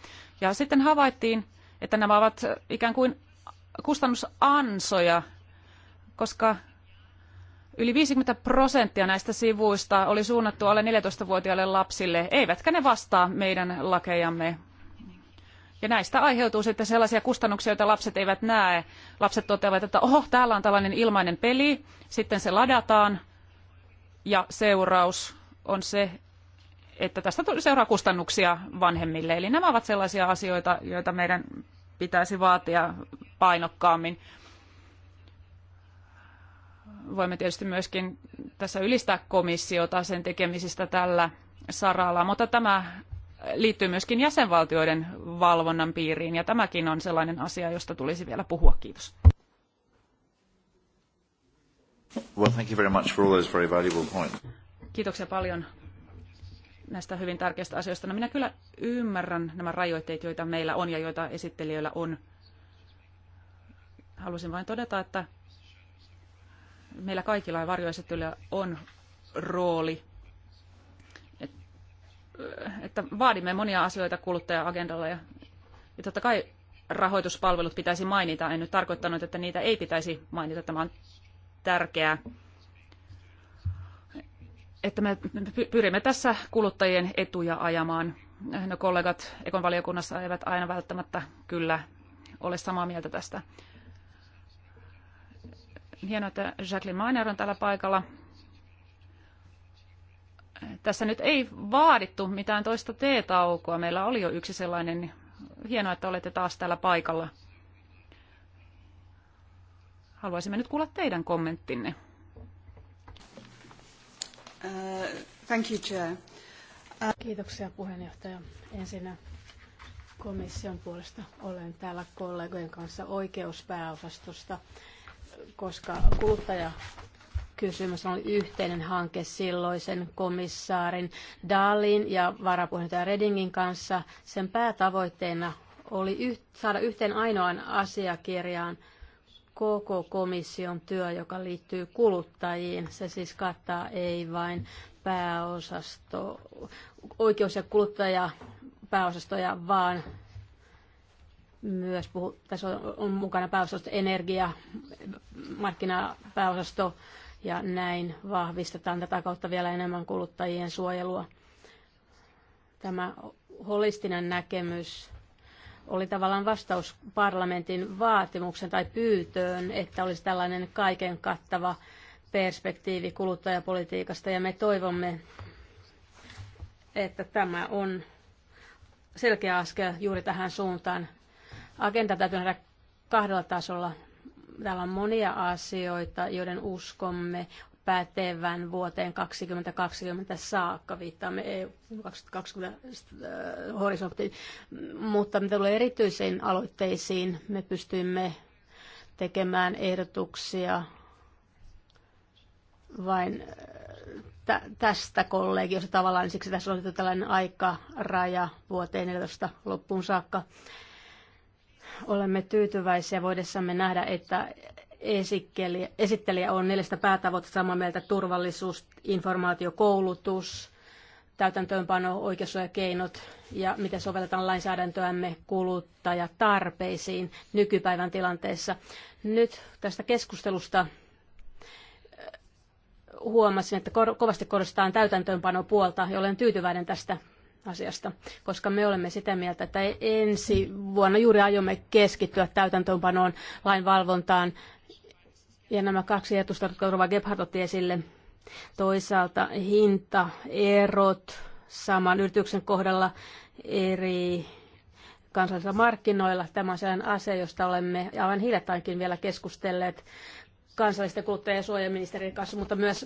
Ja sitten havaittiin, että nämä ovat ikään kuin kustannusansoja, koska yli 50 prosenttia näistä sivuista oli suunnattu alle 14-vuotiaille lapsille, eivätkä ne vastaa meidän lakejamme. Ja näistä aiheutuu sitten sellaisia kustannuksia, joita lapset eivät näe. Lapset toteavat, että oho, täällä on tällainen ilmainen peli, sitten se ladataan ja seuraus on se, että tästä seuraa kustannuksia vanhemmille. Eli nämä ovat sellaisia asioita, joita meidän pitäisi vaatia painokkaammin. Voimme tietysti myöskin tässä ylistää komissiota sen tekemisistä tällä saralla, mutta tämä liittyy myöskin jäsenvaltioiden valvonnan piiriin, ja tämäkin on sellainen asia, josta tulisi vielä puhua. Kiitos. Well, thank you very much for all those very valuable points. Kiitoksia paljon näistä hyvin tärkeistä asioista. No minä kyllä ymmärrän nämä rajoitteet, joita meillä on ja joita esittelijöillä on. Halusin vain todeta, että meillä kaikilla varjoesittelyillä on rooli että vaadimme monia asioita kuluttaja-agendalla ja, ja totta kai rahoituspalvelut pitäisi mainita. En nyt tarkoittanut, että niitä ei pitäisi mainita. Tämä on tärkeää, että me pyrimme tässä kuluttajien etuja ajamaan. No kollegat Ekon valiokunnassa eivät aina välttämättä kyllä ole samaa mieltä tästä. Hienoa, että Jacqueline Miner on täällä paikalla tässä nyt ei vaadittu mitään toista T-taukoa. Meillä oli jo yksi sellainen. Hienoa, että olette taas täällä paikalla. Haluaisimme nyt kuulla teidän kommenttinne. Uh, thank you, Chair. Uh... Kiitoksia puheenjohtaja. Ensinnä komission puolesta olen täällä kollegojen kanssa oikeuspääosastosta, koska kuluttaja kysymys oli yhteinen hanke silloisen komissaarin Dalin ja varapuheenjohtaja Redingin kanssa. Sen päätavoitteena oli saada yhteen ainoan asiakirjaan koko komission työ, joka liittyy kuluttajiin. Se siis kattaa ei vain pääosasto, oikeus- ja kuluttaja pääosastoja, vaan myös puhu, tässä on, on mukana pääosasto energia, markkinapääosasto, ja näin vahvistetaan tätä kautta vielä enemmän kuluttajien suojelua. Tämä holistinen näkemys oli tavallaan vastaus parlamentin vaatimuksen tai pyytöön, että olisi tällainen kaiken kattava perspektiivi kuluttajapolitiikasta ja me toivomme, että tämä on selkeä askel juuri tähän suuntaan. Agenda täytyy nähdä kahdella tasolla. Täällä on monia asioita, joiden uskomme pätevän vuoteen 2020 saakka, viittaamme EU 2020 horisonttiin. Mutta mitä tulee erityisiin aloitteisiin, me pystymme tekemään ehdotuksia vain äh, tästä kollegiosta tavallaan, siksi tässä on tällainen aikaraja vuoteen 14 loppuun saakka. Olemme tyytyväisiä voidessamme nähdä, että esittelijä, on neljästä päätavoitta samaa mieltä turvallisuus, informaatio, koulutus, täytäntöönpano, oikeussuojakeinot ja miten sovelletaan lainsäädäntöämme kuluttajatarpeisiin nykypäivän tilanteessa. Nyt tästä keskustelusta äh, huomasin, että kovasti korostetaan puolta ja olen tyytyväinen tästä asiasta, koska me olemme sitä mieltä, että ensi vuonna juuri aiomme keskittyä täytäntöönpanoon, lainvalvontaan ja nämä kaksi ajatusta, jotka Rova Gebhardt otti esille, toisaalta hintaerot saman yrityksen kohdalla eri kansallisilla markkinoilla. Tämä on sellainen asia, josta olemme aivan hiljattainkin vielä keskustelleet kansallisten kuluttajasuojaministerin kanssa, mutta myös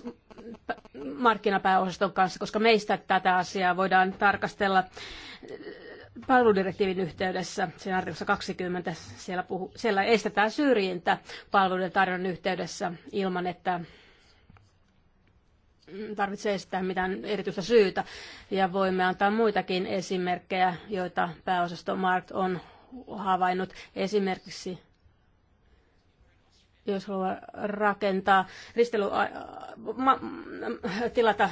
markkinapääosaston kanssa, koska meistä tätä asiaa voidaan tarkastella palveludirektiivin yhteydessä, sen artikossa 20, siellä, puhu, siellä estetään syrjintä palveluiden tarjonnan yhteydessä ilman, että tarvitsee estää mitään erityistä syytä. Ja voimme antaa muitakin esimerkkejä, joita pääosasto Markt on havainnut. Esimerkiksi jos haluaa rakentaa ristely, ma, tilata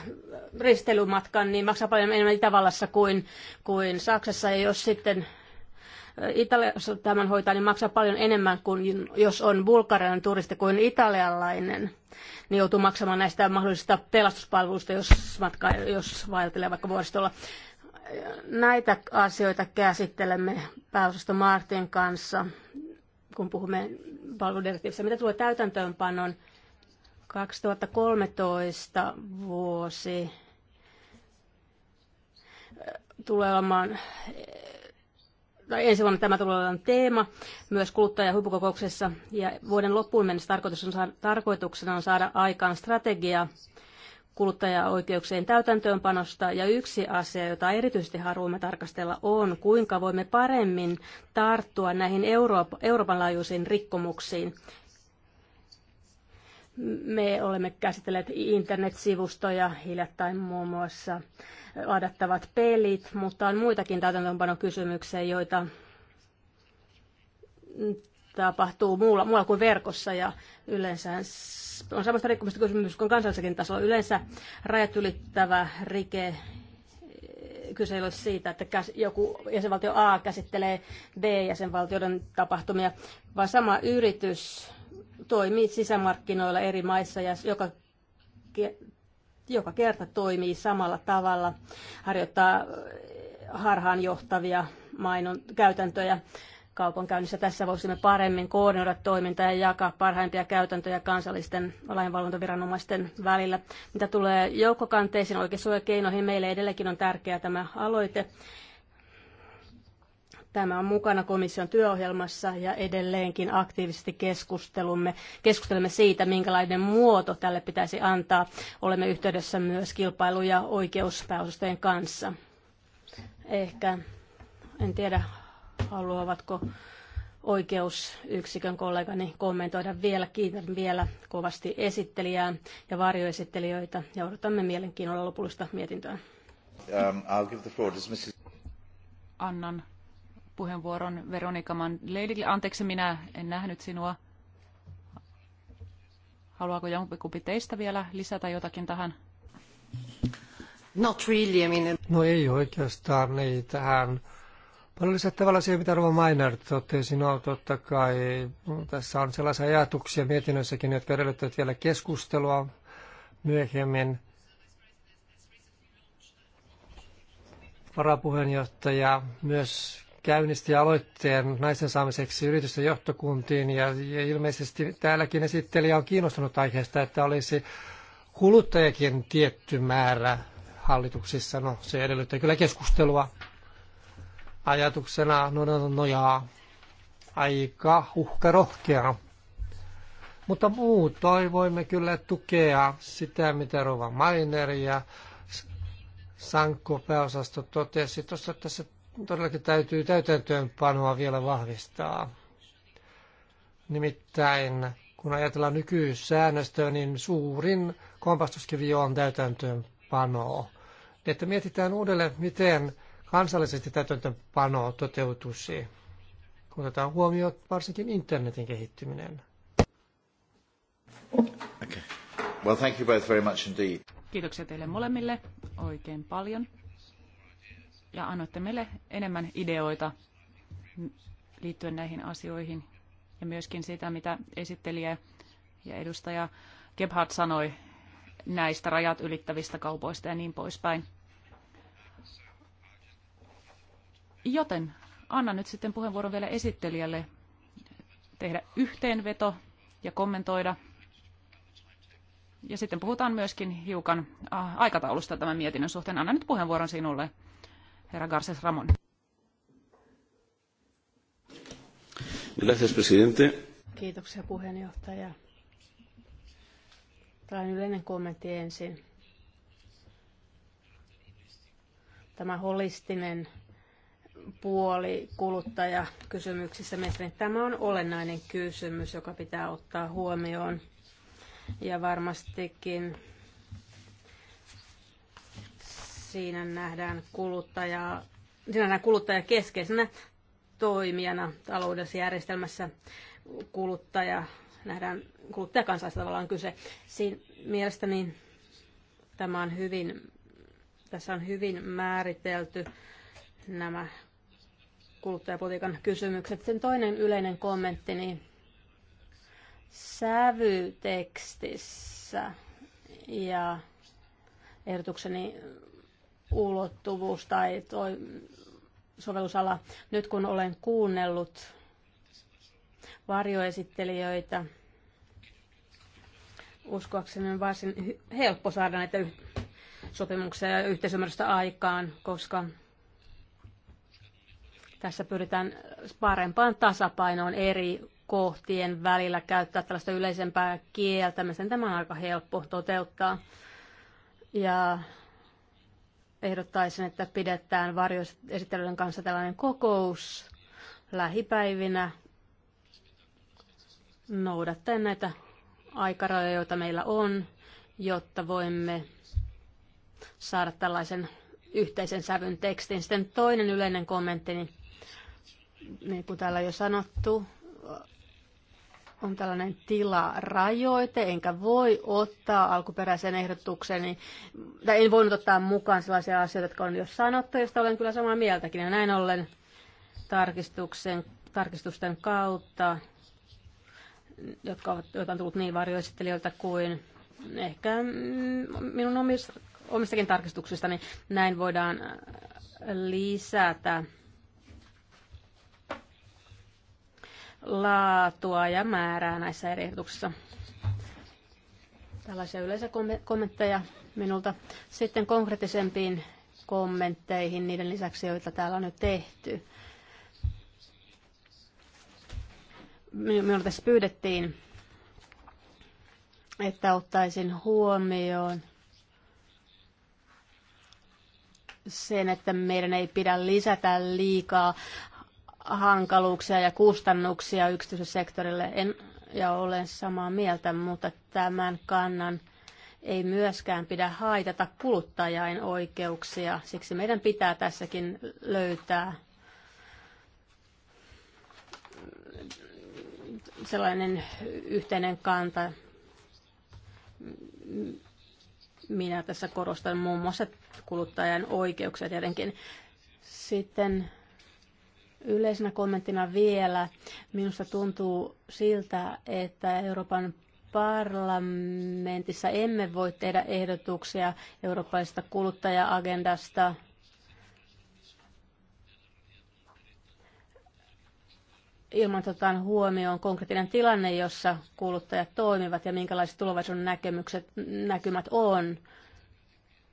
risteilymatkan, niin maksaa paljon enemmän Itävallassa kuin, kuin Saksassa. Ja jos sitten Italiassa tämän hoitaa, niin maksaa paljon enemmän kuin jos on bulgarian turisti kuin italialainen, niin joutuu maksamaan näistä mahdollisista pelastuspalveluista, jos, matka, jos vaeltelee vaikka vuoristolla. Näitä asioita käsittelemme pääosasta Martin kanssa kun puhumme palveludirektiivistä. Mitä tulee täytäntöönpanon 2013 vuosi tulee olemaan tai ensi vuonna tämä tulee olemaan teema myös kuluttaja Ja vuoden loppuun mennessä tarkoituksena on saada aikaan strategia kuluttajaoikeuksien täytäntöönpanosta ja yksi asia, jota erityisesti haluamme tarkastella, on kuinka voimme paremmin tarttua näihin Euroopan, Euroopan laajuisiin rikkomuksiin. Me olemme käsitelleet internetsivustoja, hiljattain muun muassa ladattavat pelit, mutta on muitakin täytäntöönpanokysymyksiä, joita tapahtuu muulla, muulla kuin verkossa ja yleensä on samasta rikkomista kysymys kuin kansallisakin tasolla. Yleensä rajat ylittävä rike eh, kyse ei ole siitä, että joku jäsenvaltio A käsittelee B-jäsenvaltioiden tapahtumia, vaan sama yritys toimii sisämarkkinoilla eri maissa ja joka, joka kerta toimii samalla tavalla, harjoittaa eh, harhaanjohtavia mainon käytäntöjä kaupankäynnissä. Tässä voisimme paremmin koordinoida toimintaa ja jakaa parhaimpia käytäntöjä kansallisten lainvalvontaviranomaisten välillä. Mitä tulee joukkokanteisiin oikeussuojakeinoihin, meille edelleenkin on tärkeä tämä aloite. Tämä on mukana komission työohjelmassa ja edelleenkin aktiivisesti keskustelumme, keskustelemme siitä, minkälainen muoto tälle pitäisi antaa. Olemme yhteydessä myös kilpailu- ja oikeuspääosastojen kanssa. Ehkä, en tiedä, Haluavatko oikeusyksikön kollegani kommentoida vielä. Kiitän vielä kovasti esittelijää ja varjoesittelijöitä ja odotamme mielenkiinnolla lopullista mietintöä. Um, Annan puheenvuoron Veronika Manleidille. Anteeksi, minä en nähnyt sinua. Haluaako jompikumpi teistä vielä lisätä jotakin tähän? Not really, I mean... No ei oikeastaan, ei tähän Paljon lisättävällä siihen, mitä Rova Maynard totesi, no totta kai tässä on sellaisia ajatuksia mietinnössäkin, jotka edellyttävät vielä keskustelua myöhemmin. Varapuheenjohtaja myös käynnisti aloitteen naisen saamiseksi yritysten johtokuntiin ja, ja ilmeisesti täälläkin esittelijä on kiinnostunut aiheesta, että olisi kuluttajakin tietty määrä hallituksissa. No se edellyttää kyllä keskustelua ajatuksena nojaa no, no, no, aika rohkea. Mutta muutoin voimme kyllä tukea sitä, mitä Rova Mainer ja Sankko pääosasto totesi. Tuossa tässä todellakin täytyy täytäntöönpanoa vielä vahvistaa. Nimittäin kun ajatellaan nykyisäännöstöä, niin suurin kompastuskivi on täytäntöönpanoa. Että mietitään uudelleen, miten kansallisesti täytäntöpano toteutuisi, kun otetaan huomioon varsinkin internetin kehittyminen. Okay. Well, thank you both very much indeed. Kiitoksia teille molemmille oikein paljon. Ja annoitte meille enemmän ideoita liittyen näihin asioihin ja myöskin sitä, mitä esittelijä ja edustaja Gebhardt sanoi näistä rajat ylittävistä kaupoista ja niin poispäin. Joten annan nyt sitten puheenvuoron vielä esittelijälle tehdä yhteenveto ja kommentoida. Ja sitten puhutaan myöskin hiukan äh, aikataulusta tämän mietinnön suhteen. Annan nyt puheenvuoron sinulle, herra Garces Ramon. Kiitoksia puheenjohtaja. on yleinen kommentti ensin. Tämä holistinen puoli kuluttajakysymyksissä. Mielestäni tämä on olennainen kysymys, joka pitää ottaa huomioon. Ja varmastikin siinä nähdään kuluttaja, siinä nähdään kuluttaja keskeisenä toimijana taloudellisessa järjestelmässä kuluttaja, nähdään kuluttajakansalaisista tavallaan kyse. Siinä mielestäni tämä on hyvin, tässä on hyvin määritelty nämä kuluttajapolitiikan kysymykset. Sen toinen yleinen kommentti, niin sävytekstissä ja ehdotukseni ulottuvuus tai toi sovellusala. Nyt kun olen kuunnellut varjoesittelijöitä, uskoakseni on varsin helppo saada näitä sopimuksia ja yhteisymmärrystä aikaan, koska tässä pyritään parempaan tasapainoon eri kohtien välillä käyttää tällaista yleisempää kieltä, Sen tämä on aika helppo toteuttaa. Ja ehdottaisin, että pidetään varjoesittelyiden kanssa tällainen kokous lähipäivinä noudattaen näitä aikarajoja, joita meillä on, jotta voimme saada tällaisen yhteisen sävyn tekstin. Sitten toinen yleinen kommentti. Niin niin kuin täällä jo sanottu, on tällainen tilarajoite, enkä voi ottaa alkuperäisen ehdotuksen, tai en voinut ottaa mukaan sellaisia asioita, jotka on jo sanottu, joista olen kyllä samaa mieltäkin. Ja näin ollen tarkistuksen, tarkistusten kautta, jotka ovat, joita on tullut niin varjoesittelijöiltä kuin ehkä mm, minun omistakin tarkistuksista, niin näin voidaan äh, lisätä laatua ja määrää näissä eri ehdotuksissa. Tällaisia yleisiä kommentteja minulta. Sitten konkreettisempiin kommentteihin niiden lisäksi, joita täällä on nyt tehty. Minulta tässä pyydettiin, että ottaisin huomioon sen, että meidän ei pidä lisätä liikaa hankaluuksia ja kustannuksia yksityiselle sektorille. En, ja olen samaa mieltä, mutta tämän kannan ei myöskään pidä haitata kuluttajain oikeuksia. Siksi meidän pitää tässäkin löytää sellainen yhteinen kanta. Minä tässä korostan muun muassa kuluttajan oikeuksia tietenkin. Sitten Yleisenä kommenttina vielä, minusta tuntuu siltä, että Euroopan parlamentissa emme voi tehdä ehdotuksia eurooppalaisesta kuluttaja-agendasta. ilman otetaan huomioon konkreettinen tilanne, jossa kuluttajat toimivat ja minkälaiset tulevaisuuden näkymät on.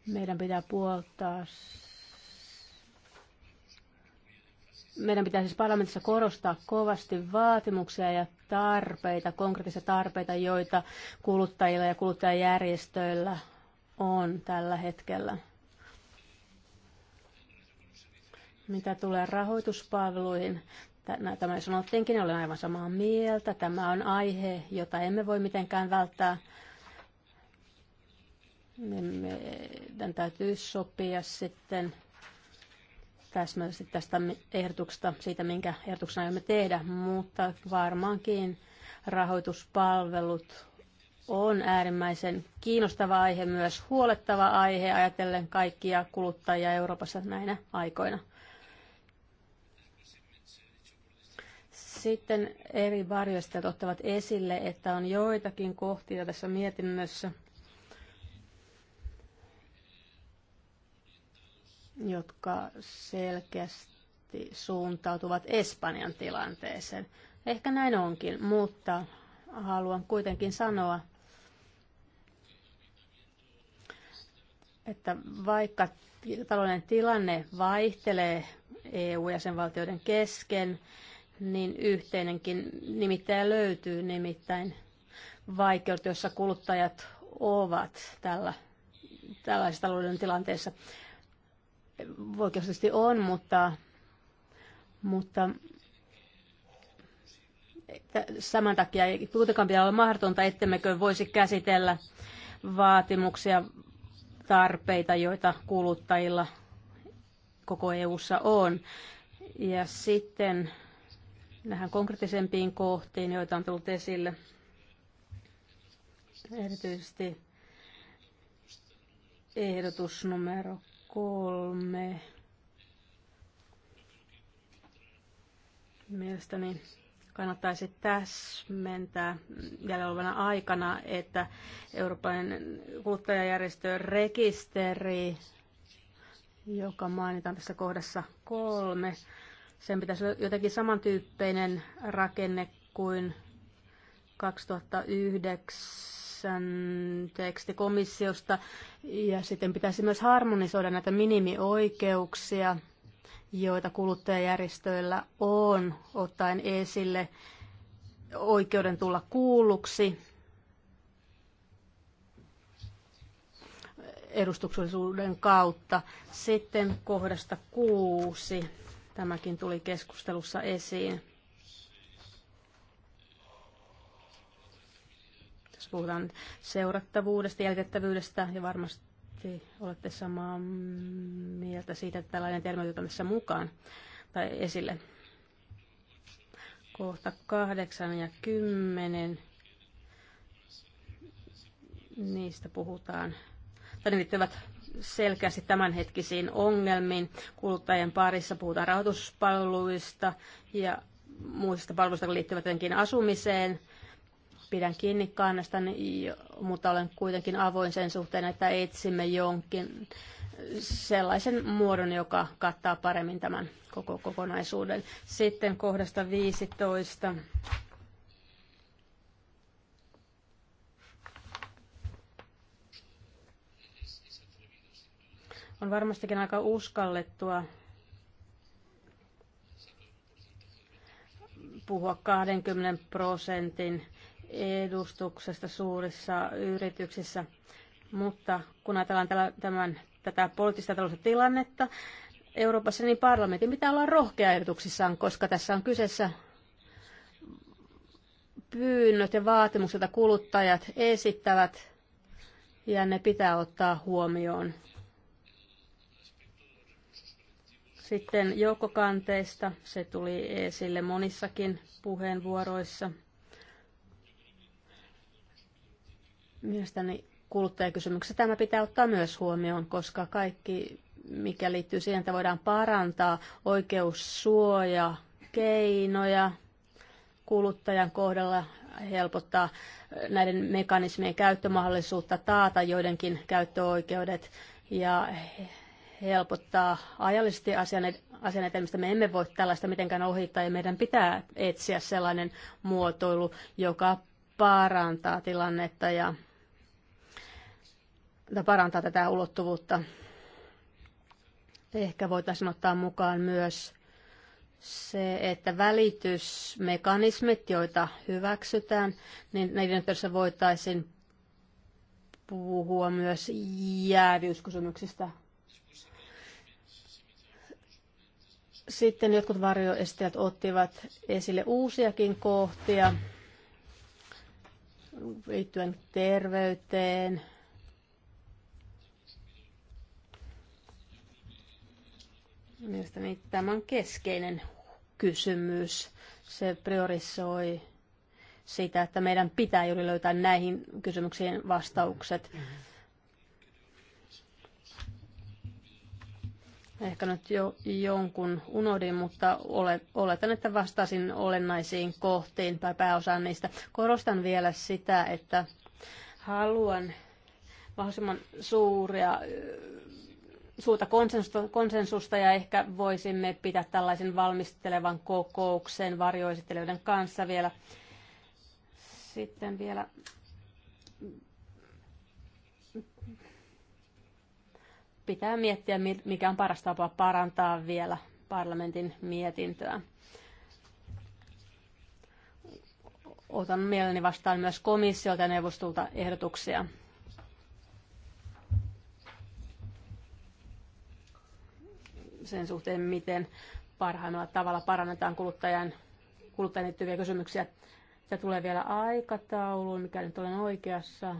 Meidän pitää puoltaa meidän pitää siis parlamentissa korostaa kovasti vaatimuksia ja tarpeita, konkreettisia tarpeita, joita kuluttajilla ja kuluttajajärjestöillä on tällä hetkellä. Mitä tulee rahoituspalveluihin, tämä sanottiinkin, olen aivan samaa mieltä. Tämä on aihe, jota emme voi mitenkään välttää. Niin meidän täytyy sopia sitten täsmällisesti tästä ehdotuksesta, siitä minkä ehdotuksena aiomme tehdä, mutta varmaankin rahoituspalvelut on äärimmäisen kiinnostava aihe, myös huolettava aihe ajatellen kaikkia kuluttajia Euroopassa näinä aikoina. Sitten eri varjoistajat ottavat esille, että on joitakin kohtia tässä mietinnössä – jotka selkeästi suuntautuvat Espanjan tilanteeseen. Ehkä näin onkin, mutta haluan kuitenkin sanoa, että vaikka talouden tilanne vaihtelee EU-jäsenvaltioiden kesken, niin yhteinenkin nimittäin löytyy nimittäin vaikeudet, joissa kuluttajat ovat tällä, tällaisessa talouden tilanteessa poikkeuksellisesti on, mutta, mutta saman takia ei kuitenkaan pidä olla mahdotonta, ettemmekö voisi käsitellä vaatimuksia, tarpeita, joita kuluttajilla koko EU:ssa on. Ja sitten nähän konkreettisempiin kohtiin, joita on tullut esille. Erityisesti ehdotus numero kolme. Mielestäni kannattaisi täsmentää jäljellä olevana aikana, että Euroopan kuluttajajärjestön rekisteri, joka mainitaan tässä kohdassa kolme, sen pitäisi olla jotenkin samantyyppinen rakenne kuin 2009 teksti komissiosta ja sitten pitäisi myös harmonisoida näitä minimioikeuksia, joita kuluttajajärjestöillä on, ottaen esille oikeuden tulla kuulluksi, edustuksellisuuden kautta. Sitten kohdasta kuusi, tämäkin tuli keskustelussa esiin puhutaan seurattavuudesta, jäljitettävyydestä ja varmasti olette samaa mieltä siitä, että tällainen termi otetaan tässä mukaan tai esille. Kohta kahdeksan ja kymmenen. Niistä puhutaan, Tänne ne liittyvät selkeästi tämänhetkisiin ongelmiin. Kuluttajien parissa puhutaan rahoituspalveluista ja muista palveluista, jotka liittyvät asumiseen, pidän kiinni kannastani, mutta olen kuitenkin avoin sen suhteen, että etsimme jonkin sellaisen muodon, joka kattaa paremmin tämän koko kokonaisuuden. Sitten kohdasta 15. On varmastikin aika uskallettua puhua 20 prosentin edustuksesta suurissa yrityksissä. Mutta kun ajatellaan tämän, tätä poliittista taloudellista tilannetta Euroopassa, niin parlamentin pitää olla rohkea ehdotuksissaan, koska tässä on kyseessä pyynnöt ja vaatimukset, joita kuluttajat esittävät, ja ne pitää ottaa huomioon. Sitten joukkokanteista, se tuli esille monissakin puheenvuoroissa – Mielestäni kuluttajakysymyksessä tämä pitää ottaa myös huomioon, koska kaikki, mikä liittyy siihen, että voidaan parantaa oikeussuoja, keinoja kuluttajan kohdalla, helpottaa näiden mekanismien käyttömahdollisuutta, taata joidenkin käyttöoikeudet ja helpottaa ajallisesti asian, asian etenemistä. Me emme voi tällaista mitenkään ohittaa ja meidän pitää etsiä sellainen muotoilu, joka parantaa tilannetta ja parantaa tätä ulottuvuutta. Ehkä voitaisiin ottaa mukaan myös se, että välitysmekanismit, joita hyväksytään, niin niiden yhteydessä voitaisiin puhua myös jäävyyskysymyksistä. Sitten jotkut varjoestijat ottivat esille uusiakin kohtia liittyen terveyteen, Mielestäni tämä on keskeinen kysymys. Se priorisoi sitä, että meidän pitää juuri löytää näihin kysymyksiin vastaukset. Ehkä nyt jo jonkun unohdin, mutta oletan, että vastasin olennaisiin kohtiin tai pääosaan niistä. Korostan vielä sitä, että haluan mahdollisimman suuria suuta konsensusta, konsensusta ja ehkä voisimme pitää tällaisen valmistelevan kokouksen varjoesittelijöiden kanssa vielä. Sitten vielä pitää miettiä, mikä on paras tapa parantaa vielä parlamentin mietintöä. Otan mielelläni vastaan myös komissiolta ja neuvostolta ehdotuksia sen suhteen, miten parhaimmalla tavalla parannetaan kuluttajan, kuluttajan liittyviä kysymyksiä. Tämä tulee vielä aikatauluun, mikä nyt olen oikeassa.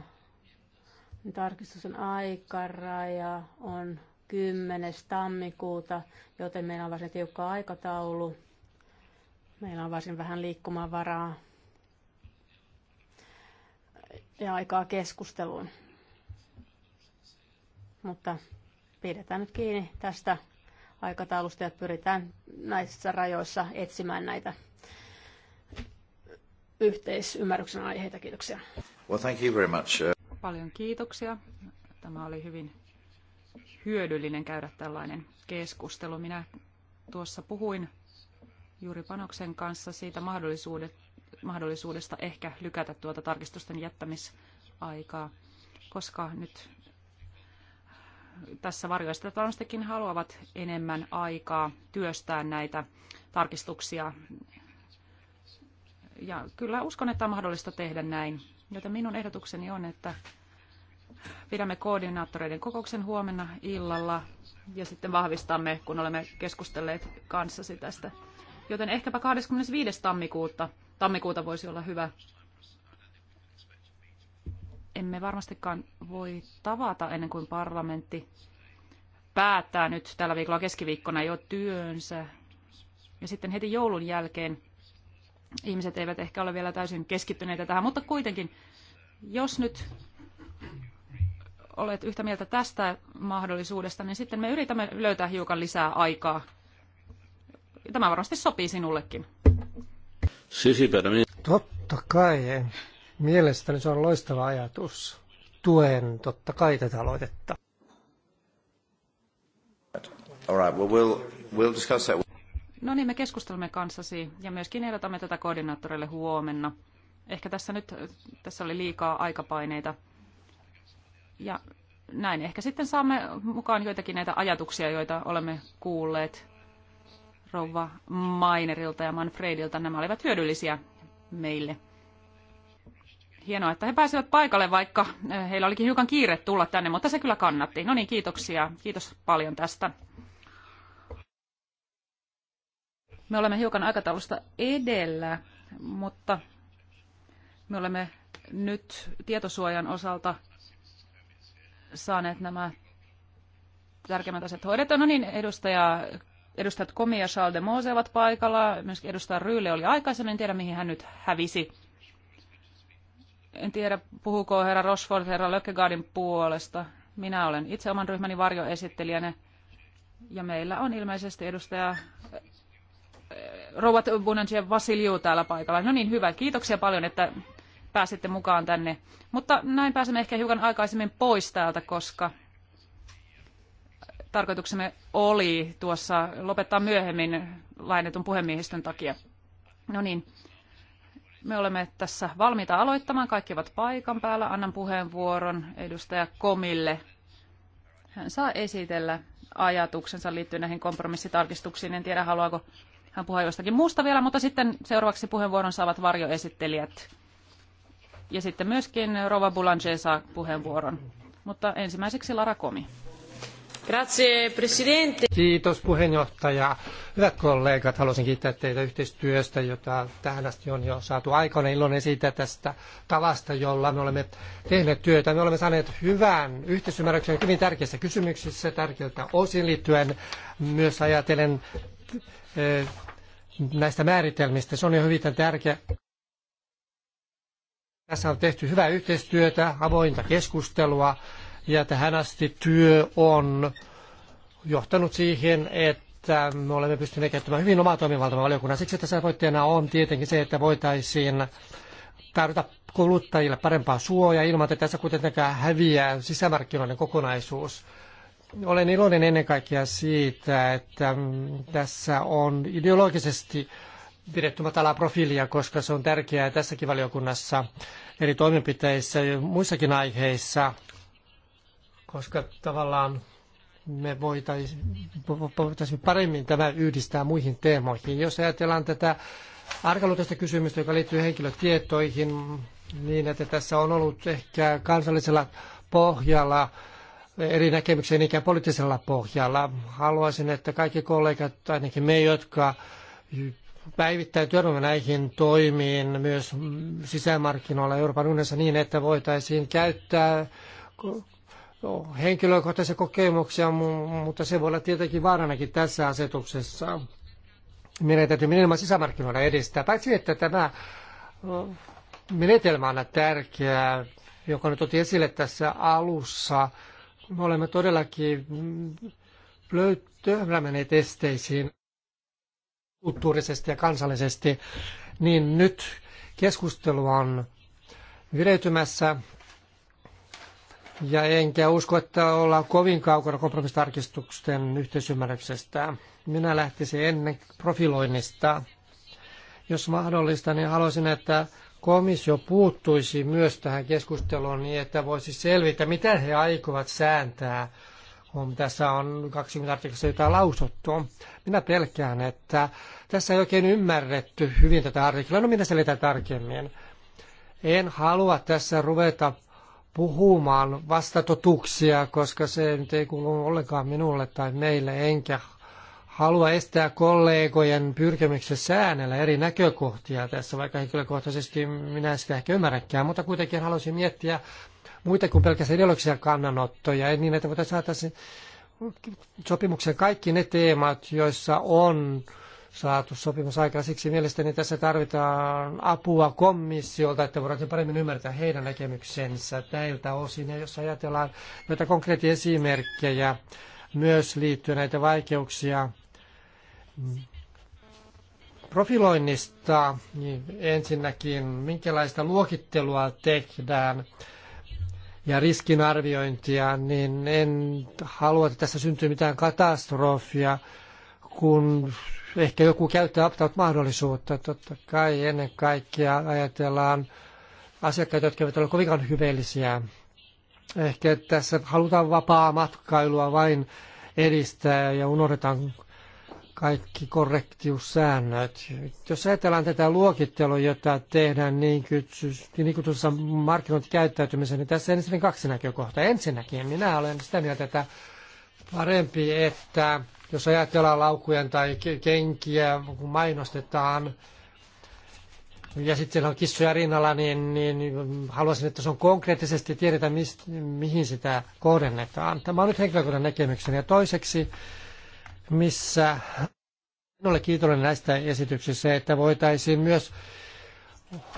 Tarkistuksen aikaraja on 10. tammikuuta, joten meillä on varsin tiukka aikataulu. Meillä on varsin vähän liikkumavaraa ja aikaa keskusteluun. Mutta pidetään nyt kiinni tästä aikataulusta ja pyritään näissä rajoissa etsimään näitä yhteisymmärryksen aiheita. Kiitoksia. Well, thank you very much. Uh, Paljon kiitoksia. Tämä oli hyvin hyödyllinen käydä tällainen keskustelu. Minä tuossa puhuin juuri Panoksen kanssa siitä mahdollisuudesta ehkä lykätä tuota tarkistusten jättämisaikaa, koska nyt tässä varjoista varmastikin haluavat enemmän aikaa työstää näitä tarkistuksia. Ja kyllä uskon, että on mahdollista tehdä näin. Joten minun ehdotukseni on, että pidämme koordinaattoreiden kokouksen huomenna illalla ja sitten vahvistamme, kun olemme keskustelleet kanssasi tästä. Joten ehkäpä 25. tammikuuta, tammikuuta voisi olla hyvä emme varmastikaan voi tavata ennen kuin parlamentti päättää nyt tällä viikolla keskiviikkona jo työnsä. Ja sitten heti joulun jälkeen ihmiset eivät ehkä ole vielä täysin keskittyneitä tähän, mutta kuitenkin, jos nyt olet yhtä mieltä tästä mahdollisuudesta, niin sitten me yritämme löytää hiukan lisää aikaa. Tämä varmasti sopii sinullekin. Totta kai. Mielestäni se on loistava ajatus. Tuen totta kai tätä aloitetta. No niin, me keskustelemme kanssasi ja myöskin ehdotamme tätä koordinaattorille huomenna. Ehkä tässä nyt tässä oli liikaa aikapaineita. Ja näin ehkä sitten saamme mukaan joitakin näitä ajatuksia, joita olemme kuulleet rouva Mainerilta ja Manfredilta. Nämä olivat hyödyllisiä meille hienoa, että he pääsivät paikalle, vaikka eh, heillä olikin hiukan kiire tulla tänne, mutta se kyllä kannatti. No niin, kiitoksia. Kiitos paljon tästä. Me olemme hiukan aikataulusta edellä, mutta me olemme nyt tietosuojan osalta saaneet nämä tärkeimmät asiat hoidettua. No niin, edustaja, edustajat Komi ja Charles de Mose ovat paikalla. Myöskin edustaja Ryyle oli aikaisemmin, en tiedä mihin hän nyt hävisi. En tiedä, puhuko herra Rosford herra Lökkegaardin puolesta. Minä olen itse oman ryhmäni varjoesittelijänä. Ja meillä on ilmeisesti edustaja eh, Rouva Bunanje Vasiliu täällä paikalla. No niin, hyvä. Kiitoksia paljon, että pääsitte mukaan tänne. Mutta näin pääsemme ehkä hiukan aikaisemmin pois täältä, koska tarkoituksemme oli tuossa lopettaa myöhemmin lainetun puhemiehistön takia. No niin, me olemme tässä valmiita aloittamaan. Kaikki ovat paikan päällä. Annan puheenvuoron edustaja Komille. Hän saa esitellä ajatuksensa liittyen näihin kompromissitarkistuksiin. En tiedä, haluaako hän puhua jostakin muusta vielä, mutta sitten seuraavaksi puheenvuoron saavat varjoesittelijät. Ja sitten myöskin Rova Boulanger saa puheenvuoron. Mutta ensimmäiseksi Lara Komi. Kiitos puheenjohtaja. Hyvät kollegat, haluaisin kiittää teitä yhteistyöstä, jota tähän asti on jo saatu aikana. Iloinen siitä tästä tavasta, jolla me olemme tehneet työtä. Me olemme saaneet hyvän yhteisymmärryksen hyvin tärkeissä kysymyksissä, tärkeiltä osin liittyen myös ajatellen eh, näistä määritelmistä. Se on jo hyvin tärkeä. Tässä on tehty hyvää yhteistyötä, avointa keskustelua ja tähän asti työ on johtanut siihen, että me olemme pystyneet käyttämään hyvin omaa toimivaltamme valiokunnan. Siksi tässä voitteena on tietenkin se, että voitaisiin tarjota kuluttajille parempaa suojaa ilman, että tässä kuitenkaan häviää sisämarkkinoiden kokonaisuus. Olen iloinen ennen kaikkea siitä, että tässä on ideologisesti pidetty matalaa profiilia, koska se on tärkeää tässäkin valiokunnassa eri toimenpiteissä ja muissakin aiheissa, koska tavallaan me voitaisiin paremmin tämä yhdistää muihin teemoihin. Jos ajatellaan tätä arkaluutesta kysymystä, joka liittyy henkilötietoihin, niin että tässä on ollut ehkä kansallisella pohjalla eri näkemyksiä, niinkään poliittisella pohjalla. Haluaisin, että kaikki kollegat, ainakin me, jotka päivittäin työnnämme näihin toimiin myös sisämarkkinoilla Euroopan unionissa niin, että voitaisiin käyttää henkilökohtaisia kokemuksia, mutta se voi olla tietenkin vaaranakin tässä asetuksessa. Meidän täytyy nimenomaan sisämarkkinoida edistää. Paitsi että tämä menetelmä on tärkeä, joka nyt otti esille tässä alussa. Me olemme todellakin löytämäneet esteisiin kulttuurisesti ja kansallisesti, niin nyt keskustelu on vireytymässä ja enkä usko, että ollaan kovin kaukana kompromistarkistusten yhteisymmärryksestä. Minä lähtisin ennen profiloinnista. Jos mahdollista, niin haluaisin, että komissio puuttuisi myös tähän keskusteluun niin, että voisi selvitä, mitä he aikovat sääntää, kun tässä on 20 artiklassa jotain lausuttu. Minä pelkään, että tässä ei oikein ymmärretty hyvin tätä artiklaa. No minä selitän tarkemmin. En halua tässä ruveta puhumaan vastatotuksia, koska se nyt ei kuulu ollenkaan minulle tai meille, enkä halua estää kollegojen pyrkimyksen säännellä eri näkökohtia tässä, vaikka henkilökohtaisesti minä sitä ehkä ymmärräkään, mutta kuitenkin haluaisin miettiä muita kuin pelkästään ideologisia kannanottoja, niin että voitaisiin saada sopimuksen kaikki ne teemat, joissa on saatu sopimus aikaan. Siksi mielestäni tässä tarvitaan apua komissiolta, että voidaan paremmin ymmärtää heidän näkemyksensä näiltä osin. Ja jos ajatellaan noita konkreettisia esimerkkejä myös liittyen näitä vaikeuksia profiloinnista, niin ensinnäkin minkälaista luokittelua tehdään ja riskinarviointia, niin en halua, että tässä syntyy mitään katastrofia, kun ehkä joku käyttää opt-out-mahdollisuutta. Totta kai ennen kaikkea ajatellaan asiakkaita, jotka eivät ole kovinkaan hyveellisiä. Ehkä tässä halutaan vapaa matkailua vain edistää ja unohdetaan kaikki korrektiussäännöt. Jos ajatellaan tätä luokittelua, jota tehdään niin kutsussa niin markkinointikäyttäytymiseen, niin tässä ensinnäkin kaksi näkökohtaa. Ensinnäkin minä olen sitä mieltä, että parempi, että jos ajatellaan laukujen tai kenkiä, kun mainostetaan, ja sitten siellä on kissoja rinnalla, niin, niin haluaisin, että se on konkreettisesti tiedetä, mihin sitä kohdennetaan. Tämä on nyt henkilökohtainen näkemykseni. Ja toiseksi, missä ole kiitollinen näistä esityksistä, että voitaisiin myös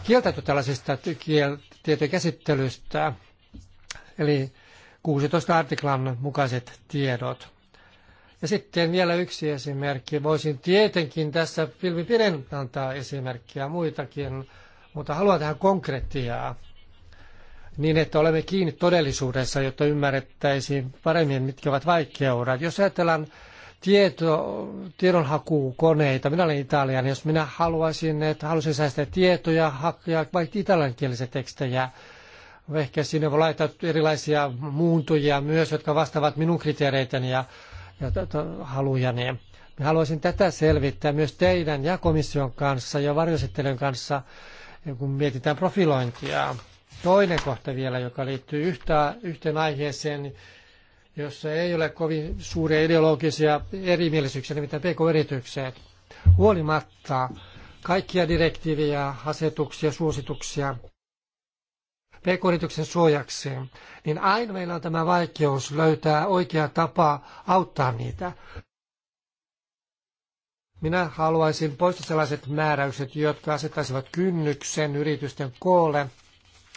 kieltäytyä tällaisista tietojen käsittelystä, eli 16 artiklan mukaiset tiedot. Ja sitten vielä yksi esimerkki. Voisin tietenkin tässä Pilvi antaa esimerkkiä muitakin, mutta haluan tähän konkreettiaa niin, että olemme kiinni todellisuudessa, jotta ymmärrettäisiin paremmin, mitkä ovat vaikeudet. Jos ajatellaan tieto, tiedonhakukoneita, minä olen italian, jos minä haluaisin, että halusin säästää tietoja, hakea vaikka italiankielisiä tekstejä, ehkä sinne voi laittaa erilaisia muuntuja myös, jotka vastaavat minun kriteereitäni ja ja halujani. Mä haluaisin tätä selvittää myös teidän ja komission kanssa ja varjoesittelyn kanssa, kun mietitään profilointia. Toinen kohta vielä, joka liittyy yhtä, yhteen aiheeseen, jossa ei ole kovin suuria ideologisia erimielisyyksiä, nimittäin pk-yritykset. Huolimatta kaikkia direktiivejä, asetuksia, suosituksia, pk-yrityksen suojaksi, niin aina meillä on tämä vaikeus löytää oikea tapa auttaa niitä. Minä haluaisin poistaa sellaiset määräykset, jotka asettaisivat kynnyksen yritysten koolle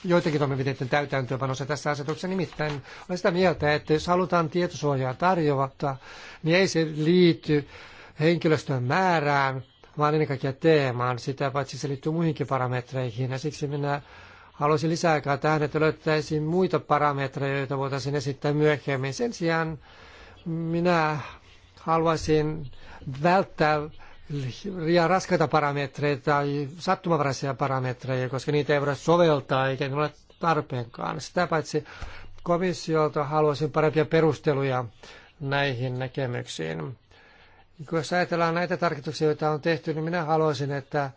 joitakin toimenpiteiden täytäntöönpanossa tässä asetuksessa. Nimittäin olen sitä mieltä, että jos halutaan tietosuojaa tarjota, niin ei se liity henkilöstön määrään, vaan ennen kaikkea teemaan. Sitä paitsi se liittyy muihinkin parametreihin. Ja siksi minä Haluaisin lisää aikaa tähän, että löytäisiin muita parametreja, joita voitaisiin esittää myöhemmin. Sen sijaan minä haluaisin välttää liian raskaita parametreja tai sattumavaraisia parametreja, koska niitä ei voida soveltaa eikä ne ole tarpeenkaan. Sitä paitsi komissiolta haluaisin parempia perusteluja näihin näkemyksiin. Jos ajatellaan näitä tarkoituksia, joita on tehty, niin minä haluaisin, että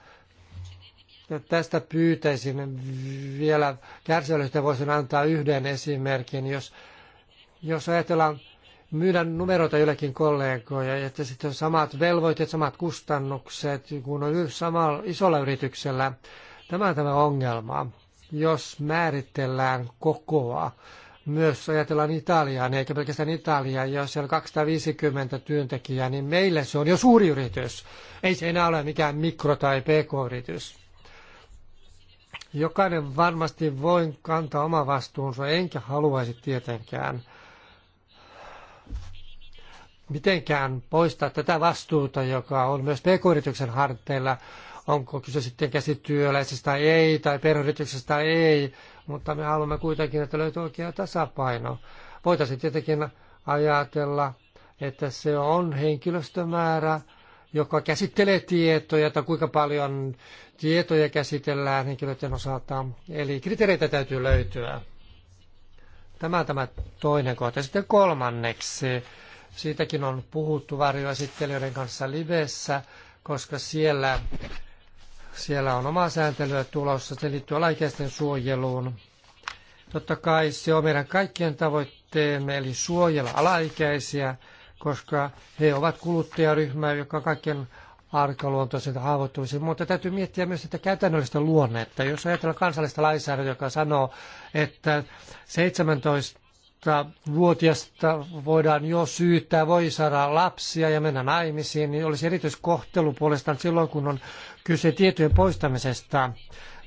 tästä pyytäisin vielä kärsivällisyyttä, voisin antaa yhden esimerkin. Jos, jos ajatellaan myydä numeroita jollekin kollegoja, että sitten on samat velvoitteet, samat kustannukset, kun on samalla isolla yrityksellä. Tämä on tämä ongelma, jos määritellään kokoa. Myös ajatellaan Italiaa, niin eikä pelkästään Italiaa, jos siellä on 250 työntekijää, niin meille se on jo suuri yritys. Ei se enää ole mikään mikro- tai pk-yritys. Jokainen varmasti voi kantaa oma vastuunsa, enkä haluaisi tietenkään mitenkään poistaa tätä vastuuta, joka on myös pk-yrityksen harteilla, onko kyse sitten käsityöläisestä tai ei, tai perheyrityksestä tai ei, mutta me haluamme kuitenkin, että löytyy oikea tasapaino. Voitaisiin tietenkin ajatella, että se on henkilöstömäärä, joka käsittelee tietoja tai kuinka paljon tietoja käsitellään henkilöiden osalta. Eli kriteereitä täytyy löytyä. Tämä on tämä toinen kohta. Sitten kolmanneksi, siitäkin on puhuttu varjoesittelijöiden kanssa livessä, koska siellä, siellä on omaa sääntelyä tulossa. Se liittyy alaikäisten suojeluun. Totta kai se on meidän kaikkien tavoitteemme, eli suojella alaikäisiä – koska he ovat kuluttajaryhmä, joka on arkaluontoisen arkaluontoisilta Mutta täytyy miettiä myös sitä käytännöllistä luonnetta. Jos ajatellaan kansallista lainsäädäntöä, joka sanoo, että 17-vuotiaasta voidaan jo syyttää, voi saada lapsia ja mennä naimisiin, niin olisi erityiskohtelu puolestaan silloin, kun on kyse tietojen poistamisesta.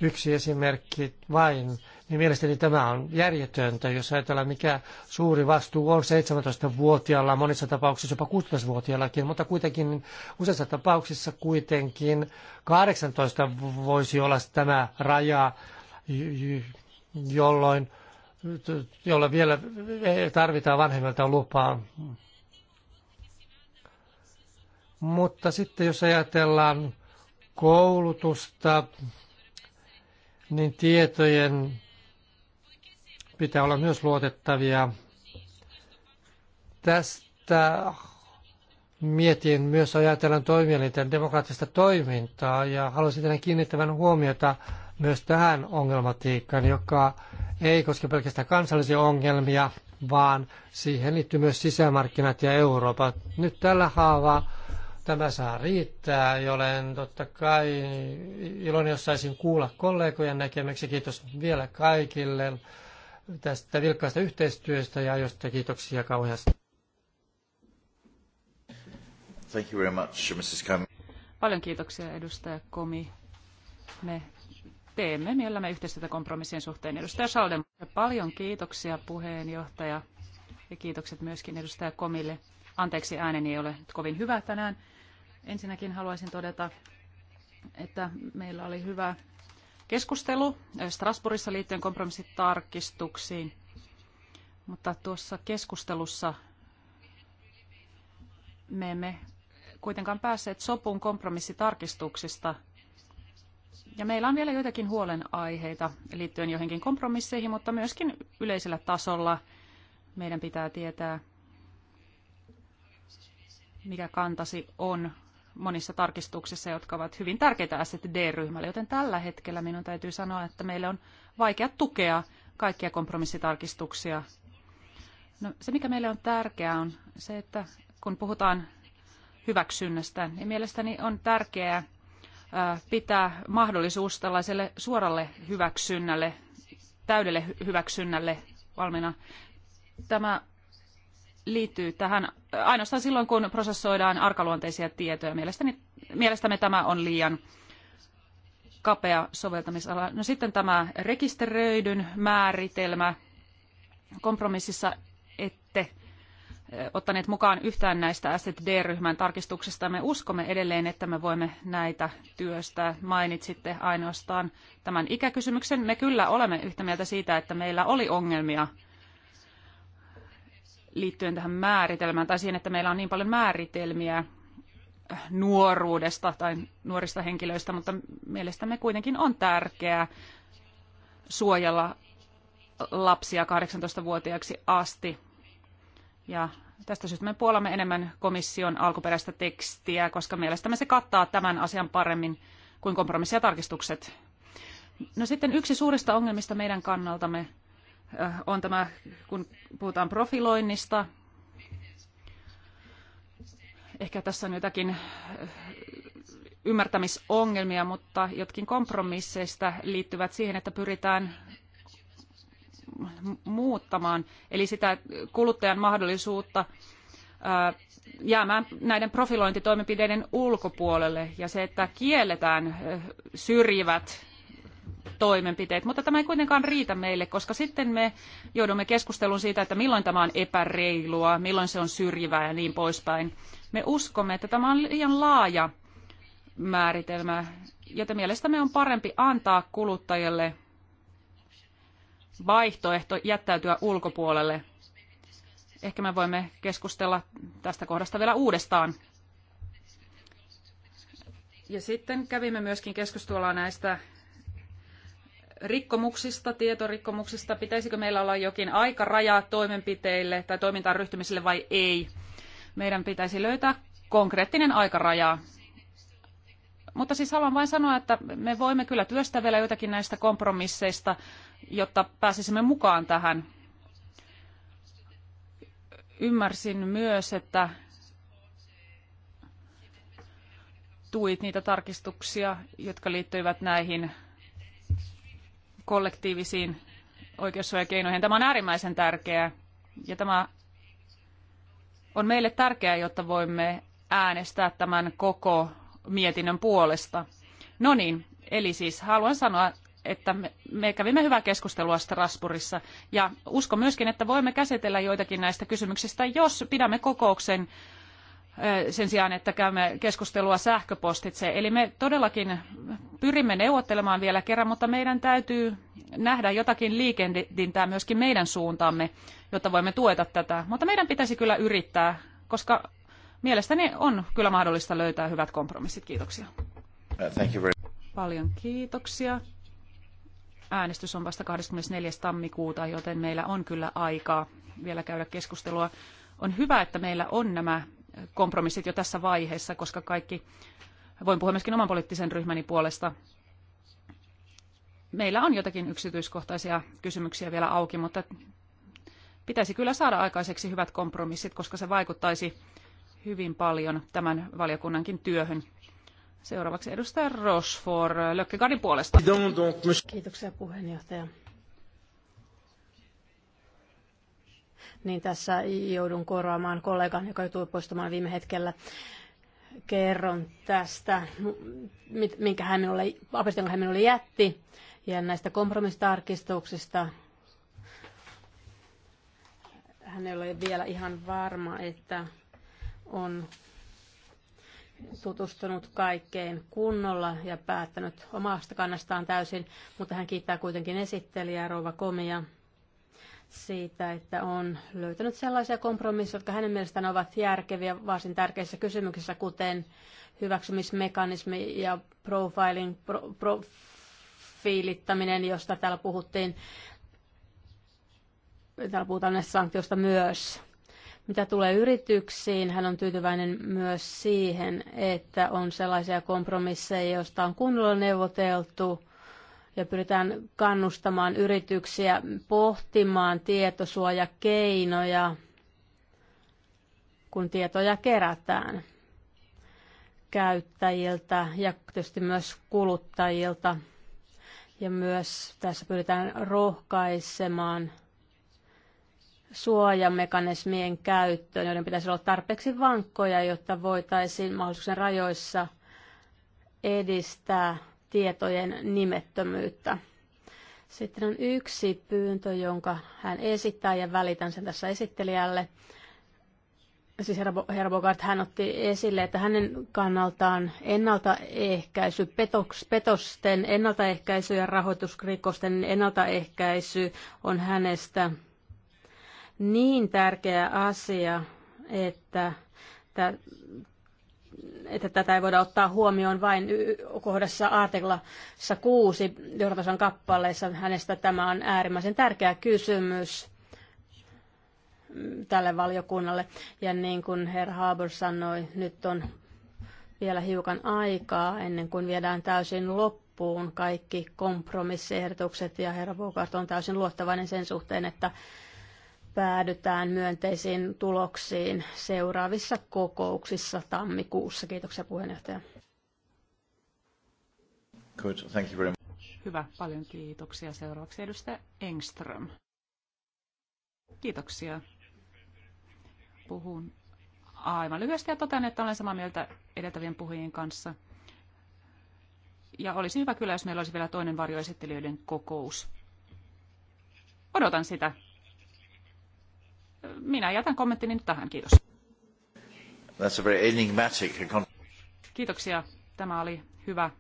Yksi esimerkki vain niin mielestäni tämä on järjetöntä, jos ajatellaan mikä suuri vastuu on 17-vuotiaalla, monissa tapauksissa jopa 16-vuotiaallakin, mutta kuitenkin useissa tapauksissa kuitenkin 18 voisi olla tämä raja, jolloin jolla vielä tarvitaan vanhemmilta lupaa. Mutta sitten jos ajatellaan koulutusta, niin tietojen pitää olla myös luotettavia. Tästä mietin myös ajatellen toimielinten demokraattista toimintaa ja haluaisin tehdä kiinnittävän huomiota myös tähän ongelmatiikkaan, joka ei koske pelkästään kansallisia ongelmia, vaan siihen liittyy myös sisämarkkinat ja Eurooppa. Nyt tällä haavaa tämä saa riittää ja totta kai iloinen, jos saisin kuulla kollegojen näkemyksiä. Kiitos vielä kaikille tästä vilkkaasta yhteistyöstä ja josta kiitoksia kauheasti. Thank you very much, Mrs. Paljon kiitoksia edustaja Komi. Me teemme mielellämme yhteistyötä kompromissien suhteen. Edustaja Salden, paljon kiitoksia puheenjohtaja ja kiitokset myöskin edustaja Komille. Anteeksi, ääneni ei ole kovin hyvä tänään. Ensinnäkin haluaisin todeta, että meillä oli hyvä keskustelu Strasbourgissa liittyen kompromissitarkistuksiin, mutta tuossa keskustelussa me emme kuitenkaan päässeet sopuun kompromissitarkistuksista. Ja meillä on vielä joitakin huolenaiheita liittyen johonkin kompromisseihin, mutta myöskin yleisellä tasolla meidän pitää tietää, mikä kantasi on monissa tarkistuksissa, jotka ovat hyvin tärkeitä sitten D-ryhmälle. Joten tällä hetkellä minun täytyy sanoa, että meillä on vaikea tukea kaikkia kompromissitarkistuksia. No, se, mikä meille on tärkeää, on se, että kun puhutaan hyväksynnästä, niin mielestäni on tärkeää pitää mahdollisuus tällaiselle suoralle hyväksynnälle, täydelle hyväksynnälle valmiina. Tämä liittyy tähän ainoastaan silloin, kun prosessoidaan arkaluonteisia tietoja. Mielestäni, mielestämme tämä on liian kapea soveltamisala. No sitten tämä rekisteröidyn määritelmä. Kompromississa ette ottaneet mukaan yhtään näistä SD-ryhmän tarkistuksista. Me uskomme edelleen, että me voimme näitä työstää. Mainitsitte ainoastaan tämän ikäkysymyksen. Me kyllä olemme yhtä mieltä siitä, että meillä oli ongelmia – liittyen tähän määritelmään tai siihen, että meillä on niin paljon määritelmiä äh, nuoruudesta tai nuorista henkilöistä, mutta mielestämme kuitenkin on tärkeää suojella lapsia 18-vuotiaaksi asti. Ja tästä syystä me puolamme enemmän komission alkuperäistä tekstiä, koska mielestämme se kattaa tämän asian paremmin kuin kompromissia tarkistukset. No sitten yksi suurista ongelmista meidän kannaltamme on tämä, kun puhutaan profiloinnista. Ehkä tässä on jotakin ymmärtämisongelmia, mutta jotkin kompromisseista liittyvät siihen, että pyritään muuttamaan, eli sitä kuluttajan mahdollisuutta jäämään näiden profilointitoimenpideiden ulkopuolelle ja se, että kielletään syrjivät toimenpiteet, mutta tämä ei kuitenkaan riitä meille, koska sitten me joudumme keskusteluun siitä, että milloin tämä on epäreilua, milloin se on syrjivää ja niin poispäin. Me uskomme, että tämä on liian laaja määritelmä, joten mielestämme on parempi antaa kuluttajille vaihtoehto jättäytyä ulkopuolelle. Ehkä me voimme keskustella tästä kohdasta vielä uudestaan. Ja sitten kävimme myöskin keskustelua näistä rikkomuksista, tietorikkomuksista, pitäisikö meillä olla jokin aikaraja toimenpiteille tai toimintaan ryhtymiselle vai ei. Meidän pitäisi löytää konkreettinen aikaraja. Mutta siis haluan vain sanoa, että me voimme kyllä työstää vielä jotakin näistä kompromisseista, jotta pääsisimme mukaan tähän. Ymmärsin myös, että tuit niitä tarkistuksia, jotka liittyivät näihin kollektiivisiin oikeussuojakeinoihin. Tämä on äärimmäisen tärkeää ja tämä on meille tärkeää, jotta voimme äänestää tämän koko mietinnön puolesta. No niin, eli siis haluan sanoa, että me, me kävimme hyvää keskustelua Strasbourgissa ja uskon myöskin, että voimme käsitellä joitakin näistä kysymyksistä, jos pidämme kokouksen sen sijaan, että käymme keskustelua sähköpostitse. Eli me todellakin pyrimme neuvottelemaan vielä kerran, mutta meidän täytyy nähdä jotakin liikennintää myöskin meidän suuntaamme, jotta voimme tueta tätä. Mutta meidän pitäisi kyllä yrittää, koska mielestäni on kyllä mahdollista löytää hyvät kompromissit. Kiitoksia. Uh, Paljon kiitoksia. Äänestys on vasta 24. tammikuuta, joten meillä on kyllä aikaa vielä käydä keskustelua. On hyvä, että meillä on nämä kompromissit jo tässä vaiheessa, koska kaikki, voin puhua myöskin oman poliittisen ryhmäni puolesta, meillä on jotakin yksityiskohtaisia kysymyksiä vielä auki, mutta pitäisi kyllä saada aikaiseksi hyvät kompromissit, koska se vaikuttaisi hyvin paljon tämän valiokunnankin työhön. Seuraavaksi edustaja Rochefort puolesta. Kiitoksia puheenjohtaja. niin tässä joudun korvaamaan kollegan, joka joutui poistumaan viime hetkellä. Kerron tästä, minkä hän minulle, apistin, hän minulle jätti, ja näistä kompromissitarkistuksista. Hän ei ole vielä ihan varma, että on tutustunut kaikkeen kunnolla ja päättänyt omasta kannastaan täysin, mutta hän kiittää kuitenkin esittelijää Rouva Komia siitä, että on löytänyt sellaisia kompromisseja, jotka hänen mielestään ovat järkeviä varsin tärkeissä kysymyksissä, kuten hyväksymismekanismi ja profiling, pro, profiilittaminen, josta täällä puhuttiin. Täällä puhutaan näistä sanktioista myös. Mitä tulee yrityksiin, hän on tyytyväinen myös siihen, että on sellaisia kompromisseja, joista on kunnolla neuvoteltu ja pyritään kannustamaan yrityksiä pohtimaan tietosuojakeinoja, kun tietoja kerätään käyttäjiltä ja tietysti myös kuluttajilta. Ja myös tässä pyritään rohkaisemaan suojamekanismien käyttöön, joiden pitäisi olla tarpeeksi vankkoja, jotta voitaisiin mahdollisuuksien rajoissa edistää tietojen nimettömyyttä. Sitten on yksi pyyntö, jonka hän esittää ja välitän sen tässä esittelijälle. Siis herra Bogart, hän otti esille, että hänen kannaltaan ennaltaehkäisy, petoks, petosten ennaltaehkäisy ja rahoitusrikosten ennaltaehkäisy on hänestä niin tärkeä asia, että että tätä ei voida ottaa huomioon vain kohdassa artiklassa 6 johdatuksen kappaleissa Hänestä tämä on äärimmäisen tärkeä kysymys tälle valiokunnalle. Ja niin kuin herra Haber sanoi, nyt on vielä hiukan aikaa ennen kuin viedään täysin loppuun kaikki kompromissiehdotukset ja herra Bogart on täysin luottavainen sen suhteen, että päädytään myönteisiin tuloksiin seuraavissa kokouksissa tammikuussa. Kiitoksia puheenjohtaja. Good. Thank you very much. Hyvä, paljon kiitoksia. Seuraavaksi edustaja Engström. Kiitoksia. Puhun aivan lyhyesti ja totean, että olen samaa mieltä edeltävien puhujien kanssa. Ja olisi hyvä kyllä, jos meillä olisi vielä toinen varjoesittelijöiden kokous. Odotan sitä minä jätän kommenttini nyt tähän. Kiitos. That's a very enigmatic... Kiitoksia. Tämä oli hyvä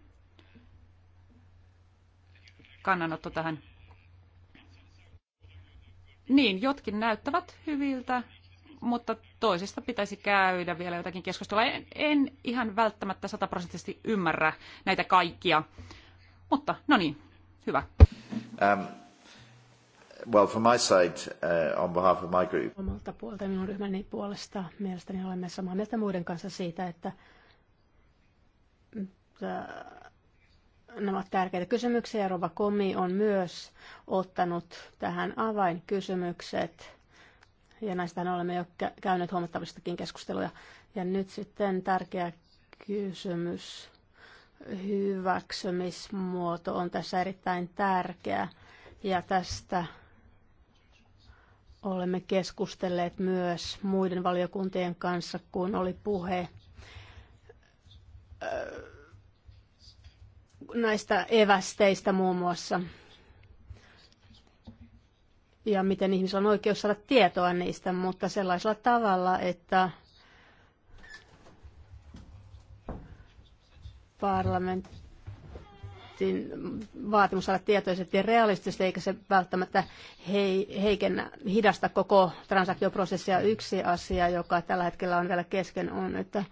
kannanotto tähän. Niin, jotkin näyttävät hyviltä, mutta toisista pitäisi käydä vielä jotakin keskustelua. En, en ihan välttämättä sataprosenttisesti ymmärrä näitä kaikkia, mutta no niin, hyvä. Um. Well, from my side, uh, on behalf of my group. Omalta puolta minun ryhmäni puolesta mielestäni olemme samaa mieltä muiden kanssa siitä, että nämä ovat tärkeitä kysymyksiä ja Rova Komi on myös ottanut tähän avainkysymykset ja näistähän olemme jo käyneet huomattavistakin keskusteluja. Ja nyt sitten tärkeä kysymys. Hyväksymismuoto on tässä erittäin tärkeä ja tästä Olemme keskustelleet myös muiden valiokuntien kanssa, kun oli puhe äh, näistä evästeistä muun muassa ja miten ihmisillä on oikeus saada tietoa niistä, mutta sellaisella tavalla, että parlamentti parlamentin vaatimus saada tietoisesti ja realistisesti, eikä se välttämättä hei, heikennä, hidasta koko transaktioprosessia. Yksi asia, joka tällä hetkellä on vielä kesken, on, että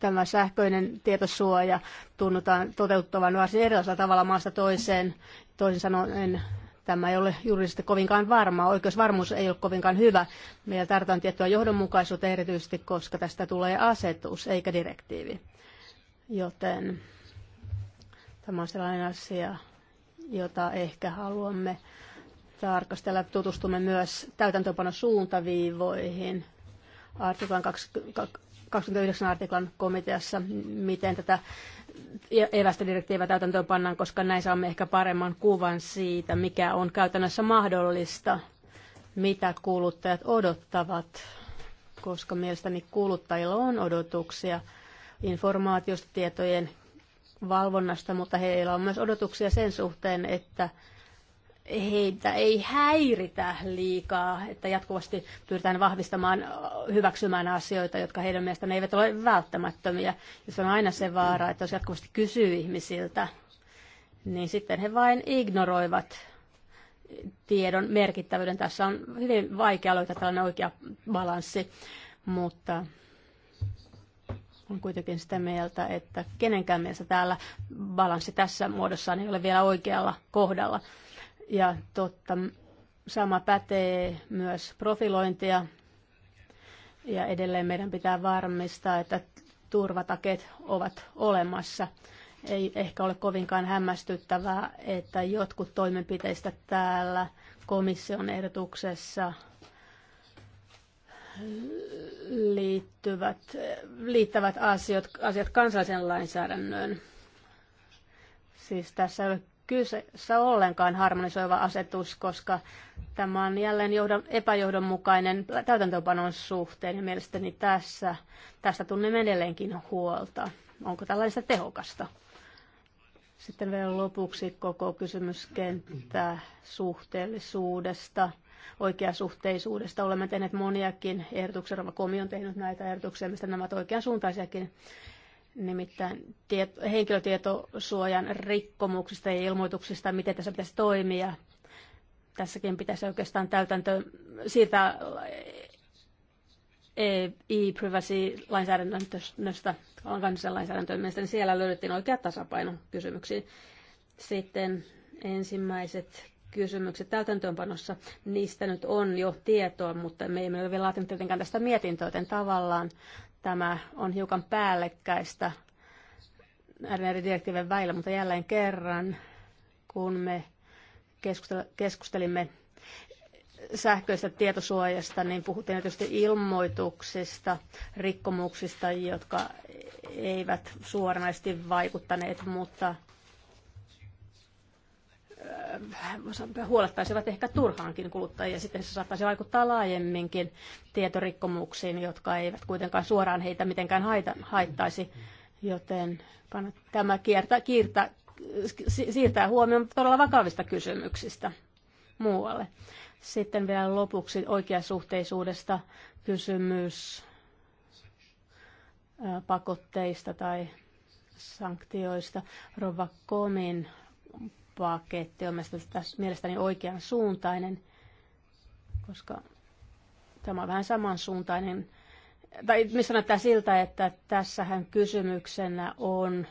tämä sähköinen tietosuoja tunnutaan toteuttavan varsin erilaisella tavalla maasta toiseen. Toisin sanoen tämä ei ole juridisesti kovinkaan varmaa. Oikeusvarmuus ei ole kovinkaan hyvä. Meillä tarvitaan tiettyä johdonmukaisuutta erityisesti, koska tästä tulee asetus eikä direktiivi. Joten Tämä on sellainen asia, jota ehkä haluamme tarkastella. Tutustumme myös suuntaviivoihin artiklan 29 artiklan komiteassa, miten tätä e- evästödirektiiviä täytäntöön pannaan, koska näin saamme ehkä paremman kuvan siitä, mikä on käytännössä mahdollista, mitä kuluttajat odottavat, koska mielestäni kuluttajilla on odotuksia informaatiosta, tietojen valvonnasta, mutta heillä on myös odotuksia sen suhteen, että heitä ei häiritä liikaa, että jatkuvasti pyritään vahvistamaan, hyväksymään asioita, jotka heidän mielestään eivät ole välttämättömiä. Ja se on aina se vaara, että jos jatkuvasti kysyy ihmisiltä, niin sitten he vain ignoroivat tiedon merkittävyyden. Tässä on hyvin vaikea löytää tällainen oikea balanssi, mutta on kuitenkin sitä mieltä, että kenenkään mielestä täällä balanssi tässä muodossaan ei ole vielä oikealla kohdalla. Ja totta, sama pätee myös profilointia. Ja edelleen meidän pitää varmistaa, että turvataket ovat olemassa. Ei ehkä ole kovinkaan hämmästyttävää, että jotkut toimenpiteistä täällä komission ehdotuksessa – liittyvät, liittävät asiat, asiat kansallisen lainsäädännön. Siis tässä ei ole kyseessä ollenkaan harmonisoiva asetus, koska tämä on jälleen johdon, epäjohdonmukainen täytäntöpanon suhteen ja mielestäni tässä, tästä tunnemme edelleenkin huolta. Onko tällaista tehokasta? Sitten vielä lopuksi koko kysymyskenttä suhteellisuudesta oikeasuhteisuudesta. Olemme tehneet moniakin ehdotuksia, Rova Komi on tehnyt näitä ehdotuksia, mistä nämä ovat oikeansuuntaisiakin. Nimittäin tieto, henkilötietosuojan rikkomuksista ja ilmoituksista, miten tässä pitäisi toimia. Tässäkin pitäisi oikeastaan täytäntö siirtää e-privacy-lainsäädännöstä kansalliseen lainsäädäntöön. Mielestäni siellä löydettiin oikea tasapaino kysymyksiin. Sitten ensimmäiset kysymykset täytäntöönpanossa, niistä nyt on jo tietoa, mutta me emme ole vielä laatineet tietenkään tästä mietintöä, joten tavallaan tämä on hiukan päällekkäistä näiden eri direktiivien väillä, mutta jälleen kerran, kun me keskustelimme sähköistä tietosuojasta, niin puhuttiin tietysti ilmoituksista, rikkomuksista, jotka eivät suoranaisesti vaikuttaneet, mutta Äh, huolet pääsevät ehkä turhaankin kuluttajia. Sitten se saattaisi vaikuttaa laajemminkin tietorikkomuksiin, jotka eivät kuitenkaan suoraan heitä mitenkään haita, haittaisi. Joten tämä kiertä, kiirtä, siirtää huomioon todella vakavista kysymyksistä muualle. Sitten vielä lopuksi oikeasuhteisuudesta kysymys pakotteista tai sanktioista. Rova Komin paketti on mielestäni oikean suuntainen, koska tämä on vähän samansuuntainen. Tai missä näyttää siltä, että tässähän kysymyksenä on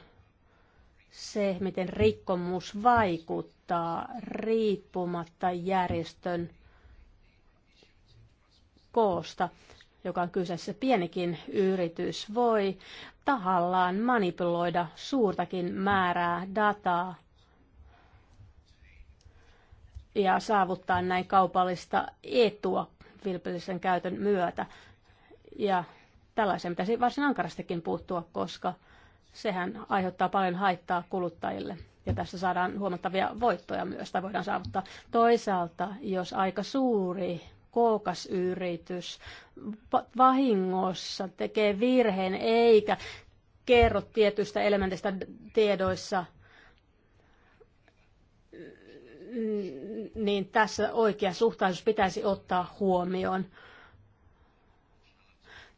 se, miten rikkomus vaikuttaa riippumatta järjestön koosta, joka on kyseessä pienikin yritys, voi tahallaan manipuloida suurtakin määrää dataa ja saavuttaa näin kaupallista etua vilpillisen käytön myötä. Ja tällaisen pitäisi varsin ankarastikin puuttua, koska sehän aiheuttaa paljon haittaa kuluttajille. Ja tässä saadaan huomattavia voittoja myös, tai voidaan saavuttaa. Toisaalta, jos aika suuri kookas yritys vahingossa tekee virheen eikä kerro tietystä elementistä tiedoissa – niin tässä oikea suhtaisuus pitäisi ottaa huomioon.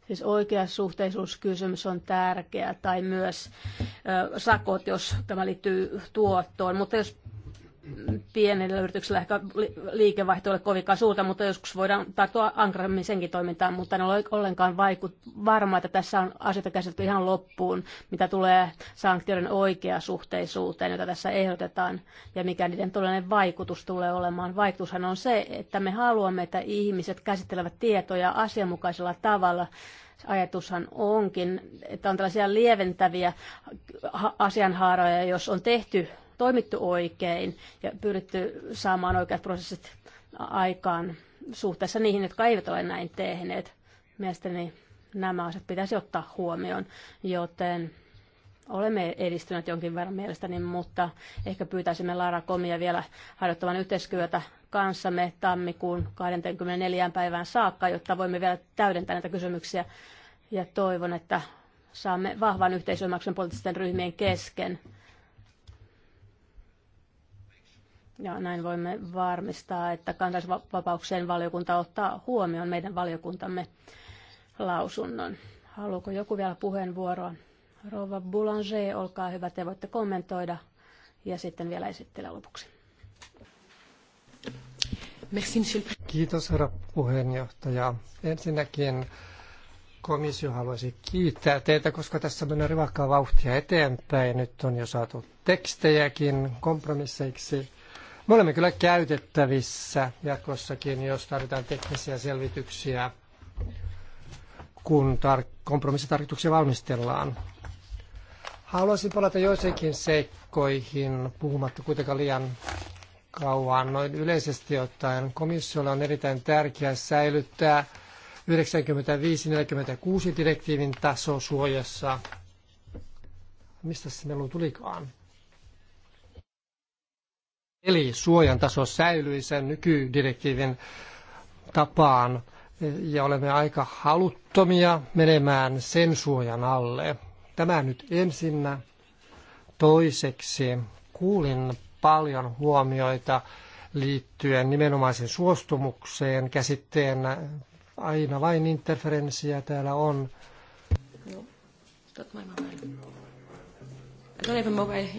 Siis oikea suhteisuuskysymys on tärkeä, tai myös ö, sakot, jos tämä liittyy tuottoon. Mutta jos pienellä yrityksellä ehkä liikevaihto ole kovinkaan suurta, mutta joskus voidaan tarttua ankarammin senkin toimintaan, mutta en ole ollenkaan vaikut, varma, että tässä on asioita käsitelty ihan loppuun, mitä tulee sanktioiden suhteisuuteen, jota tässä ehdotetaan, ja mikä niiden todellinen vaikutus tulee olemaan. Vaikutushan on se, että me haluamme, että ihmiset käsittelevät tietoja asianmukaisella tavalla, ajatushan onkin, että on tällaisia lieventäviä asianhaaroja, jos on tehty toimittu oikein ja pyritty saamaan oikeat prosessit aikaan suhteessa niihin, jotka eivät ole näin tehneet. Mielestäni nämä asiat pitäisi ottaa huomioon, joten olemme edistyneet jonkin verran mielestäni, mutta ehkä pyytäisimme Lara Komia vielä harjoittavan yhteistyötä kanssamme tammikuun 24 päivään saakka, jotta voimme vielä täydentää näitä kysymyksiä. Ja toivon, että saamme vahvan yhteisymmärryksen poliittisten ryhmien kesken Ja näin voimme varmistaa, että kansallisvapauksien valiokunta ottaa huomioon meidän valiokuntamme lausunnon. Haluuko joku vielä puheenvuoroa? Rova Boulanger, olkaa hyvä, te voitte kommentoida ja sitten vielä esittelen lopuksi. Kiitos herra puheenjohtaja. Ensinnäkin komissio haluaisi kiittää teitä, koska tässä mennään rivakkaa vauhtia eteenpäin. Nyt on jo saatu tekstejäkin kompromisseiksi. Me olemme kyllä käytettävissä jatkossakin, jos tarvitaan teknisiä selvityksiä, kun tar- kompromissitarkoituksia valmistellaan. Haluaisin palata joissakin seikkoihin, puhumatta kuitenkaan liian kauan. Noin yleisesti ottaen komissiolla on erittäin tärkeää säilyttää 95-46 direktiivin taso suojassa. Mistä se melu tulikaan? Eli suojan taso säilyi sen nykydirektiivin tapaan ja olemme aika haluttomia menemään sen suojan alle. Tämä nyt ensinnä. Toiseksi kuulin paljon huomioita liittyen nimenomaisen suostumukseen käsitteen Aina vain interferenssiä täällä on. No, not my mobile.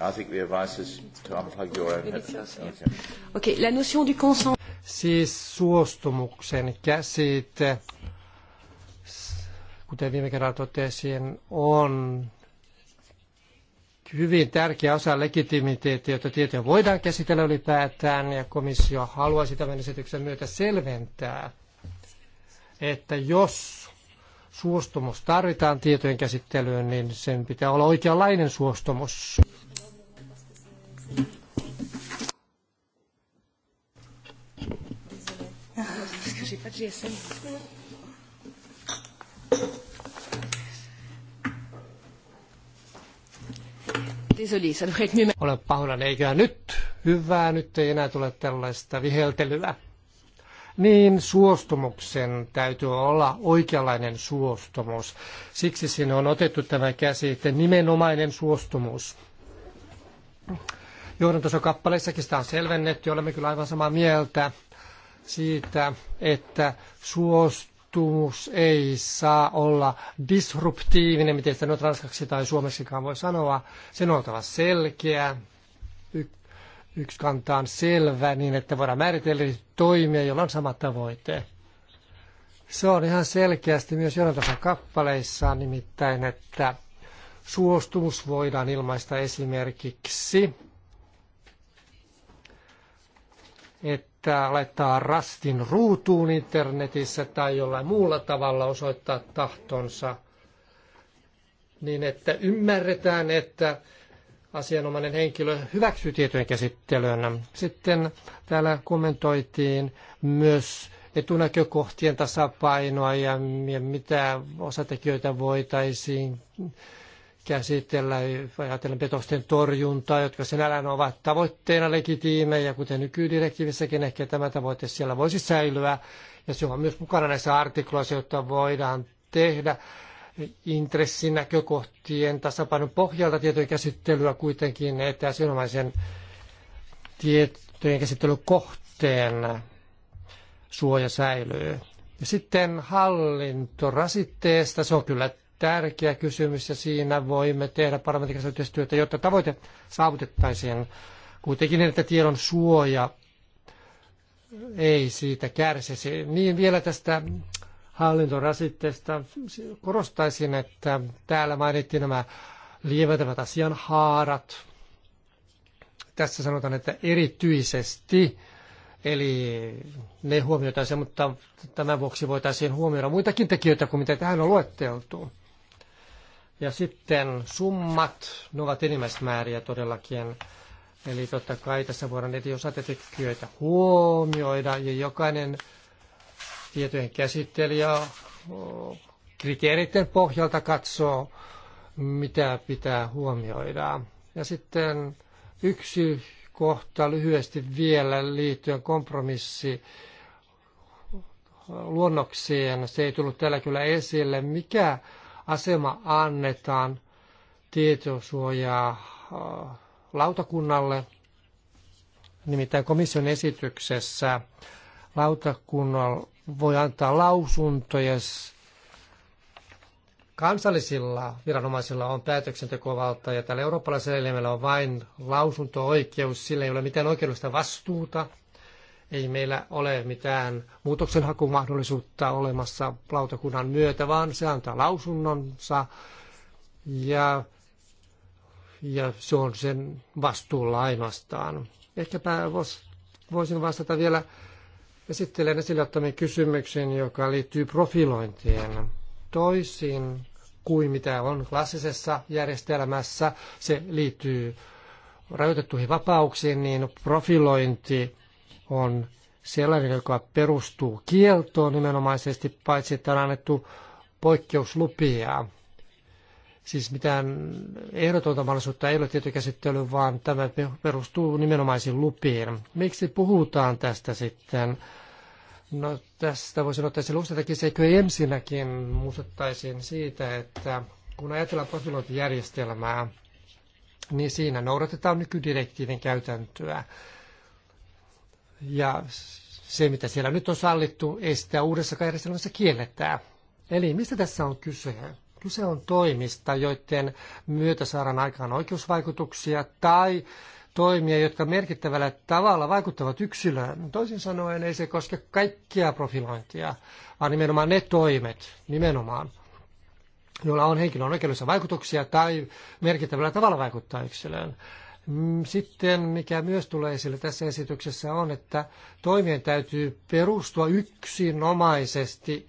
I think the advice is to unplug your own Okay. okay, la notion du Siis suostumuksen käsite, kuten viime kerralla totesin, on hyvin tärkeä osa legitimiteettiä, jota tietoja voidaan käsitellä ylipäätään, ja komissio haluaisi tämän esityksen myötä selventää, että jos suostumus tarvitaan tietojen käsittelyyn, niin sen pitää olla oikeanlainen suostumus. Olen pahoillani, eiköhän nyt hyvää, nyt ei enää tule tällaista viheltelyä. Niin suostumuksen täytyy olla oikeanlainen suostumus. Siksi sinne on otettu tämä käsite, nimenomainen suostumus. Johdantasokappaleissakin sitä on selvennetty. Olemme kyllä aivan samaa mieltä siitä, että suostumus ei saa olla disruptiivinen, miten sitä nyt ranskaksi tai suomeksikaan voi sanoa. Sen on oltava selkeä, yksi selvä, niin että voidaan määritellä toimia, jolla on sama tavoite. Se on ihan selkeästi myös jonotason kappaleissa, nimittäin, että suostumus voidaan ilmaista esimerkiksi että laittaa rastin ruutuun internetissä tai jollain muulla tavalla osoittaa tahtonsa, niin että ymmärretään, että asianomainen henkilö hyväksyy tietojen käsittelyn. Sitten täällä kommentoitiin myös etunäkökohtien tasapainoa ja mitä osatekijöitä voitaisiin käsitellä, ajatellen petosten torjuntaa, jotka sinällään ovat tavoitteena legitiimejä, kuten nykydirektiivissäkin ehkä tämä tavoite siellä voisi säilyä. Ja se on myös mukana näissä artikloissa, joita voidaan tehdä intressinäkökohtien tasapainon pohjalta tietojen käsittelyä kuitenkin etäsinomaisen tietojen käsittelykohteen suoja säilyy. Ja sitten hallintorasitteesta, se on kyllä tärkeä kysymys ja siinä voimme tehdä parlamentin yhteistyötä, jotta tavoite saavutettaisiin kuitenkin, niin, että tiedon suoja ei siitä kärsisi. Niin vielä tästä hallintorasitteesta korostaisin, että täällä mainittiin nämä lieventävät asian haarat. Tässä sanotaan, että erityisesti, eli ne huomioitaisiin, mutta tämän vuoksi voitaisiin huomioida muitakin tekijöitä kuin mitä tähän on luetteltu. Ja sitten summat, ne ovat enimmäismääriä todellakin. Eli totta kai tässä voidaan eri osatetekijöitä huomioida ja jokainen tietojen käsittelijä kriteereiden pohjalta katsoo, mitä pitää huomioida. Ja sitten yksi kohta lyhyesti vielä liittyen kompromissi luonnokseen. Se ei tullut täällä kyllä esille. Mikä asema annetaan tietosuojaa äh, lautakunnalle. Nimittäin komission esityksessä lautakunnalla voi antaa lausuntoja. Kansallisilla viranomaisilla on päätöksentekovalta ja tällä eurooppalaisella elimellä on vain lausunto-oikeus. Sillä ei ole mitään oikeudellista vastuuta ei meillä ole mitään muutoksenhakumahdollisuutta olemassa lautakunnan myötä, vaan se antaa lausunnonsa ja, ja se on sen vastuulla ainoastaan. Ehkäpä voisin vastata vielä esittelen esille ottamiin kysymyksiin, joka liittyy profilointiin. Toisin kuin mitä on klassisessa järjestelmässä, se liittyy rajoitettuihin vapauksiin, niin profilointi on sellainen, joka perustuu kieltoon nimenomaisesti, paitsi että on annettu poikkeuslupia. Siis mitään ehdotonta mahdollisuutta ei ole tietokäsittely, vaan tämä perustuu nimenomaisiin lupiin. Miksi puhutaan tästä sitten? No tästä voisin ottaa sen luustatakin seikö ensinnäkin muistuttaisiin siitä, että kun ajatellaan profilointijärjestelmää, niin siinä noudatetaan nykydirektiivin käytäntöä. Ja se, mitä siellä nyt on sallittu, ei sitä uudessa järjestelmässä kielletään. Eli mistä tässä on kyse? Kyse on toimista, joiden myötä saadaan aikaan oikeusvaikutuksia tai toimia, jotka merkittävällä tavalla vaikuttavat yksilöön. Toisin sanoen ei se koske kaikkia profilointia, vaan nimenomaan ne toimet, nimenomaan, joilla on henkilön oikeudellisia vaikutuksia tai merkittävällä tavalla vaikuttaa yksilöön. Mm, sitten mikä myös tulee esille tässä esityksessä on, että toimien täytyy perustua yksinomaisesti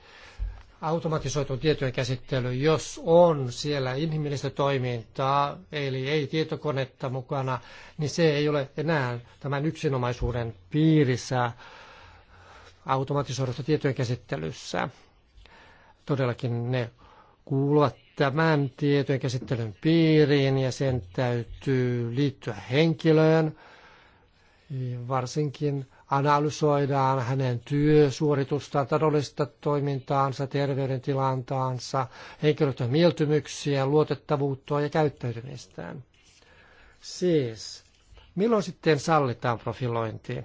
automatisoitun tietojen käsittelyyn, jos on siellä inhimillistä toimintaa, eli ei tietokonetta mukana, niin se ei ole enää tämän yksinomaisuuden piirissä automatisoidusta tietojen käsittelyssä. Todellakin ne kuuluvat tämän tietojen käsittelyn piiriin ja sen täytyy liittyä henkilöön. Varsinkin analysoidaan hänen työsuoritustaan, taloudellista toimintaansa, terveydentilantaansa, henkilöiden mieltymyksiä, luotettavuutta ja käyttäytymistään. Siis, milloin sitten sallitaan profilointi?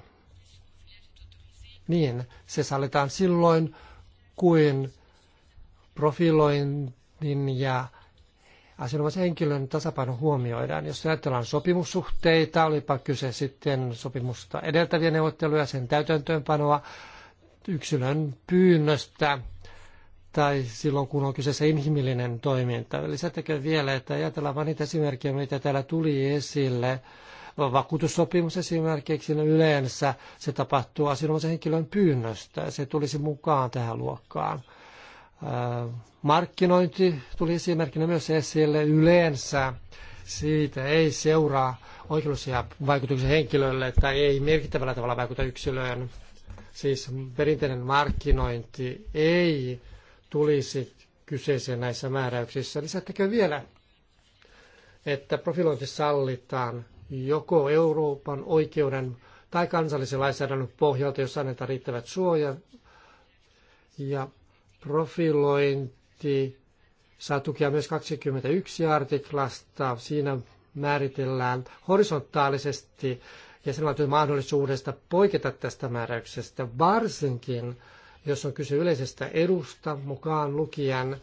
Niin, se sallitaan silloin, kuin profilointi niin ja asianomaisen henkilön tasapaino huomioidaan. Jos ajatellaan sopimussuhteita, olipa kyse sitten sopimusta edeltäviä neuvotteluja, sen täytäntöönpanoa, yksilön pyynnöstä tai silloin, kun on kyseessä inhimillinen toiminta. Lisätäkö vielä, että ajatellaan vain niitä esimerkkejä, mitä täällä tuli esille. Vakuutussopimus esimerkiksi no yleensä se tapahtuu asianomaisen henkilön pyynnöstä. Se tulisi mukaan tähän luokkaan. Markkinointi tuli esimerkkinä myös esille yleensä. Siitä ei seuraa oikeudellisia vaikutuksia henkilölle tai ei merkittävällä tavalla vaikuta yksilöön. Siis perinteinen markkinointi ei tulisi kyseeseen näissä määräyksissä. Lisättäkö vielä, että profilointi sallitaan joko Euroopan oikeuden tai kansallisen lainsäädännön pohjalta, jos annetaan riittävät suoja. Ja profilointi saa tukea myös 21 artiklasta. Siinä määritellään horisontaalisesti ja jäsenvaltion mahdollisuudesta poiketa tästä määräyksestä, varsinkin jos on kyse yleisestä edusta, mukaan lukien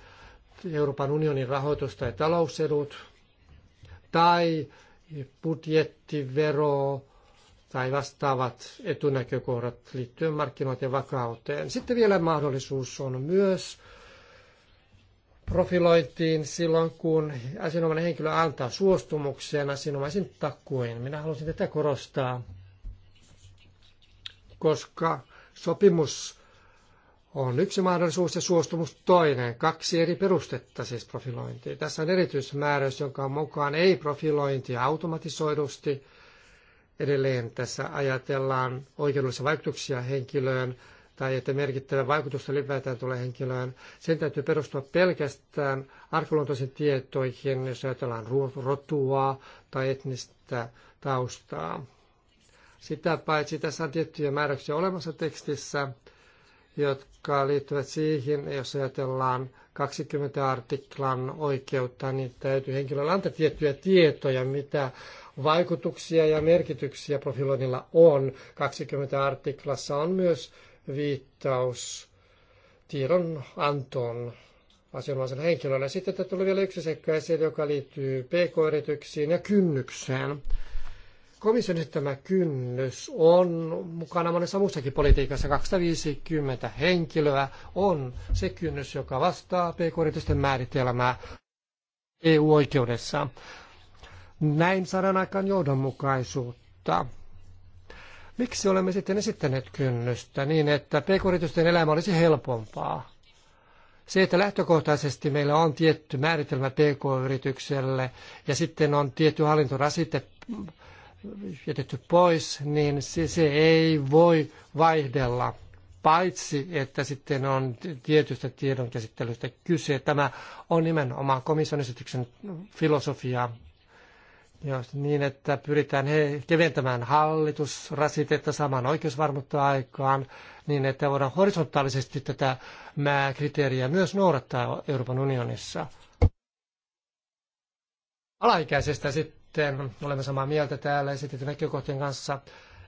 Euroopan unionin rahoitus- tai talousedut, tai budjettivero, tai vastaavat etunäkökohdat liittyen markkinoiden vakauteen. Sitten vielä mahdollisuus on myös profilointiin silloin, kun asianomainen henkilö antaa suostumukseen asianomaisen takuin. Minä halusin tätä korostaa, koska sopimus on yksi mahdollisuus ja suostumus toinen. Kaksi eri perustetta siis profilointiin. Tässä on erityismääräys, jonka mukaan ei profilointi automatisoidusti – Edelleen tässä ajatellaan oikeudellisia vaikutuksia henkilöön tai että merkittävä vaikutus ylipäätään tulee henkilöön. Sen täytyy perustua pelkästään arkaluontoisiin tietoihin, jos ajatellaan rotua tai etnistä taustaa. Sitä paitsi tässä on tiettyjä määräyksiä olemassa tekstissä, jotka liittyvät siihen, jos ajatellaan 20 artiklan oikeutta, niin täytyy henkilöllä antaa tiettyjä tietoja, mitä vaikutuksia ja merkityksiä profiloinnilla on. 20 artiklassa on myös viittaus tiedon antoon asianomaiselle henkilölle. Sitten tätä tuli vielä yksi seikka esiin, joka liittyy pk-yrityksiin ja kynnykseen. Komission esittämä kynnys on mukana monessa muussakin politiikassa. 250 henkilöä on se kynnys, joka vastaa pk-yritysten määritelmää EU-oikeudessa. Näin saadaan aikaan johdonmukaisuutta. Miksi olemme sitten esittäneet kynnystä niin, että pk-yritysten elämä olisi helpompaa? Se, että lähtökohtaisesti meillä on tietty määritelmä pk-yritykselle ja sitten on tietty hallintorasite jätetty pois, niin se, se ei voi vaihdella, paitsi että sitten on tietystä tiedonkäsittelystä kyse. Tämä on nimenomaan komission esityksen filosofia, jos niin, että pyritään he keventämään hallitusrasitetta saman oikeusvarmuutta aikaan, niin että voidaan horisontaalisesti tätä kriteeriä myös noudattaa Euroopan unionissa. Alaikäisestä sitten sitten olemme samaa mieltä täällä esitetyn näkökohtien kanssa,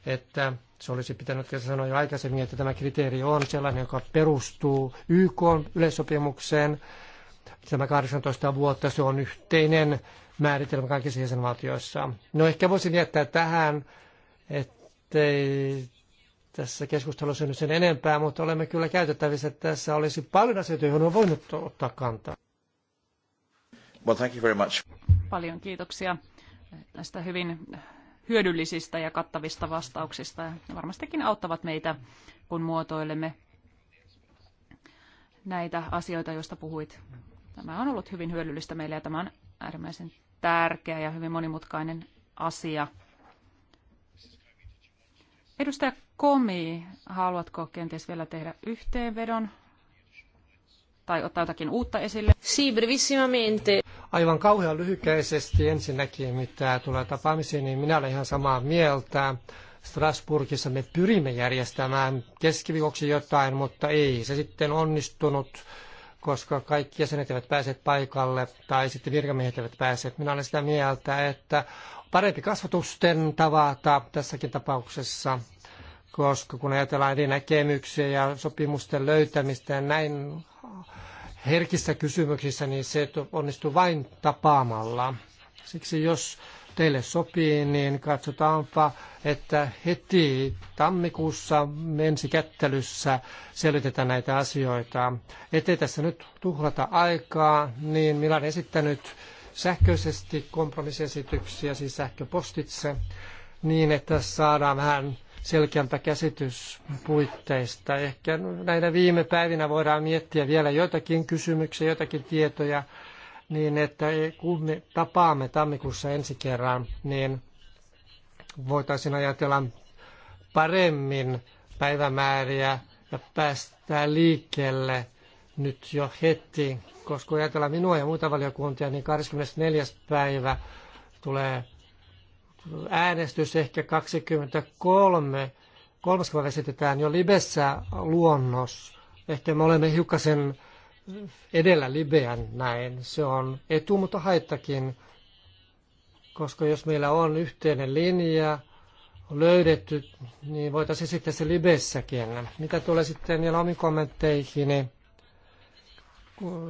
että se olisi pitänyt sanoa jo aikaisemmin, että tämä kriteeri on sellainen, joka perustuu YK yleissopimukseen. Tämä 18 vuotta, se on yhteinen määritelmä kaikissa jäsenvaltioissa. No ehkä voisin jättää tähän, ettei tässä keskustelussa nyt sen enempää, mutta olemme kyllä käytettävissä, että tässä olisi paljon asioita, joihin on voinut ottaa kantaa. Well, thank you very much. Paljon kiitoksia näistä hyvin hyödyllisistä ja kattavista vastauksista. Ja varmastikin auttavat meitä, kun muotoilemme näitä asioita, joista puhuit. Tämä on ollut hyvin hyödyllistä meille ja tämä on äärimmäisen tärkeä ja hyvin monimutkainen asia. Edustaja Komi, haluatko kenties vielä tehdä yhteenvedon tai ottaa jotakin uutta esille? Sì, brevissimamente aivan kauhean lyhykäisesti ensinnäkin, mitä tulee tapaamisiin, niin minä olen ihan samaa mieltä. Strasbourgissa me pyrimme järjestämään keskiviikoksi jotain, mutta ei se sitten onnistunut, koska kaikki jäsenet eivät pääse paikalle tai sitten virkamiehet eivät pääse. Minä olen sitä mieltä, että parempi kasvatusten tavata tässäkin tapauksessa, koska kun ajatellaan eri näkemyksiä ja sopimusten löytämistä ja näin herkissä kysymyksissä, niin se onnistuu vain tapaamalla. Siksi jos teille sopii, niin katsotaanpa, että heti tammikuussa ensi kättelyssä selvitetään näitä asioita. Ettei tässä nyt tuhlata aikaa, niin minä olen esittänyt sähköisesti kompromissiesityksiä, siis sähköpostitse, niin että saadaan vähän selkeämpä käsitys puitteista. Ehkä näinä viime päivinä voidaan miettiä vielä joitakin kysymyksiä, joitakin tietoja, niin että kun me tapaamme tammikuussa ensi kerran, niin voitaisiin ajatella paremmin päivämääriä ja päästään liikkeelle nyt jo heti, koska ajatellaan minua ja muita valiokuntia, niin 24. päivä tulee äänestys ehkä 23. Kolmas esitetään jo Libessä luonnos. Ehkä me olemme hiukkasen edellä Libeän näin. Se on etu, mutta haittakin. Koska jos meillä on yhteinen linja löydetty, niin voitaisiin sitten se Libessäkin. Mitä tulee sitten vielä omiin kommentteihin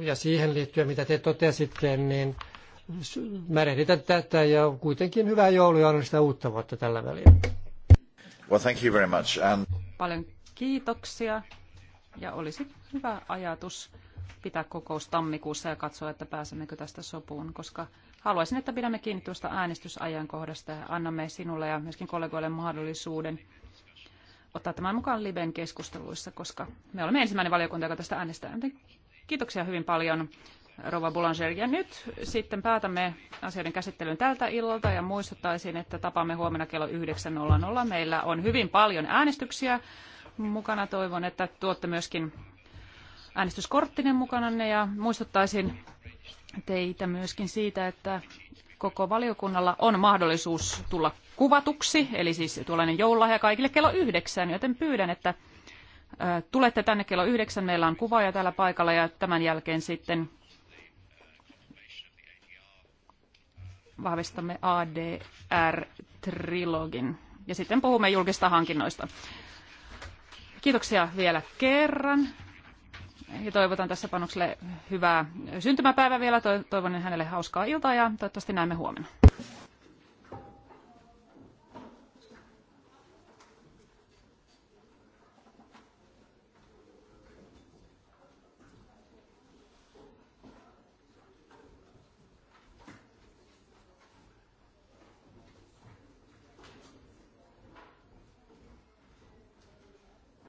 ja siihen liittyen, mitä te totesitte, niin Märehditän tätä ja kuitenkin hyvää joulua ja sitä uutta vuotta tällä väliä. Well, thank you very much. And... Paljon kiitoksia ja olisi hyvä ajatus pitää kokous tammikuussa ja katsoa, että pääsemmekö tästä sopuun, koska haluaisin, että pidämme kiinni tuosta äänestysajankohdasta ja annamme sinulle ja myöskin kollegoille mahdollisuuden ottaa tämän mukaan Liben keskusteluissa, koska me olemme ensimmäinen valiokunta, joka tästä äänestää. Kiitoksia hyvin paljon Rova Boulanger. Ja nyt sitten päätämme asioiden käsittelyn tältä illalta ja muistuttaisin, että tapaamme huomenna kello 9.00. Meillä on hyvin paljon äänestyksiä mukana. Toivon, että tuotte myöskin äänestyskorttinen mukananne ja muistuttaisin teitä myöskin siitä, että koko valiokunnalla on mahdollisuus tulla kuvatuksi, eli siis tuollainen joululahja kaikille kello yhdeksän, joten pyydän, että tulette tänne kello yhdeksän, meillä on kuvaaja täällä paikalla ja tämän jälkeen sitten vahvistamme ADR-trilogin. Ja sitten puhumme julkista hankinnoista. Kiitoksia vielä kerran. Ja toivotan tässä panokselle hyvää syntymäpäivää vielä. Toivon hänelle hauskaa iltaa ja toivottavasti näemme huomenna.